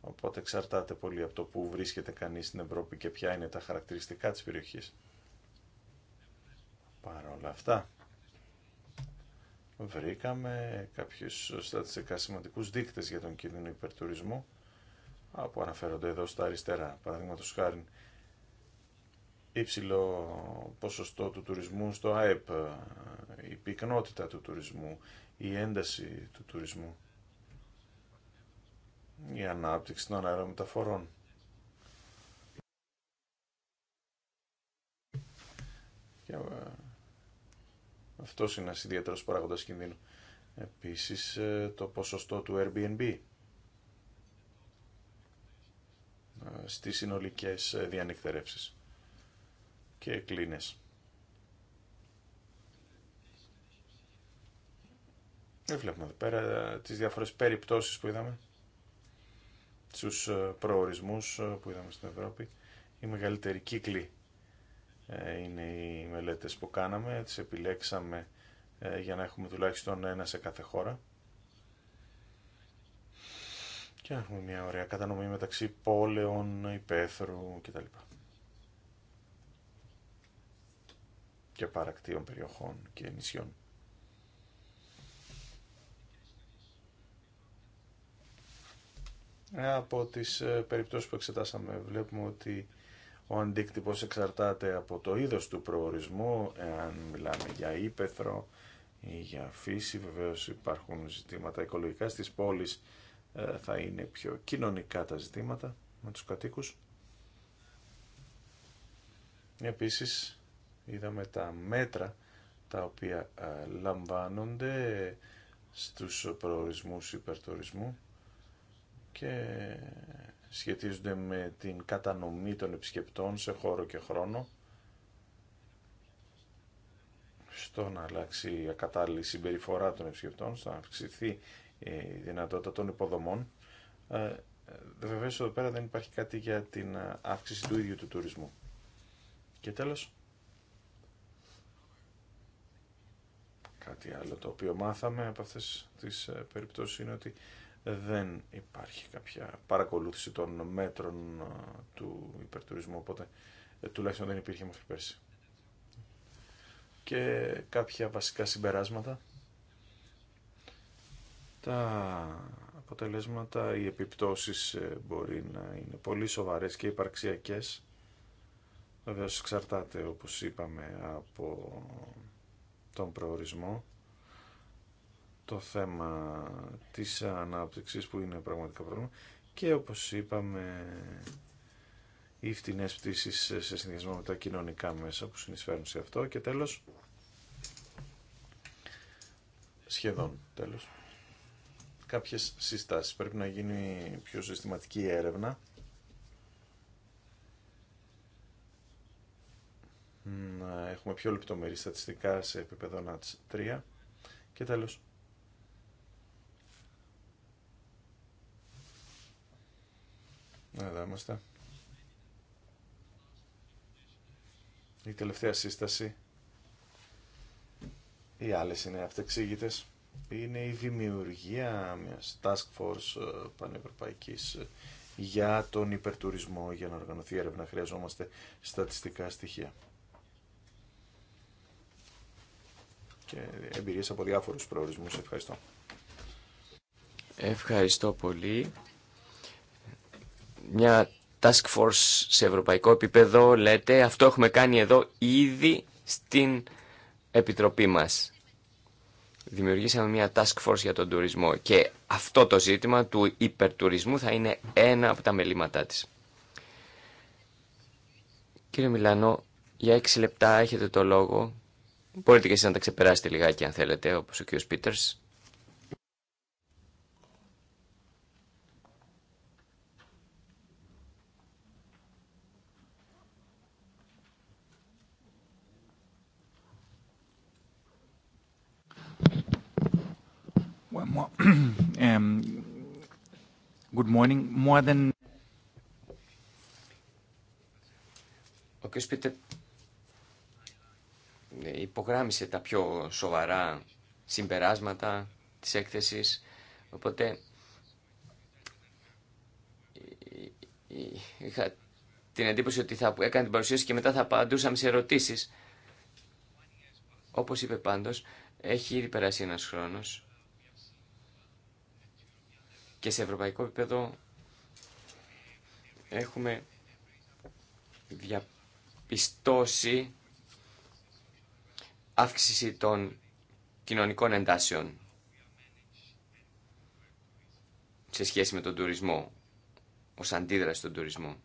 Οπότε εξαρτάται πολύ από το που βρίσκεται κανείς στην Ευρώπη και ποια είναι τα χαρακτηριστικά της περιοχής. Παρ' όλα αυτά, βρήκαμε κάποιους στατιστικά σημαντικούς δείκτες για τον κίνδυνο υπερτουρισμού που αναφέρονται εδώ στα αριστερά. Παραδείγματος χάρη υψηλό ποσοστό του τουρισμού στο ΑΕΠ, η πυκνότητα του τουρισμού, η ένταση του τουρισμού, η ανάπτυξη των αερομεταφορών. Ε, αυτό είναι ένας ιδιαίτερος παράγοντα κινδύνου. Επίσης ε, το ποσοστό του Airbnb ε, στις συνολικές ε, διανυκτερεύσεις και κλίνες. Δεν βλέπουμε εδώ πέρα τις διάφορες περιπτώσεις που είδαμε, τους προορισμούς που είδαμε στην Ευρώπη, η μεγαλύτερη κύκλη ε, είναι οι μελέτες που κάναμε, τις επιλέξαμε ε, για να έχουμε τουλάχιστον ένα σε κάθε χώρα. Και έχουμε μια ωραία κατανομή μεταξύ πόλεων, υπαίθρου κτλ. Και παρακτήων περιοχών και νησιών. Ε, από τις περιπτώσεις που εξετάσαμε βλέπουμε ότι ο αντίκτυπος εξαρτάται από το είδος του προορισμού, εάν μιλάμε για ύπεθρο ή για φύση. Βεβαίως υπάρχουν ζητήματα οικολογικά στις πόλεις, ε, θα είναι πιο κοινωνικά τα ζητήματα με τους κατοίκους. Επίσης είδαμε τα μέτρα τα οποία ε, λαμβάνονται στους προορισμούς υπερτορισμού και σχετίζονται με την κατανομή των επισκεπτών σε χώρο και χρόνο στο να αλλάξει η ακατάλληλη συμπεριφορά των επισκεπτών, στο να αυξηθεί ε, η δυνατότητα των υποδομών. Ε, ε, Βεβαίω εδώ πέρα δεν υπάρχει κάτι για την αύξηση του ίδιου του τουρισμού. Και τέλος, κάτι άλλο το οποίο μάθαμε από αυτές τις περιπτώσεις είναι ότι δεν υπάρχει κάποια παρακολούθηση των μέτρων ε, του υπερτουρισμού, οπότε ε, τουλάχιστον δεν υπήρχε μέχρι πέρσι. Και κάποια βασικά συμπεράσματα. Τα αποτελέσματα, οι επιπτώσεις ε, μπορεί να είναι πολύ σοβαρές και υπαρξιακές. Βεβαίως εξαρτάται, όπως είπαμε, από τον προορισμό το θέμα της ανάπτυξης που είναι πραγματικά πρόβλημα και όπως είπαμε οι φτηνές πτήσεις σε συνδυασμό με τα κοινωνικά μέσα που συνεισφέρουν σε αυτό και τέλος σχεδόν τέλος κάποιες συστάσεις πρέπει να γίνει πιο συστηματική έρευνα να έχουμε πιο λεπτομερή στατιστικά σε επίπεδο 3 και τέλος είμαστε. Η τελευταία σύσταση, οι άλλε είναι αυτεξήγητες, είναι η δημιουργία μιας task force ε, πανευρωπαϊκής ε, για τον υπερτουρισμό, για να οργανωθεί έρευνα χρειαζόμαστε στατιστικά στοιχεία. Και εμπειρίες από διάφορους προορισμούς. Ευχαριστώ. Ευχαριστώ πολύ μια task force σε ευρωπαϊκό επίπεδο, λέτε, αυτό έχουμε κάνει εδώ ήδη στην Επιτροπή μας. Δημιουργήσαμε μια task force για τον τουρισμό και αυτό το ζήτημα του υπερτουρισμού θα είναι ένα από τα μελήματά της. Κύριε Μιλανό, για 6 λεπτά έχετε το λόγο. Μπορείτε και εσείς να τα ξεπεράσετε λιγάκι αν θέλετε, όπως ο κύριος Πίτερς. [clears throat] Um, good morning. More than... Ο κ. Πίτερ ε, υπογράμμισε τα πιο σοβαρά συμπεράσματα της έκθεσης, οπότε ε, ε, είχα την εντύπωση ότι θα έκανε την παρουσίαση και μετά θα απαντούσαμε σε ερωτήσεις. Όπως είπε πάντως, έχει ήδη περάσει ένας χρόνος και σε ευρωπαϊκό επίπεδο έχουμε διαπιστώσει αύξηση των κοινωνικών εντάσεων σε σχέση με τον τουρισμό, ως αντίδραση στον τουρισμό.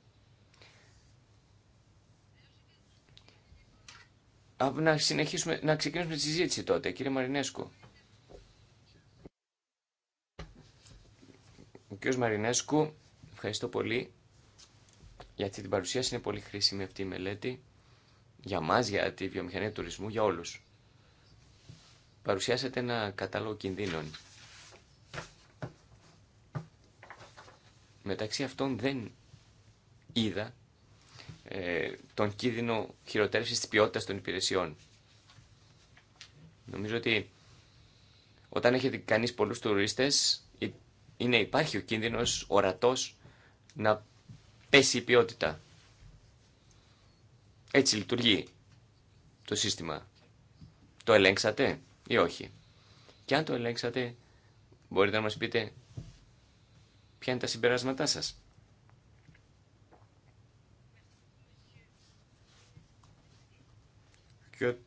Να συνεχίσουμε, να ξεκινήσουμε τη συζήτηση τότε, κύριε Μαρινέσκο. κ. Μαρινέσκου, ευχαριστώ πολύ γιατί την παρουσίαση είναι πολύ χρήσιμη αυτή η μελέτη για μα για τη βιομηχανία τουρισμού, για όλους. Παρουσιάσατε ένα κατάλογο κινδύνων. Μεταξύ αυτών δεν είδα ε, τον κίνδυνο χειροτέρευση τη ποιότητα των υπηρεσιών. Νομίζω ότι όταν έχετε κανείς πολλούς τουρίστες είναι υπάρχει ο κίνδυνος ορατός να πέσει η ποιότητα. Έτσι λειτουργεί το σύστημα. Το ελέγξατε ή όχι. Και αν το ελέγξατε, μπορείτε να μας πείτε ποια είναι τα συμπεράσματά σας. Και ο,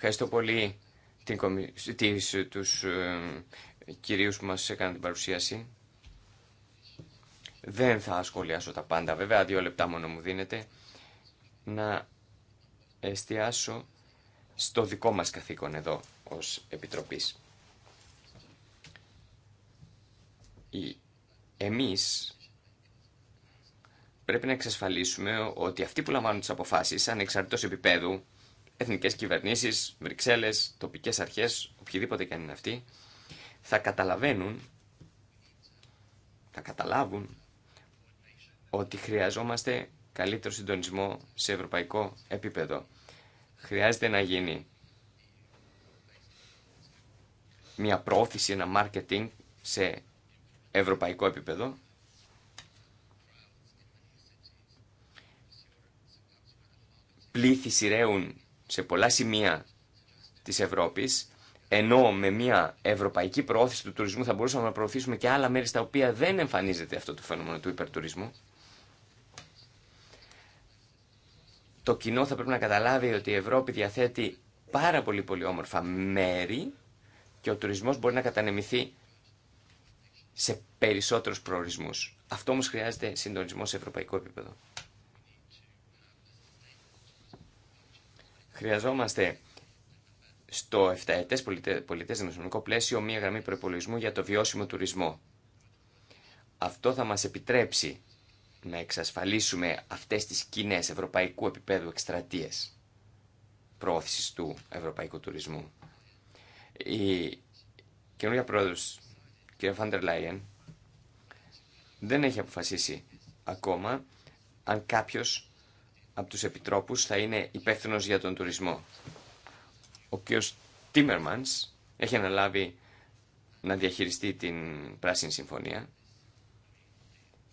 Ευχαριστώ πολύ την, της τους ε, κυρίους που μας έκαναν την παρουσίαση. Δεν θα ασχολιάσω τα πάντα βέβαια, δύο λεπτά μόνο μου δίνετε. Να εστιάσω στο δικό μας καθήκον εδώ ως Επιτροπής. Εμείς πρέπει να εξασφαλίσουμε ότι αυτοί που λαμβάνουν τις αποφάσεις, ανεξαρτητός επίπεδου, εθνικές κυβερνήσεις, Βρυξέλλες, τοπικές αρχές, οποιοδήποτε και αν είναι αυτοί, θα καταλαβαίνουν, θα καταλάβουν ότι χρειαζόμαστε καλύτερο συντονισμό σε ευρωπαϊκό επίπεδο. Χρειάζεται να γίνει μια πρόθεση, ένα marketing σε ευρωπαϊκό επίπεδο. Πλήθη σε πολλά σημεία τη Ευρώπης, ενώ με μια ευρωπαϊκή προώθηση του τουρισμού θα μπορούσαμε να προωθήσουμε και άλλα μέρη στα οποία δεν εμφανίζεται αυτό το φαινόμενο του υπερτουρισμού. Το κοινό θα πρέπει να καταλάβει ότι η Ευρώπη διαθέτει πάρα πολύ πολύ όμορφα μέρη και ο τουρισμός μπορεί να κατανεμηθεί σε περισσότερους προορισμούς. Αυτό όμως χρειάζεται συντονισμό σε ευρωπαϊκό επίπεδο. Χρειαζόμαστε στο 7 ετές πολιτές δημοσιονομικό πλαίσιο μία γραμμή προπολογισμού για το βιώσιμο τουρισμό. Αυτό θα μας επιτρέψει να εξασφαλίσουμε αυτές τις κοινέ ευρωπαϊκού επίπεδου εκστρατείες προώθησης του ευρωπαϊκού τουρισμού. Η καινούργια πρόεδρος, κ. Φάντερ Λάιεν, δεν έχει αποφασίσει ακόμα αν κάποιος από τους επιτρόπους θα είναι υπεύθυνο για τον τουρισμό. Ο κ. Τίμερμανς έχει αναλάβει να διαχειριστεί την Πράσινη Συμφωνία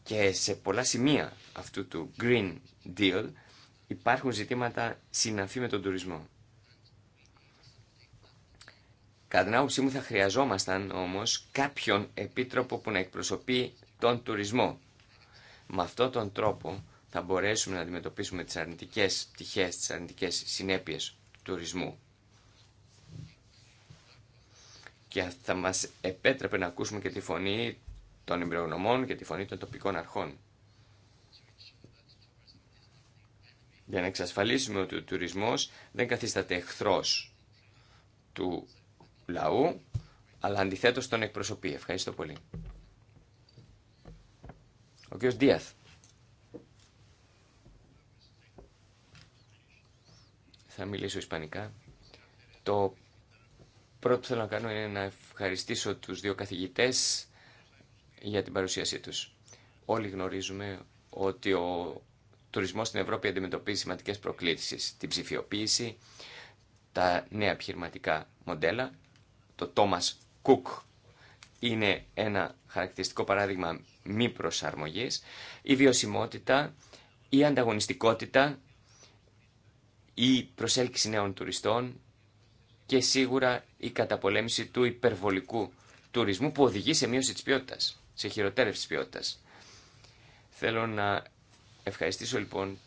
και σε πολλά σημεία αυτού του Green Deal υπάρχουν ζητήματα συναφή με τον τουρισμό. Κατά την άποψή μου θα χρειαζόμασταν όμως κάποιον επίτροπο που να εκπροσωπεί τον τουρισμό. Με αυτόν τον τρόπο θα μπορέσουμε να αντιμετωπίσουμε τις αρνητικές πτυχές, τις αρνητικές συνέπειες του τουρισμού. Και θα μας επέτρεπε να ακούσουμε και τη φωνή των εμπειρογνωμών και τη φωνή των τοπικών αρχών. Για να εξασφαλίσουμε ότι ο τουρισμός δεν καθίσταται εχθρός του λαού, αλλά αντιθέτως τον εκπροσωπεί. Ευχαριστώ πολύ. Ο κ. Δίαθ. θα μιλήσω ισπανικά. Το πρώτο που θέλω να κάνω είναι να ευχαριστήσω τους δύο καθηγητές για την παρουσίασή τους. Όλοι γνωρίζουμε ότι ο τουρισμός στην Ευρώπη αντιμετωπίζει σημαντικές προκλήσεις. Την ψηφιοποίηση, τα νέα επιχειρηματικά μοντέλα. Το Thomas Cook είναι ένα χαρακτηριστικό παράδειγμα μη προσαρμογής. Η βιωσιμότητα, η ανταγωνιστικότητα η προσέλκυση νέων τουριστών και σίγουρα η καταπολέμηση του υπερβολικού τουρισμού που οδηγεί σε μείωση της ποιότητας, σε χειροτέρευση της ποιότητας. Θέλω να ευχαριστήσω λοιπόν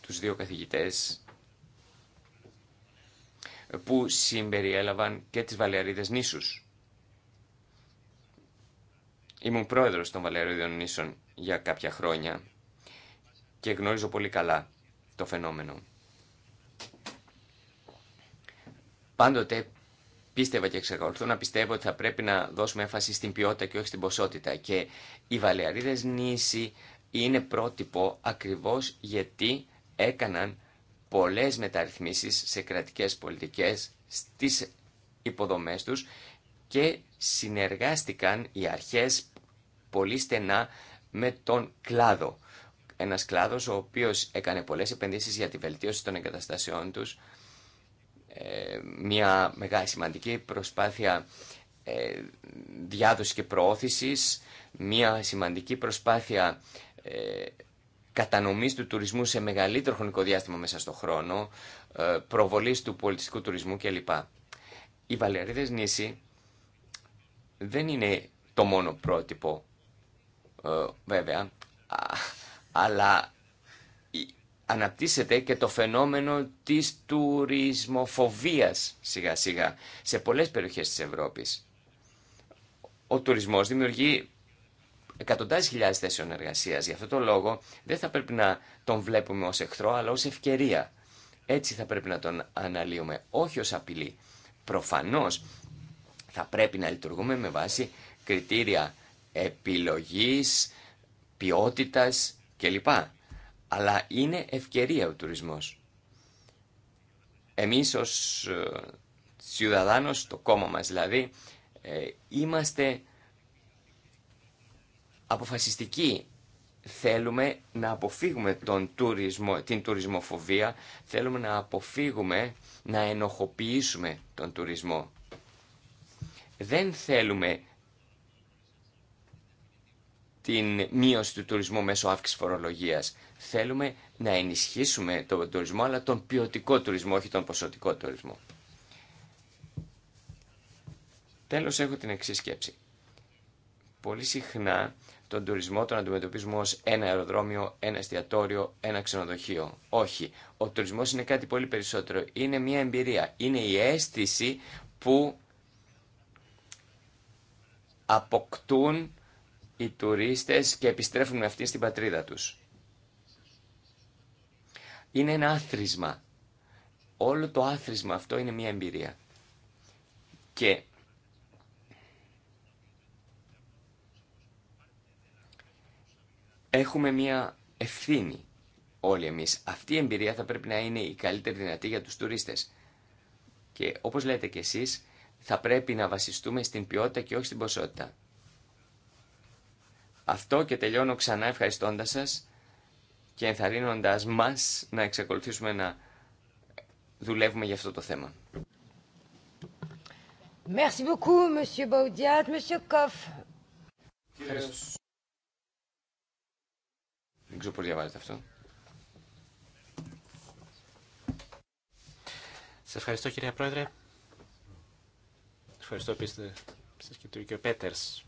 τους δύο καθηγητές που συμπεριέλαβαν και τις Βαλεαρίδες νήσους. Ήμουν πρόεδρος των Βαλεαρίδων νήσων για κάποια χρόνια και γνωρίζω πολύ καλά το φαινόμενο. Πάντοτε πίστευα και εξακολουθώ να πιστεύω ότι θα πρέπει να δώσουμε έμφαση στην ποιότητα και όχι στην ποσότητα. Και οι Βαλεαρίδες νήσι είναι πρότυπο ακριβώς γιατί έκαναν πολλές μεταρρυθμίσεις σε κρατικές πολιτικές στις υποδομές τους και συνεργάστηκαν οι αρχές πολύ στενά με τον κλάδο. Ένας κλάδος ο οποίος έκανε πολλές επενδύσεις για τη βελτίωση των εγκαταστασεών τους μια μεγάλη σημαντική προσπάθεια ε, διάδοσης και προώθησης, μια σημαντική προσπάθεια ε, κατανομής του τουρισμού σε μεγαλύτερο χρονικό διάστημα μέσα στον χρόνο, ε, προβολής του πολιτιστικού τουρισμού κλπ. Η Βαλερίδες νήσι δεν είναι το μόνο πρότυπο, βέβαια, αλλά αναπτύσσεται και το φαινόμενο της τουρισμοφοβίας σιγά σιγά σε πολλές περιοχές της Ευρώπης. Ο τουρισμός δημιουργεί εκατοντάδες χιλιάδες θέσεων εργασίας. Γι' αυτό το λόγο δεν θα πρέπει να τον βλέπουμε ως εχθρό αλλά ως ευκαιρία. Έτσι θα πρέπει να τον αναλύουμε, όχι ως απειλή. Προφανώς θα πρέπει να λειτουργούμε με βάση κριτήρια επιλογής, ποιότητας κλπ αλλά είναι ευκαιρία ο τουρισμός. Εμείς ως ε, Ciudadanos, το κόμμα μας δηλαδή, ε, είμαστε αποφασιστικοί. Θέλουμε να αποφύγουμε τον τουρισμό, την τουρισμοφοβία, θέλουμε να αποφύγουμε να ενοχοποιήσουμε τον τουρισμό. Δεν θέλουμε την μείωση του τουρισμού μέσω αύξησης φορολογίας θέλουμε να ενισχύσουμε τον τουρισμό, αλλά τον ποιοτικό τουρισμό, όχι τον ποσοτικό τουρισμό. Τέλος έχω την εξή σκέψη. Πολύ συχνά τον τουρισμό τον αντιμετωπίζουμε ως ένα αεροδρόμιο, ένα εστιατόριο, ένα ξενοδοχείο. Όχι. Ο τουρισμός είναι κάτι πολύ περισσότερο. Είναι μια εμπειρία. Είναι η αίσθηση που αποκτούν οι τουρίστες και επιστρέφουν με αυτή στην πατρίδα τους είναι ένα άθροισμα. Όλο το άθροισμα αυτό είναι μια εμπειρία. Και έχουμε μια ευθύνη όλοι εμείς. Αυτή η εμπειρία θα πρέπει να είναι η καλύτερη δυνατή για τους τουρίστες. Και όπως λέτε και εσείς, θα πρέπει να βασιστούμε στην ποιότητα και όχι στην ποσότητα. Αυτό και τελειώνω ξανά ευχαριστώντας σας και ενθαρρύνοντας μας να εξακολουθήσουμε να δουλεύουμε για αυτό το θέμα. Merci beaucoup, Monsieur Baudiat, Monsieur Koff. Δεν ξέρω πώς διαβάζετε αυτό. Σας ευχαριστώ, κυρία Πρόεδρε. Σας ευχαριστώ επίσης και ο κύριο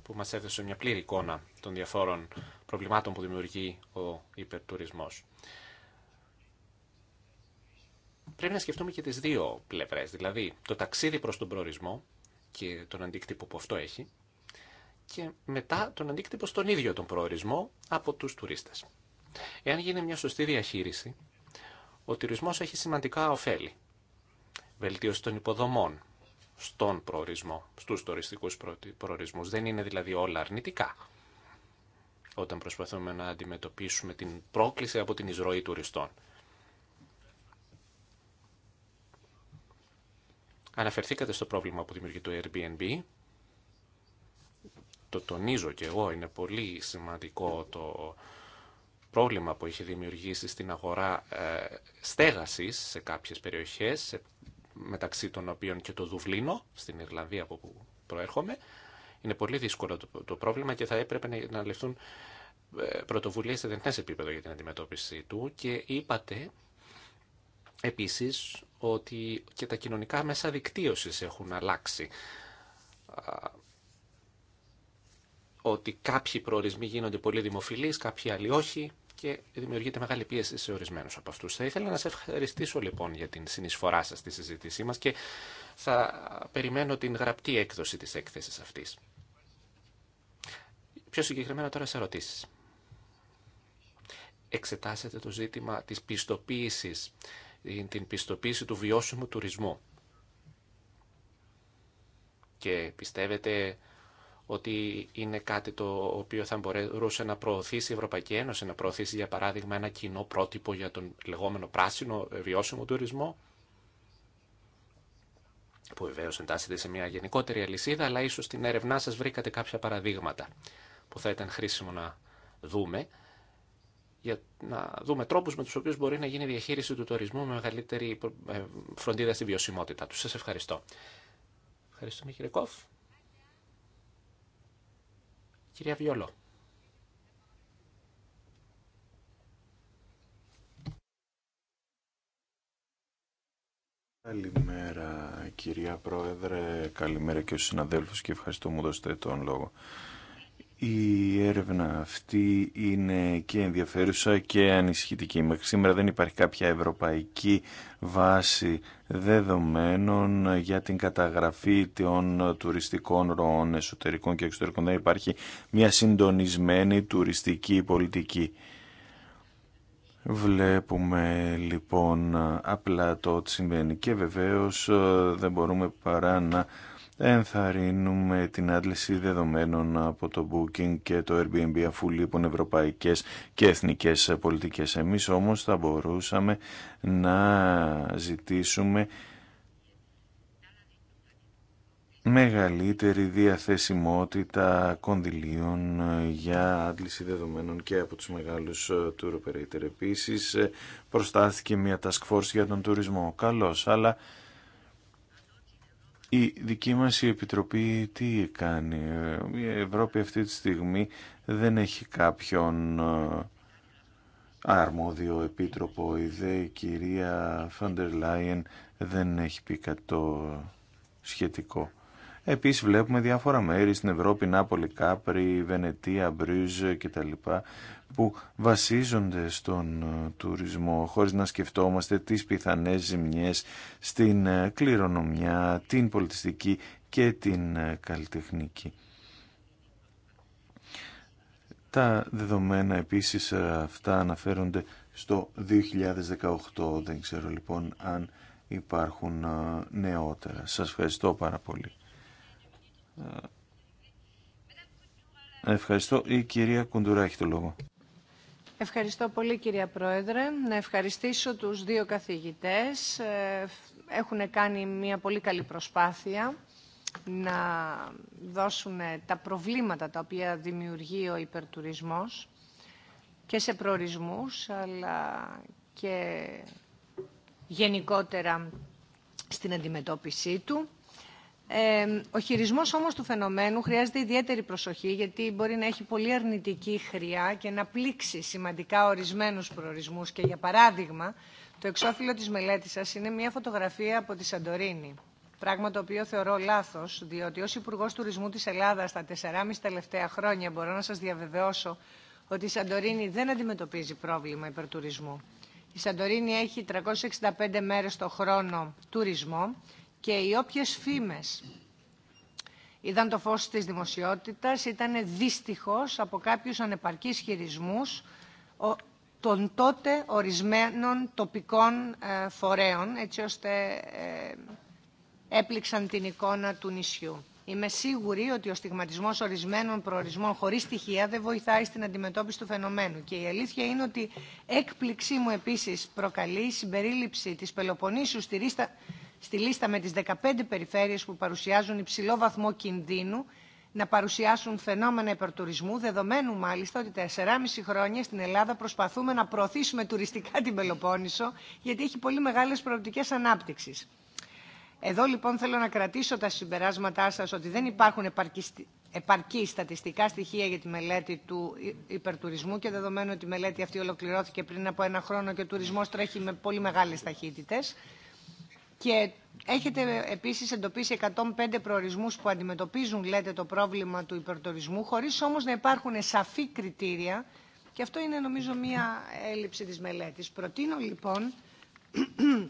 που μα έδωσε μια πλήρη εικόνα των διαφόρων προβλημάτων που δημιουργεί ο υπερτουρισμό. Πρέπει να σκεφτούμε και τις δύο πλευρές, δηλαδή το ταξίδι προς τον προορισμό και τον αντίκτυπο που αυτό έχει και μετά τον αντίκτυπο στον ίδιο τον προορισμό από τους τουρίστες. Εάν γίνει μια σωστή διαχείριση, ο τουρισμός έχει σημαντικά ωφέλη. Βελτίωση των υποδομών, στον προορισμό, στους τουριστικούς προορισμούς. Δεν είναι δηλαδή όλα αρνητικά όταν προσπαθούμε να αντιμετωπίσουμε την πρόκληση από την εισρωή τουριστών. Αναφερθήκατε στο πρόβλημα που δημιουργεί το Airbnb. Το τονίζω και εγώ, είναι πολύ σημαντικό το πρόβλημα που έχει δημιουργήσει στην αγορά ε, στέγασης σε κάποιες περιοχές, σε μεταξύ των οποίων και το Δουβλίνο, στην Ιρλανδία από που προέρχομαι. Είναι πολύ δύσκολο το πρόβλημα και θα έπρεπε να ληφθούν ε, πρωτοβουλίε σε διεθνέ επίπεδο για την αντιμετώπιση του. Και είπατε επίση ότι και τα κοινωνικά μέσα δικτύωση έχουν αλλάξει. Ότι κάποιοι προορισμοί γίνονται πολύ δημοφιλείς, κάποιοι άλλοι όχι και δημιουργείται μεγάλη πίεση σε ορισμένους από αυτούς. Θα ήθελα να σε ευχαριστήσω λοιπόν για την συνεισφορά σας στη συζήτησή μας και θα περιμένω την γραπτή έκδοση της έκθεσης αυτής. Πιο συγκεκριμένα τώρα σε ερωτήσεις. Εξετάσετε το ζήτημα της πιστοποίησης, την πιστοποίηση του βιώσιμου τουρισμού. Και πιστεύετε ότι είναι κάτι το οποίο θα μπορούσε να προωθήσει η Ευρωπαϊκή Ένωση, να προωθήσει για παράδειγμα ένα κοινό πρότυπο για τον λεγόμενο πράσινο βιώσιμο τουρισμό, που βεβαίω εντάσσεται σε μια γενικότερη αλυσίδα, αλλά ίσως στην έρευνά σας βρήκατε κάποια παραδείγματα που θα ήταν χρήσιμο να δούμε, για να δούμε τρόπους με τους οποίους μπορεί να γίνει η διαχείριση του τουρισμού με μεγαλύτερη ε, φροντίδα στη βιωσιμότητα του. Σας ευχαριστώ. Ευχαριστούμε κύριε Κόφ. Κυρία Βιολό. Καλημέρα κυρία Πρόεδρε, καλημέρα και στους συναδέλφους και ευχαριστώ μου δώσετε τον λόγο. Η έρευνα αυτή είναι και ενδιαφέρουσα και ανησυχητική. Μέχρι σήμερα δεν υπάρχει κάποια ευρωπαϊκή βάση δεδομένων για την καταγραφή των τουριστικών ροών εσωτερικών και εξωτερικών. Δεν υπάρχει μια συντονισμένη τουριστική πολιτική. Βλέπουμε λοιπόν απλά το ότι συμβαίνει και βεβαίως ε, δεν μπορούμε παρά να ενθαρρύνουμε την άντληση δεδομένων από το Booking και το Airbnb αφού λείπουν ευρωπαϊκές και εθνικές πολιτικές. Εμείς όμως θα μπορούσαμε να ζητήσουμε μεγαλύτερη διαθεσιμότητα κονδυλίων για άντληση δεδομένων και από τους μεγάλους tour operator. Επίσης ε, προστάθηκε μια task force για τον τουρισμό. Καλώς, αλλά η δική μας Επιτροπή τι κάνει. Η Ευρώπη αυτή τη στιγμή δεν έχει κάποιον ε, αρμόδιο επίτροπο. Η η κυρία Φαντερ Λάιεν δεν έχει πει κάτι σχετικό. Επίσης βλέπουμε διάφορα μέρη στην Ευρώπη, Νάπολη, Κάπρι, Βενετία, Μπρίζ κτλ που βασίζονται στον ε, τουρισμό χωρίς να σκεφτόμαστε τις πιθανές ζημιές στην ε, κληρονομιά, την πολιτιστική και την ε, καλλιτεχνική. Τα δεδομένα επίσης αυτά αναφέρονται στο 2018. Δεν ξέρω λοιπόν αν υπάρχουν νεότερα. Σας ευχαριστώ πάρα πολύ. Ευχαριστώ. Η κυρία Κουντουρά έχει το λόγο. Ευχαριστώ πολύ κυρία Πρόεδρε. Να ευχαριστήσω τους δύο καθηγητές. Ε, έχουν κάνει μια πολύ καλή προσπάθεια να δώσουν τα προβλήματα τα οποία δημιουργεί ο υπερτουρισμός και σε προορισμούς αλλά και γενικότερα στην αντιμετώπιση του. Ε, ο χειρισμός όμως του φαινομένου χρειάζεται ιδιαίτερη προσοχή γιατί μπορεί να έχει πολύ αρνητική χρειά και να πλήξει σημαντικά ορισμένους προορισμούς και για παράδειγμα το εξώφυλλο της μελέτης σας είναι μια φωτογραφία από τη Σαντορίνη. Πράγμα το οποίο θεωρώ λάθο, διότι ω Υπουργό Τουρισμού τη Ελλάδα τα 4,5 τελευταία χρόνια μπορώ να σα διαβεβαιώσω ότι η Σαντορίνη δεν αντιμετωπίζει πρόβλημα υπερτουρισμού. Η Σαντορίνη έχει 365 μέρε το χρόνο τουρισμό και οι όποιες φήμες είδαν το φως της δημοσιότητας ήταν δυστυχώς από κάποιους ανεπαρκείς χειρισμούς των τότε ορισμένων τοπικών ε, φορέων έτσι ώστε ε, έπληξαν την εικόνα του νησιού. Είμαι σίγουρη ότι ο στιγματισμός ορισμένων προορισμών χωρίς στοιχεία δεν βοηθάει στην αντιμετώπιση του φαινομένου. Και η αλήθεια είναι ότι έκπληξή μου επίσης προκαλεί η συμπερίληψη της Πελοποννήσου στη ρίστα στη λίστα με τις 15 περιφέρειες που παρουσιάζουν υψηλό βαθμό κινδύνου να παρουσιάσουν φαινόμενα υπερτουρισμού, δεδομένου μάλιστα ότι τα 4,5 χρόνια στην Ελλάδα προσπαθούμε να προωθήσουμε τουριστικά την Πελοπόννησο, γιατί έχει πολύ μεγάλες προοπτικές ανάπτυξης. Εδώ λοιπόν θέλω να κρατήσω τα συμπεράσματά σας ότι δεν υπάρχουν επαρκή στατιστικά στοιχεία για τη μελέτη του υπερτουρισμού και δεδομένου ότι η μελέτη αυτή ολοκληρώθηκε πριν από ένα χρόνο και ο τουρισμός τρέχει με πολύ μεγάλες ταχύτητες. Και έχετε επίσης εντοπίσει 105 προορισμούς που αντιμετωπίζουν, λέτε, το πρόβλημα του υπερτορισμού, χωρίς όμως να υπάρχουν σαφή κριτήρια. Και αυτό είναι, νομίζω, μία έλλειψη της μελέτης. Προτείνω, λοιπόν,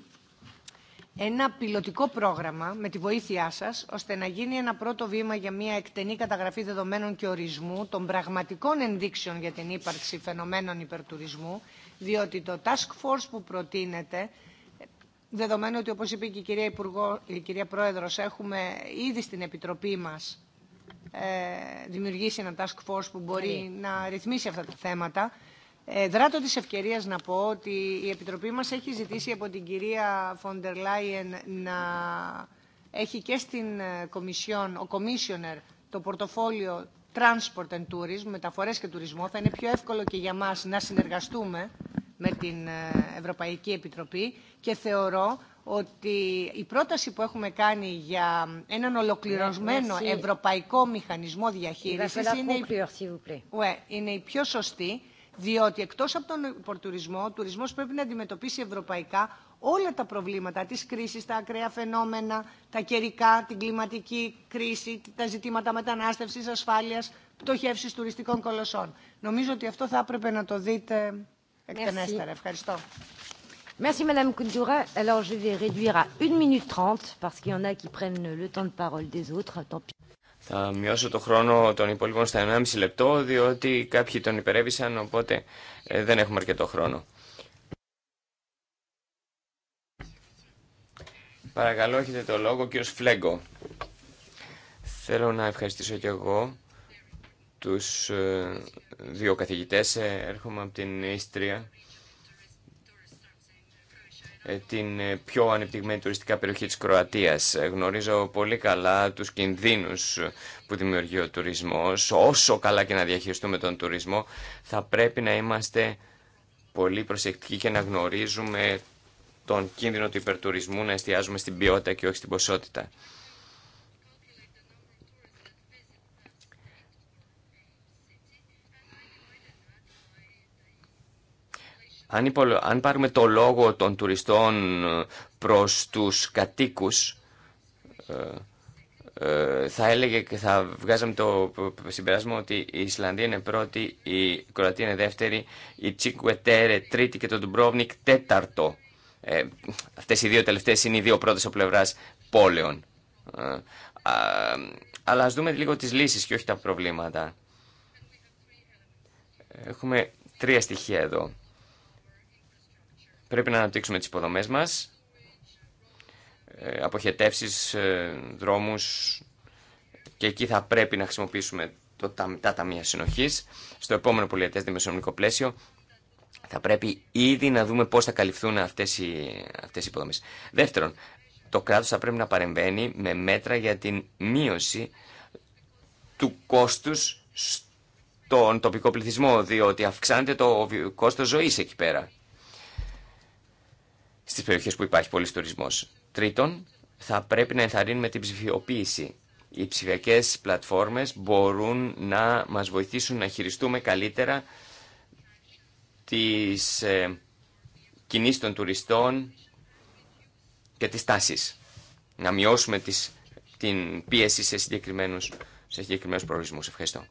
[clears throat] ένα πιλωτικό πρόγραμμα με τη βοήθειά σας, ώστε να γίνει ένα πρώτο βήμα για μια εκτενή καταγραφή δεδομένων και ορισμού των πραγματικών ενδείξεων για την ύπαρξη φαινομένων υπερτουρισμού, διότι το Task Force που προτείνεται δεδομένου ότι όπως είπε και η κυρία, Υπουργό, η κυρία Πρόεδρος έχουμε ήδη στην Επιτροπή μας ε, δημιουργήσει ένα task force που μπορεί να ρυθμίσει αυτά τα θέματα. Ε, δράτω της ευκαιρίας να πω ότι η Επιτροπή μας έχει ζητήσει από την κυρία Φοντερ Λάιεν να έχει και στην ε, Κομισιόν, ο Commissioner, το πορτοφόλιο Transport and Tourism, μεταφορές και τουρισμό. Θα είναι πιο εύκολο και για μας να συνεργαστούμε με την ε, Ευρωπαϊκή Επιτροπή και θεωρώ ότι η πρόταση που έχουμε κάνει για έναν ολοκληρωμένο ευρωπαϊκό μηχανισμό διαχείρισης είναι η... Ouais, είναι η πιο σωστή, διότι εκτός από τον υπορτουρισμό, ο τουρισμός πρέπει να αντιμετωπίσει ευρωπαϊκά όλα τα προβλήματα της κρίσης, τα ακραία φαινόμενα, τα καιρικά, την κλιματική κρίση, τα ζητήματα μετανάστευσης, ασφάλειας, πτωχεύσης τουριστικών κολοσσών. Νομίζω ότι αυτό θα έπρεπε να το δείτε εκτενέστερα. Ευχαριστώ. Merci Madame Kundura. Alors je vais réduire à 1 minute 30 parce qu'il y en a qui prennent le temps de parole des autres. Tant pis. Θα μειώσω το χρόνο των υπόλοιπων στα 1,5 λεπτό διότι κάποιοι τον υπερέβησαν οπότε ε, δεν έχουμε αρκετό χρόνο. Παρακαλώ έχετε το λόγο κύριος Φλέγκο. Θέλω να ευχαριστήσω και εγώ τους ε, δύο καθηγητές. Ε, έρχομαι από την Ίστρια, ε, την πιο ανεπτυγμένη τουριστικά περιοχή της Κροατίας. Γνωρίζω πολύ καλά τους κινδύνους που δημιουργεί ο τουρισμός. Όσο καλά και να διαχειριστούμε τον τουρισμό, θα πρέπει να είμαστε πολύ προσεκτικοί και να γνωρίζουμε τον κίνδυνο του υπερτουρισμού, να εστιάζουμε στην ποιότητα και όχι στην ποσότητα. αν, αν πάρουμε το λόγο των τουριστών ε, προς τους κατοίκους, ε, ε, θα έλεγε και θα βγάζαμε το συμπεράσμα ότι η Ισλανδία είναι πρώτη, η Κροατία είναι δεύτερη, η Τσικουετέρε τρίτη και το Ντουμπρόβνικ τέταρτο. Ε, αυτές οι δύο τελευταίες είναι οι δύο πρώτες από πλευράς πόλεων. Ε, α, αλλά ας δούμε λίγο τις λύσεις και όχι τα προβλήματα. Έχουμε τρία στοιχεία εδώ. Πρέπει να αναπτύξουμε τις υποδομές μας, ε, αποχετεύσεις, ε, δρόμους και εκεί θα πρέπει να χρησιμοποιήσουμε το, τα, τα ταμεία συνοχής. Στο επόμενο πολιετές δημοσιονομικό πλαίσιο θα πρέπει ήδη να δούμε πώς θα καλυφθούν αυτές οι, αυτές οι υποδομές. Δεύτερον, το κράτος θα πρέπει να παρεμβαίνει με μέτρα για την μείωση του κόστους στον τοπικό πληθυσμό, διότι αυξάνεται το κόστος ζωής εκεί πέρα στις περιοχές που υπάρχει πολλής τουρισμός. Τρίτον, θα πρέπει να ενθαρρύνουμε την ψηφιοποίηση. Οι ψηφιακές πλατφόρμες μπορούν να μας βοηθήσουν να χειριστούμε καλύτερα τις ε, κινήσεις των τουριστών και τις τάσεις. Να μειώσουμε τις, την πίεση σε συγκεκριμένους, σε συγκεκριμένους προορισμούς. Ευχαριστώ.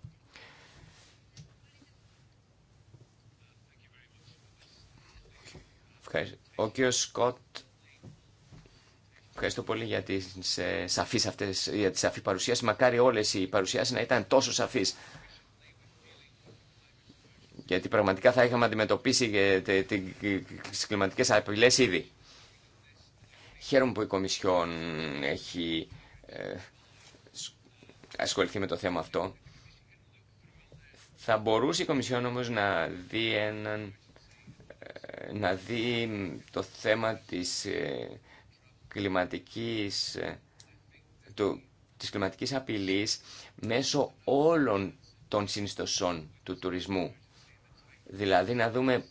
Ο κύριος Σκοτ, ευχαριστώ πολύ για τις, ε, σαφείς αυτές, για παρουσίαση. Μακάρι όλες οι παρουσιάσεις να ήταν τόσο σαφείς. Γιατί πραγματικά θα είχαμε αντιμετωπίσει ε, τις κλιματικές απειλές ήδη. Χαίρομαι που η Κομισιόν έχει ε, ασχοληθεί με το θέμα αυτό. Θα μπορούσε η Κομισιόν όμως να δει έναν να δει το θέμα της ε, κλιματικής, ε, του, της κλιματικής απειλής μέσω όλων των συνιστοσών του τουρισμού. Δηλαδή να δούμε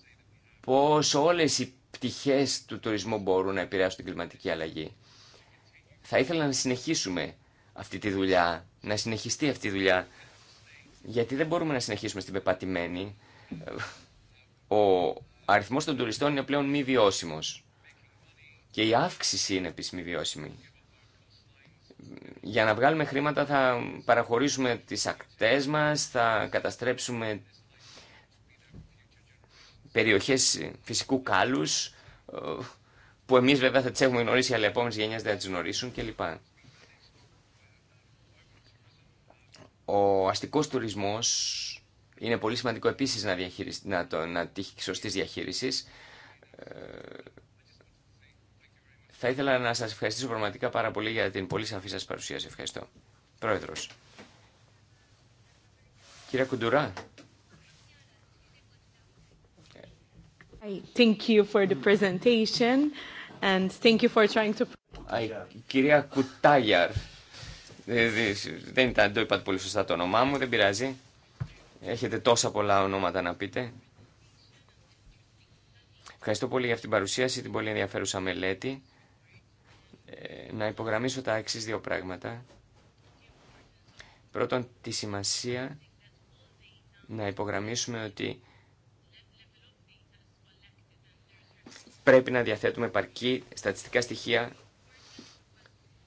πώς όλες οι πτυχές του τουρισμού μπορούν να επηρεάσουν την κλιματική αλλαγή. Θα ήθελα να συνεχίσουμε αυτή τη δουλειά, να συνεχιστεί αυτή η δουλειά, γιατί δεν μπορούμε να συνεχίσουμε στην πεπατημένη. Ο, αριθμός των τουριστών είναι πλέον μη βιώσιμος. Και η αύξηση είναι επίσης μη βιώσιμη. Για να βγάλουμε χρήματα θα παραχωρήσουμε τις ακτές μας, θα καταστρέψουμε περιοχές φυσικού κάλους, που εμείς βέβαια θα τις έχουμε γνωρίσει, αλλά οι επόμενες γενιές δεν θα τις γνωρίσουν κλπ. Ο αστικός τουρισμός είναι πολύ σημαντικό επίσης να, να, το, να τύχει σωστής διαχείρισης. Ε, θα ήθελα να σας ευχαριστήσω πραγματικά πάρα πολύ για την πολύ σαφή σας παρουσίαση. Ευχαριστώ. Πρόεδρος. Κυρία Κουντουρά. κυρία Κουτάγιαρ. Ε, δεν ήταν, το είπατε πολύ σωστά το όνομά μου, δεν πειράζει. Έχετε τόσα πολλά ονόματα να πείτε. Ευχαριστώ πολύ για αυτήν την παρουσίαση, την πολύ ενδιαφέρουσα μελέτη. Ε, να υπογραμμίσω τα εξή δύο πράγματα. Πρώτον, τη σημασία να υπογραμμίσουμε ότι πρέπει να διαθέτουμε επαρκή στατιστικά στοιχεία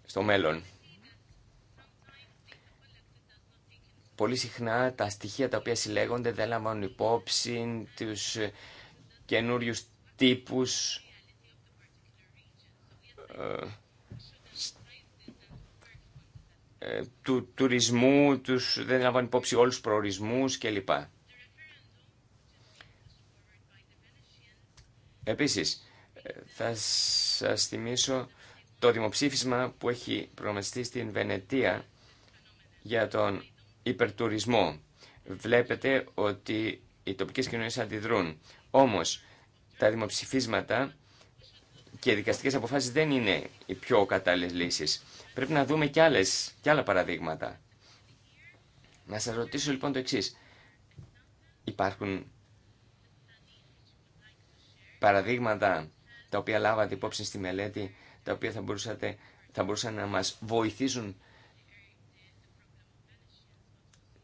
στο μέλλον. πολύ συχνά τα στοιχεία τα οποία συλλέγονται δεν λαμβάνουν υπόψη τους καινούριους τύπους ε, του τουρισμού, τους, δεν λαμβάνουν υπόψη όλους τους προορισμούς κλπ. Επίσης, θα σας θυμίσω το δημοψήφισμα που έχει προγραμματιστεί στην Βενετία για τον υπερτουρισμό. Βλέπετε ότι οι τοπικές κοινωνίες αντιδρούν. Όμως τα δημοψηφίσματα και οι δικαστικές αποφάσεις δεν είναι οι πιο κατάλληλες λύσεις. Πρέπει να δούμε και, άλλες, και άλλα παραδείγματα. Να σας ρωτήσω λοιπόν το εξής. Υπάρχουν παραδείγματα τα οποία λάβατε υπόψη στη μελέτη, τα οποία θα, μπορούσατε, θα μπορούσαν να μας βοηθήσουν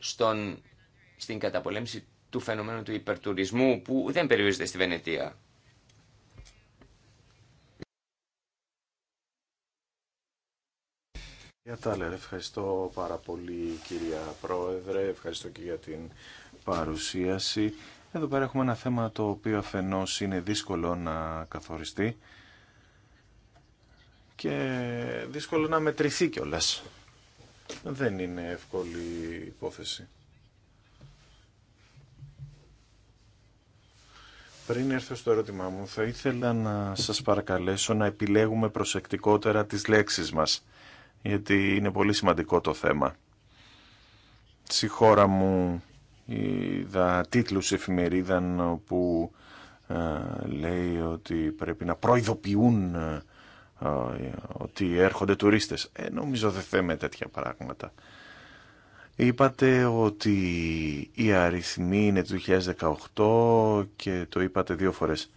στον, στην καταπολέμηση του φαινομένου του υπερτουρισμού που δεν περιορίζεται στη Βενετία. Για ευχαριστώ πάρα πολύ κυρία Πρόεδρε, ευχαριστώ και για την παρουσίαση. Εδώ πέρα έχουμε ένα θέμα το οποίο αφενός είναι δύσκολο να καθοριστεί και δύσκολο να μετρηθεί κιόλας δεν είναι εύκολη υπόθεση. Πριν έρθω στο ερώτημά μου, θα ήθελα να σας παρακαλέσω να επιλέγουμε προσεκτικότερα τις λέξεις μας, γιατί είναι πολύ σημαντικό το θέμα. Στη χώρα μου είδα τίτλους εφημερίδων που ε, λέει ότι πρέπει να προειδοποιούν ε, ε, ότι έρχονται τουρίστες. Ε, νομίζω δεν θέμε τέτοια πράγματα. Είπατε ότι η αριθμή είναι του 2018 και το είπατε δύο φορές.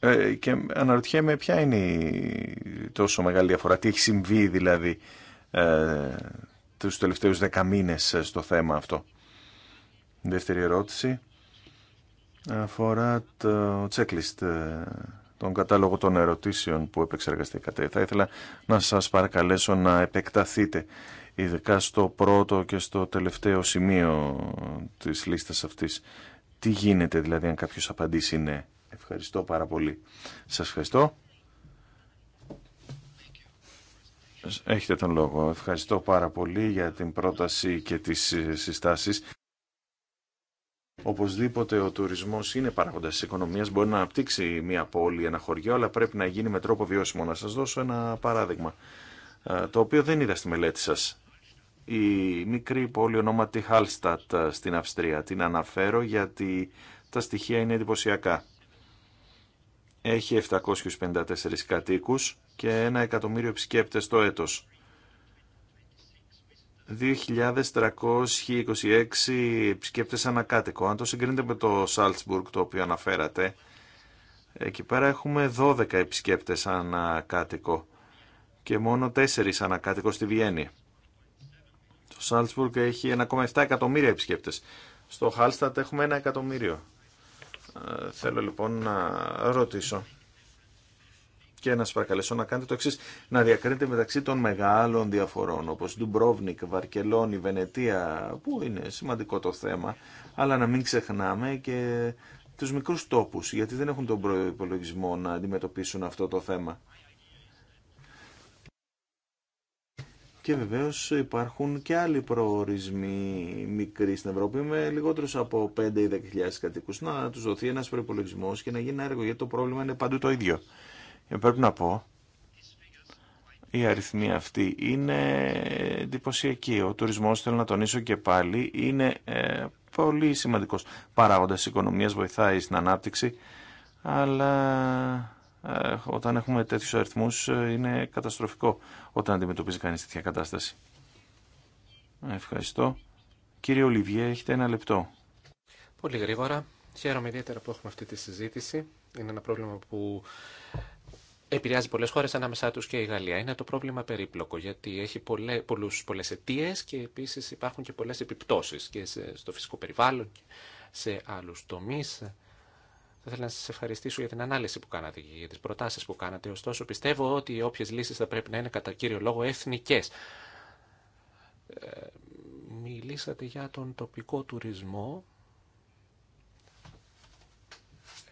Ε, και αναρωτιέμαι ποια είναι η τόσο μεγάλη διαφορά, τι έχει συμβεί δηλαδή ε, τους τελευταίους δέκα στο θέμα αυτό. Δεύτερη ερώτηση αφορά το checklist, ε, τον κατάλογο των ερωτήσεων που επεξεργαστήκατε. Θα ήθελα να σας παρακαλέσω να επεκταθείτε, ειδικά στο πρώτο και στο τελευταίο σημείο της λίστας αυτής. Τι γίνεται δηλαδή αν κάποιος απαντήσει ναι. Ευχαριστώ πάρα πολύ. Σας ευχαριστώ. Έχετε τον λόγο. Ευχαριστώ πάρα πολύ για την πρόταση και τις συστάσεις. Οπωσδήποτε ο τουρισμός είναι παράγοντα τη οικονομίας, μπορεί να αναπτύξει μια πόλη, ένα χωριό, αλλά πρέπει να γίνει με τρόπο βιώσιμο. Να σας δώσω ένα παράδειγμα, ε, το οποίο δεν είδα στη μελέτη σας. Η μικρή πόλη ονόματι Χάλστατ ε, στην Αυστρία. Την αναφέρω γιατί τα στοιχεία είναι εντυπωσιακά. Έχει 754 κατοίκους και ένα εκατομμύριο επισκέπτες το έτος. 2.326 επισκέπτες ανακάτοικο. Αν το συγκρίνετε με το Σάλτσμπουργκ το οποίο αναφέρατε, εκεί πέρα έχουμε 12 επισκέπτες ανακάτοικο και μόνο 4 ανακάτοικο στη Βιέννη. Το Σάλτσμπουργκ έχει 1,7 εκατομμύρια επισκέπτες. Στο Χάλστατ έχουμε 1 εκατομμύριο. Ε, θέλω λοιπόν να ρωτήσω και να σας παρακαλέσω να κάνετε το εξή να διακρίνετε μεταξύ των μεγάλων διαφορών όπως Ντουμπρόβνικ, Βαρκελόνη, Βενετία, που είναι σημαντικό το θέμα, αλλά να μην ξεχνάμε και του μικρού τόπου γιατί δεν έχουν τον προπολογισμό να αντιμετωπίσουν αυτό το θέμα. Και βεβαίω υπάρχουν και άλλοι προορισμοί μικροί στην Ευρώπη με λιγότερου από 5 ή 10.000 κατοίκους να του δοθεί ένα προπολογισμό και να γίνει ένα έργο γιατί το πρόβλημα είναι παντού το ίδιο. Ε, πρέπει να πω, η αριθμή αυτή είναι εντυπωσιακή. Ο τουρισμός, θέλω να τονίσω και πάλι, είναι ε, πολύ σημαντικός παράγοντας οικονομίας, βοηθάει στην ανάπτυξη, αλλά ε, όταν έχουμε τέτοιους αριθμούς είναι καταστροφικό όταν αντιμετωπίζει κανείς τέτοια κατάσταση. Ευχαριστώ. Κύριε Ολιβιέ, έχετε ένα λεπτό. Πολύ γρήγορα. Χαίρομαι ιδιαίτερα που έχουμε αυτή τη συζήτηση. Είναι ένα πρόβλημα που επηρεάζει πολλές χώρες ανάμεσά τους και η Γαλλία. Είναι το πρόβλημα περίπλοκο γιατί έχει πολλέ, πολλούς, πολλές και επίσης υπάρχουν και πολλές επιπτώσεις και στο φυσικό περιβάλλον και σε άλλους τομείς. Θα ήθελα να σας ευχαριστήσω για την ανάλυση που κάνατε και για τις προτάσεις που κάνατε. Ωστόσο πιστεύω ότι όποιε όποιες λύσεις θα πρέπει να είναι κατά κύριο λόγο εθνικές. Ε, μιλήσατε για τον τοπικό τουρισμό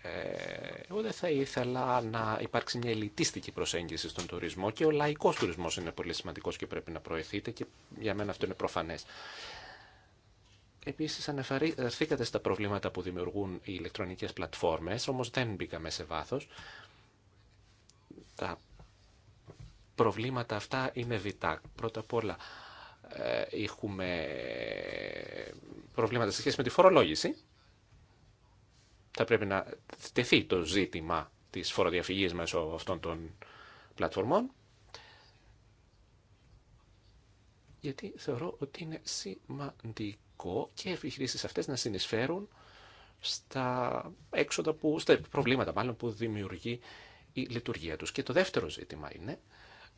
Ε, εγώ δεν θα ήθελα να υπάρξει μια ελιτίστικη προσέγγιση στον τουρισμό και ο λαϊκός τουρισμός είναι πολύ σημαντικός και πρέπει να προωθείται και για μένα αυτό είναι προφανές. Επίσης αναφερθήκατε στα προβλήματα που δημιουργούν οι ηλεκτρονικές πλατφόρμες, όμως δεν μπήκαμε σε βάθος. Τα προβλήματα αυτά είναι βιτά. Πρώτα απ' όλα ε, έχουμε προβλήματα σε σχέση με τη φορολόγηση θα πρέπει να τεθεί το ζήτημα της φοροδιαφυγής μέσω αυτών των πλατφορμών γιατί θεωρώ ότι είναι σημαντικό και οι επιχειρήσεις αυτές να συνεισφέρουν στα έξοδα που, στα προβλήματα μάλλον που δημιουργεί η λειτουργία τους. Και το δεύτερο ζήτημα είναι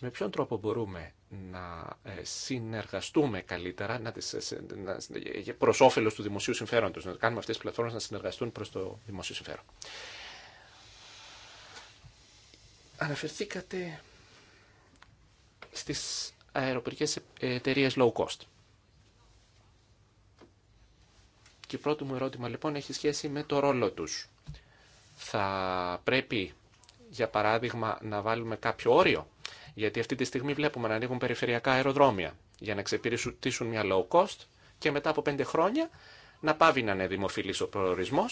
με ποιον τρόπο μπορούμε να ε, συνεργαστούμε καλύτερα να τις, ε, να, ε, προς όφελος του δημοσίου συμφέροντος, να κάνουμε αυτές τις πλατφόρμες να συνεργαστούν προς το δημοσίου συμφέρον. Αναφερθήκατε στις αεροπορικές εταιρείε low cost. Και πρώτο μου ερώτημα λοιπόν έχει σχέση με το ρόλο τους. Θα πρέπει, για παράδειγμα, να βάλουμε κάποιο όριο γιατί αυτή τη στιγμή βλέπουμε να ανοίγουν περιφερειακά αεροδρόμια για να εξυπηρετήσουν μια low cost και μετά από πέντε χρόνια να πάβει να είναι δημοφιλή ο προορισμό,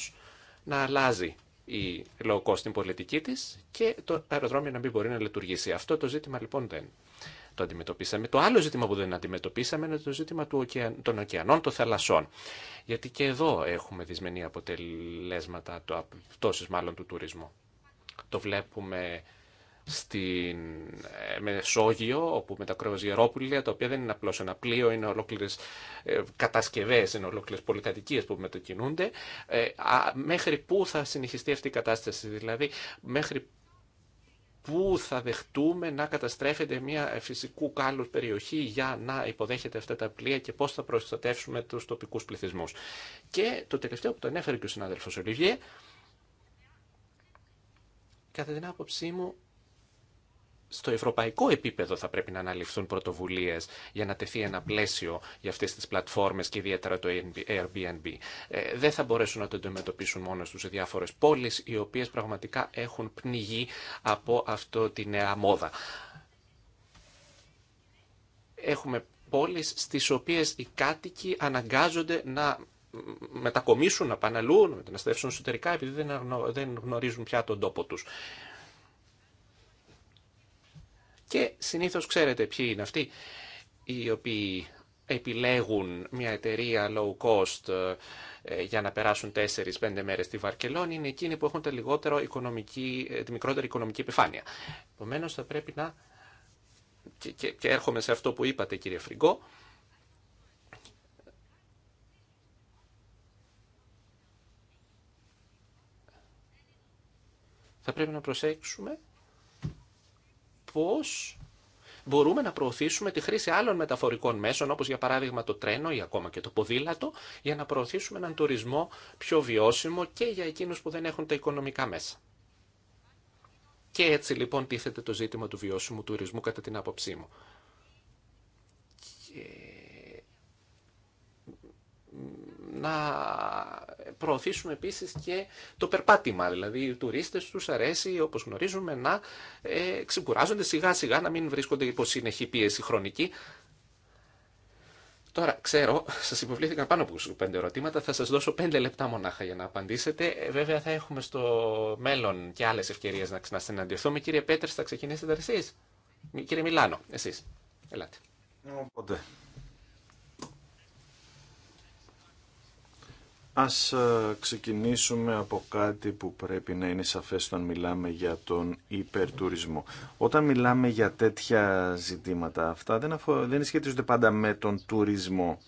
να αλλάζει η low cost την πολιτική τη και το αεροδρόμιο να μην μπορεί να λειτουργήσει. Αυτό το ζήτημα λοιπόν δεν το αντιμετωπίσαμε. Το άλλο ζήτημα που δεν αντιμετωπίσαμε είναι το ζήτημα του των ωκεανών, των θαλασσών. Γιατί και εδώ έχουμε δυσμενή αποτελέσματα, πτώσει μάλλον του τουρισμού. Το βλέπουμε στην ε, Μεσόγειο, όπου με τα κρουαζιερόπουλια, τα οποία δεν είναι απλώ ένα πλοίο, είναι ολόκληρε κατασκευέ, είναι ολόκληρε πολυκατοικίε που μετακινούνται. Ε, μέχρι πού θα συνεχιστεί αυτή η κατάσταση, δηλαδή μέχρι πού θα δεχτούμε να καταστρέφεται μια φυσικού κάλους περιοχή για να υποδέχεται αυτά τα πλοία και πώς θα προστατεύσουμε τους τοπικούς πληθυσμούς. Και το τελευταίο που τον έφερε και ο συνάδελφος Ολιβιέ, κατά την άποψή μου, στο ευρωπαϊκό επίπεδο θα πρέπει να αναλυφθούν πρωτοβουλίε για να τεθεί ένα πλαίσιο για αυτές τις πλατφόρμες και ιδιαίτερα το Airbnb. Ε, δεν θα μπορέσουν να το αντιμετωπίσουν μόνο στους διάφορε πόλεις οι οποίες πραγματικά έχουν πνιγεί από αυτό τη νέα μόδα. Έχουμε πόλεις στις οποίες οι κάτοικοι αναγκάζονται να μετακομίσουν, να πάνε να μεταναστεύσουν εσωτερικά επειδή δεν γνωρίζουν πια τον τόπο τους. Και συνήθως ξέρετε ποιοι είναι αυτοί οι οποίοι επιλέγουν μια εταιρεία low cost ε, για να περάσουν 4-5 μέρες στη Βαρκελόνη είναι εκείνοι που έχουν τα λιγότερο οικονομική, ε, τη μικρότερη οικονομική επιφάνεια. Επομένω θα πρέπει να... Και, έρχομαι σε αυτό που είπατε κύριε Φρυγκό. θα πρέπει να προσέξουμε πώς μπορούμε να προωθήσουμε τη χρήση άλλων μεταφορικών μέσων, όπως για παράδειγμα το τρένο ή ακόμα και το ποδήλατο, για να προωθήσουμε έναν τουρισμό πιο βιώσιμο και για εκείνους που δεν έχουν τα οικονομικά μέσα. Και έτσι λοιπόν τίθεται το ζήτημα του βιώσιμου τουρισμού κατά την άποψή μου. Και να προωθήσουμε επίσης και το περπάτημα. Δηλαδή οι τουρίστες τους αρέσει, όπως γνωρίζουμε, να ε, ξεκουράζονται σιγά σιγά, να μην βρίσκονται υπό συνεχή πίεση χρονική. Τώρα, ξέρω, σα υποβλήθηκαν πάνω από 5 ερωτήματα. Θα σα δώσω 5 λεπτά μονάχα για να απαντήσετε. Ε, βέβαια, θα έχουμε στο μέλλον και άλλε ευκαιρίε να συναντηθούμε. Κύριε Πέτρε, θα ξεκινήσετε εσεί. Κύριε Μιλάνο, εσεί. Ελάτε. Οπότε, Ας ε, ξεκινήσουμε από κάτι που πρέπει να είναι σαφές όταν μιλάμε για τον υπερτουρισμό. Όταν μιλάμε για τέτοια ζητήματα αυτά δεν, δεν σχετίζονται πάντα με τον τουρισμό.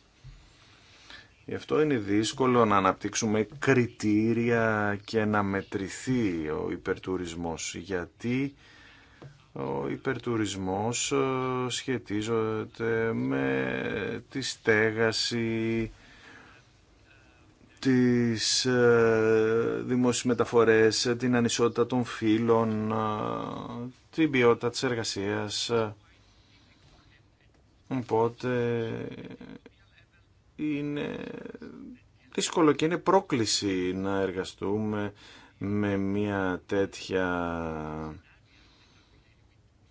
Γι' αυτό είναι δύσκολο να αναπτύξουμε κριτήρια και να μετρηθεί ο υπερτουρισμός γιατί ο υπερτουρισμός ε, σχετίζεται με τη στέγαση, τις ε, δημόσιες μεταφορές, την ανισότητα των φύλων, ε, την ποιότητα της εργασίας. Οπότε είναι δύσκολο και είναι πρόκληση να εργαστούμε με μια τέτοια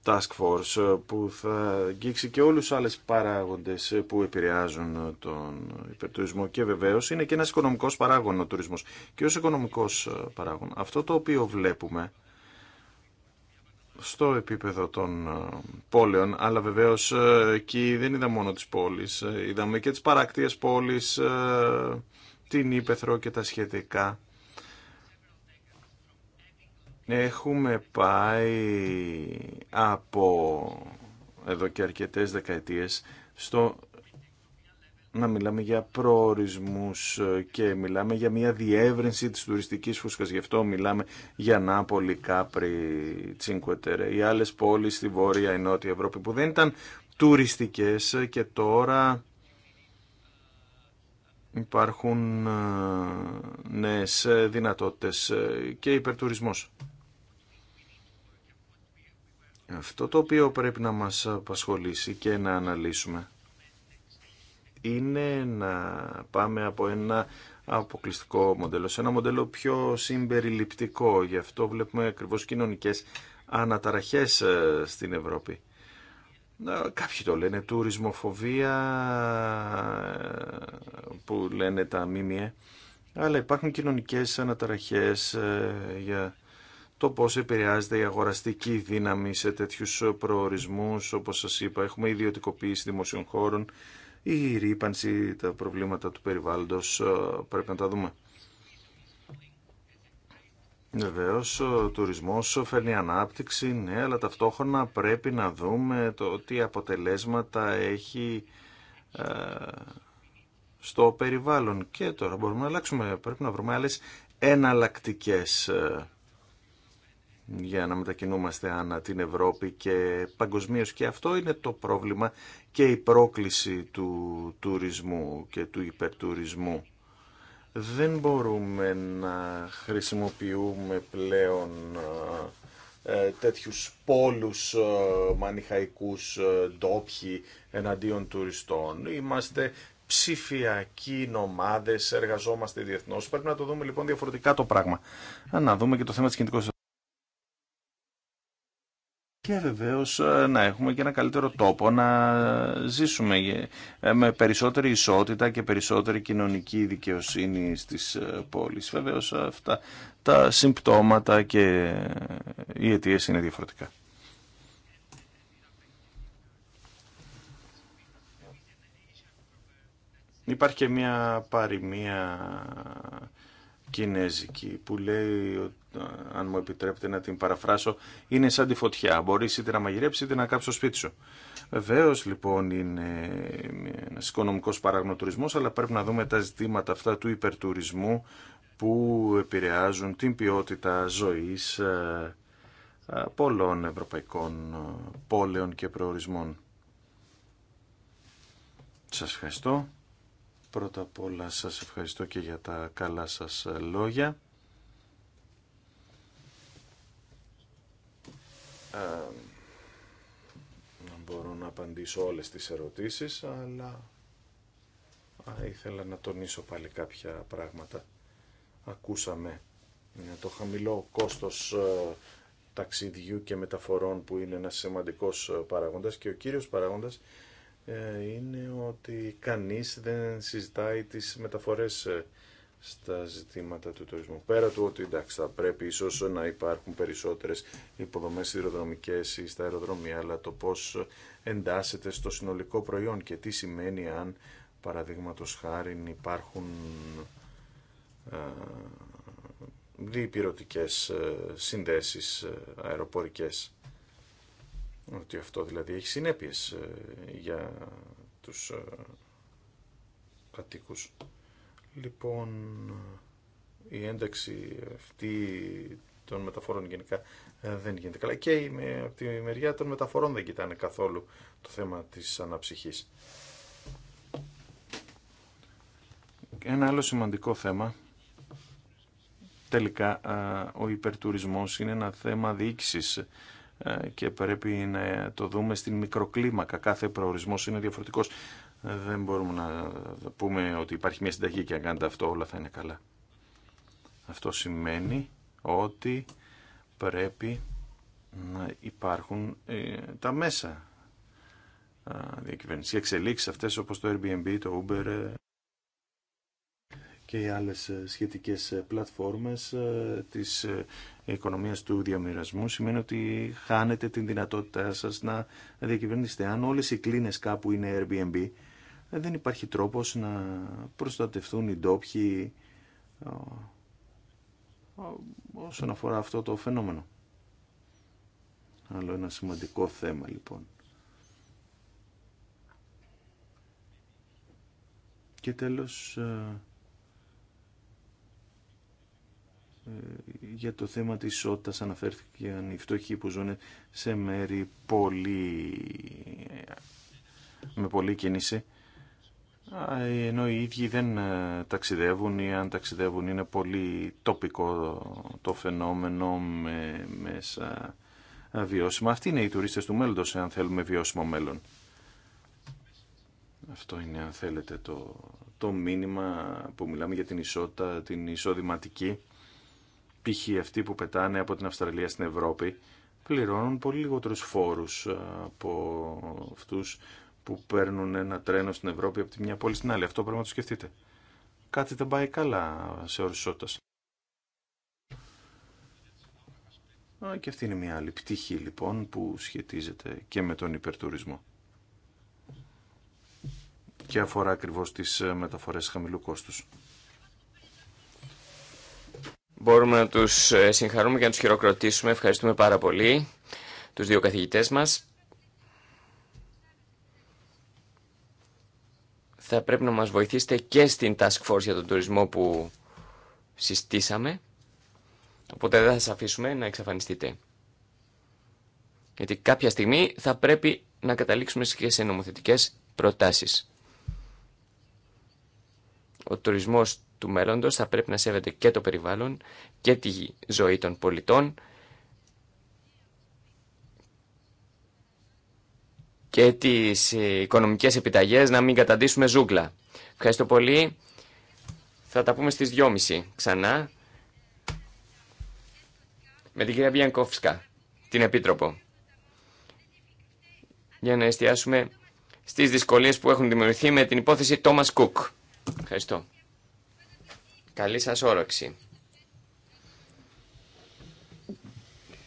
Task Force ε, που θα αγγίξει και όλους τους άλλες παράγοντες ε, που επηρεάζουν τον υπερτουρισμό και βεβαίως είναι και ένας οικονομικός παράγων ο τουρισμός και ως οικονομικός ε, παράγων. Αυτό το οποίο βλέπουμε στο επίπεδο των πόλεων, αλλά βεβαίως εκεί δεν είδα μόνο τις πόλεις, είδαμε και τις παρακτίες πόλεις, την Ήπεθρο και τα σχετικά Έχουμε πάει από εδώ και αρκετές δεκαετίες στο να μιλάμε για προορισμούς και μιλάμε για μια διεύρυνση της τουριστικής φούσκας. Γι' αυτό μιλάμε για Νάπολη, Κάπρι, Τσίνκουετερε, οι άλλες πόλεις στη Βόρεια, η Νότια Ευρώπη που δεν ήταν τουριστικές και τώρα υπάρχουν ε, νέες ε, δυνατότητες ε, και υπερτουρισμός. Αυτό το οποίο πρέπει να μας απασχολήσει και να αναλύσουμε είναι να πάμε από ένα αποκλειστικό μοντέλο σε ένα μοντέλο πιο συμπεριληπτικό. Γι' αυτό βλέπουμε ακριβώς κοινωνικές αναταραχές ε, στην Ευρώπη. Ε, κάποιοι το λένε τουρισμοφοβία ε, που λένε τα μίμια. αλλά υπάρχουν κοινωνικές αναταραχές για το πώς επηρεάζεται η αγοραστική δύναμη σε τέτοιους προορισμούς. Όπως σας είπα, έχουμε ιδιωτικοποίηση δημοσίων χώρων, η ρήπανση, τα προβλήματα του περιβάλλοντος, ε, πρέπει να τα δούμε. Βεβαίω, ο τουρισμός φέρνει ανάπτυξη, ναι, αλλά ταυτόχρονα πρέπει να δούμε το τι αποτελέσματα έχει ε, στο περιβάλλον. Και τώρα μπορούμε να αλλάξουμε, πρέπει να βρούμε άλλες εναλλακτικές ε, για να μετακινούμαστε ανά την Ευρώπη και παγκοσμίω και αυτό είναι το πρόβλημα και η πρόκληση του τουρισμού και του υπερτουρισμού. Δεν μπορούμε να χρησιμοποιούμε πλέον ε, τέτοιους πόλους ε, μανιχαϊκούς ε, ντόπιοι εναντίον τουριστών. Είμαστε ψηφιακοί νομάδες, εργαζόμαστε διεθνώς. Πρέπει να το δούμε λοιπόν διαφορετικά το πράγμα. Να δούμε και το θέμα της κινητικότητας και βεβαίως ε, να έχουμε και ένα καλύτερο τόπο να ζήσουμε ε, με περισσότερη ισότητα και περισσότερη κοινωνική δικαιοσύνη στις ε, πόλεις. Βεβαίως αυτά τα συμπτώματα και οι αιτίε είναι διαφορετικά. Υπάρχει και μια παροιμία κινέζικη που λέει, αν μου επιτρέπετε να την παραφράσω, είναι σαν τη φωτιά. Μπορείς είτε να μαγειρέψεις είτε να κάψεις το σπίτι σου. Βεβαίω λοιπόν είναι ένα οικονομικό παραγνωτουρισμό, αλλά πρέπει να δούμε τα ζητήματα αυτά του υπερτουρισμού που επηρεάζουν την ποιότητα ζωής ε, ε, πολλών ευρωπαϊκών ε, πόλεων και προορισμών. Σας ευχαριστώ. Πρώτα απ' όλα σας ευχαριστώ και για τα καλά σας λόγια. Δεν μπορώ να απαντήσω όλες τις ερωτήσεις, αλλά Α, ήθελα να τονίσω πάλι κάποια πράγματα. Ακούσαμε το χαμηλό κόστος ε, ταξιδιού και μεταφορών που είναι ένας σημαντικός ε, παράγοντας και ο κύριος παράγοντας ε, είναι ότι κανείς δεν συζητάει τις μεταφορές ε, στα ζητήματα του τουρισμού. Πέρα του ότι εντάξει, θα πρέπει ίσως να υπάρχουν περισσότερες υποδομές σιδηροδρομικές ή στα αεροδρόμια, αλλά το πώς εντάσσεται στο συνολικό προϊόν και τι σημαίνει αν παραδείγματο χάρη υπάρχουν ε, διπυρωτικές συνδέσεις αεροπορικές ότι αυτό δηλαδή έχει συνέπειες ε, για τους ε, κατοίκους. Λοιπόν, η ένταξη αυτή των μεταφορών γενικά ε, δεν γίνεται καλά και από τη μεριά των μεταφορών δεν κοιτάνε καθόλου το θέμα της αναψυχής. Ένα άλλο σημαντικό θέμα, τελικά ο υπερτουρισμός είναι ένα θέμα διοίκησης ε, και πρέπει να το δούμε στην μικροκλίμακα. Κάθε προορισμός είναι διαφορετικός. Δεν μπορούμε να πούμε ότι υπάρχει μια συνταγή και αν κάνετε αυτό όλα θα είναι καλά. Αυτό σημαίνει ότι πρέπει να υπάρχουν ε, τα μέσα ε, διακυβέρνηση. Οι εξελίξεις αυτές όπως το Airbnb, το Uber και οι άλλες σχετικές πλατφόρμες της οικονομία του διαμοιρασμού σημαίνει ότι χάνετε την δυνατότητά σας να διακυβερνήσετε. Αν όλε οι κλίνε κάπου είναι Airbnb, δεν υπάρχει τρόπος να προστατευτούν οι ντόπιοι όσον αφορά αυτό το φαινόμενο. Άλλο ένα σημαντικό θέμα λοιπόν. Και τέλος ε, για το θέμα της ισότητας αναφέρθηκαν οι φτωχοί που ζουν σε μέρη πολύ... με πολλή κίνηση ενώ οι ίδιοι δεν ε, ταξιδεύουν ή αν ταξιδεύουν είναι πολύ τοπικό το φαινόμενο με μέσα βιώσιμα. Αυτοί είναι οι τουρίστες του μέλλοντος αν θέλουμε βιώσιμο μέλλον. Αυτό είναι αν θέλετε το, το μήνυμα που μιλάμε για την ισότητα, την εισοδηματική π.χ. αυτοί που πετάνε από την Αυστραλία στην Ευρώπη πληρώνουν πολύ λιγότερους φόρους από αυτούς που παίρνουν ένα τρένο στην Ευρώπη από τη μια πόλη στην άλλη. Αυτό πρέπει να το σκεφτείτε. Κάτι δεν πάει καλά σε όρους Και αυτή είναι μια άλλη πτυχή λοιπόν που σχετίζεται και με τον υπερτουρισμό. Και αφορά ακριβώς τις μεταφορές χαμηλού κόστους. Μπορούμε να τους ε, συγχαρούμε και να τους χειροκροτήσουμε. Ευχαριστούμε πάρα πολύ τους δύο καθηγητές μας. Θα πρέπει να μας βοηθήσετε και στην Task Force για τον τουρισμό που συστήσαμε. Οπότε δεν θα σας αφήσουμε να εξαφανιστείτε. Γιατί κάποια στιγμή θα πρέπει να καταλήξουμε και σε νομοθετικές προτάσεις. Ο τουρισμός του μέλλοντος θα πρέπει να σέβεται και το περιβάλλον και τη ζωή των πολιτών και τις οικονομικές επιταγές να μην καταντήσουμε ζούγκλα. Ευχαριστώ πολύ. Θα τα πούμε στις 2.30 ξανά με την κυρία Βιανκόφσκα, την Επίτροπο, για να εστιάσουμε στις δυσκολίες που έχουν δημιουργηθεί με την υπόθεση Thomas Cook. Ευχαριστώ. Καλή σας όρεξη.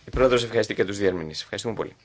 Η πρόεδρος ευχαριστεί και τους διερμηνείς. Ευχαριστούμε πολύ.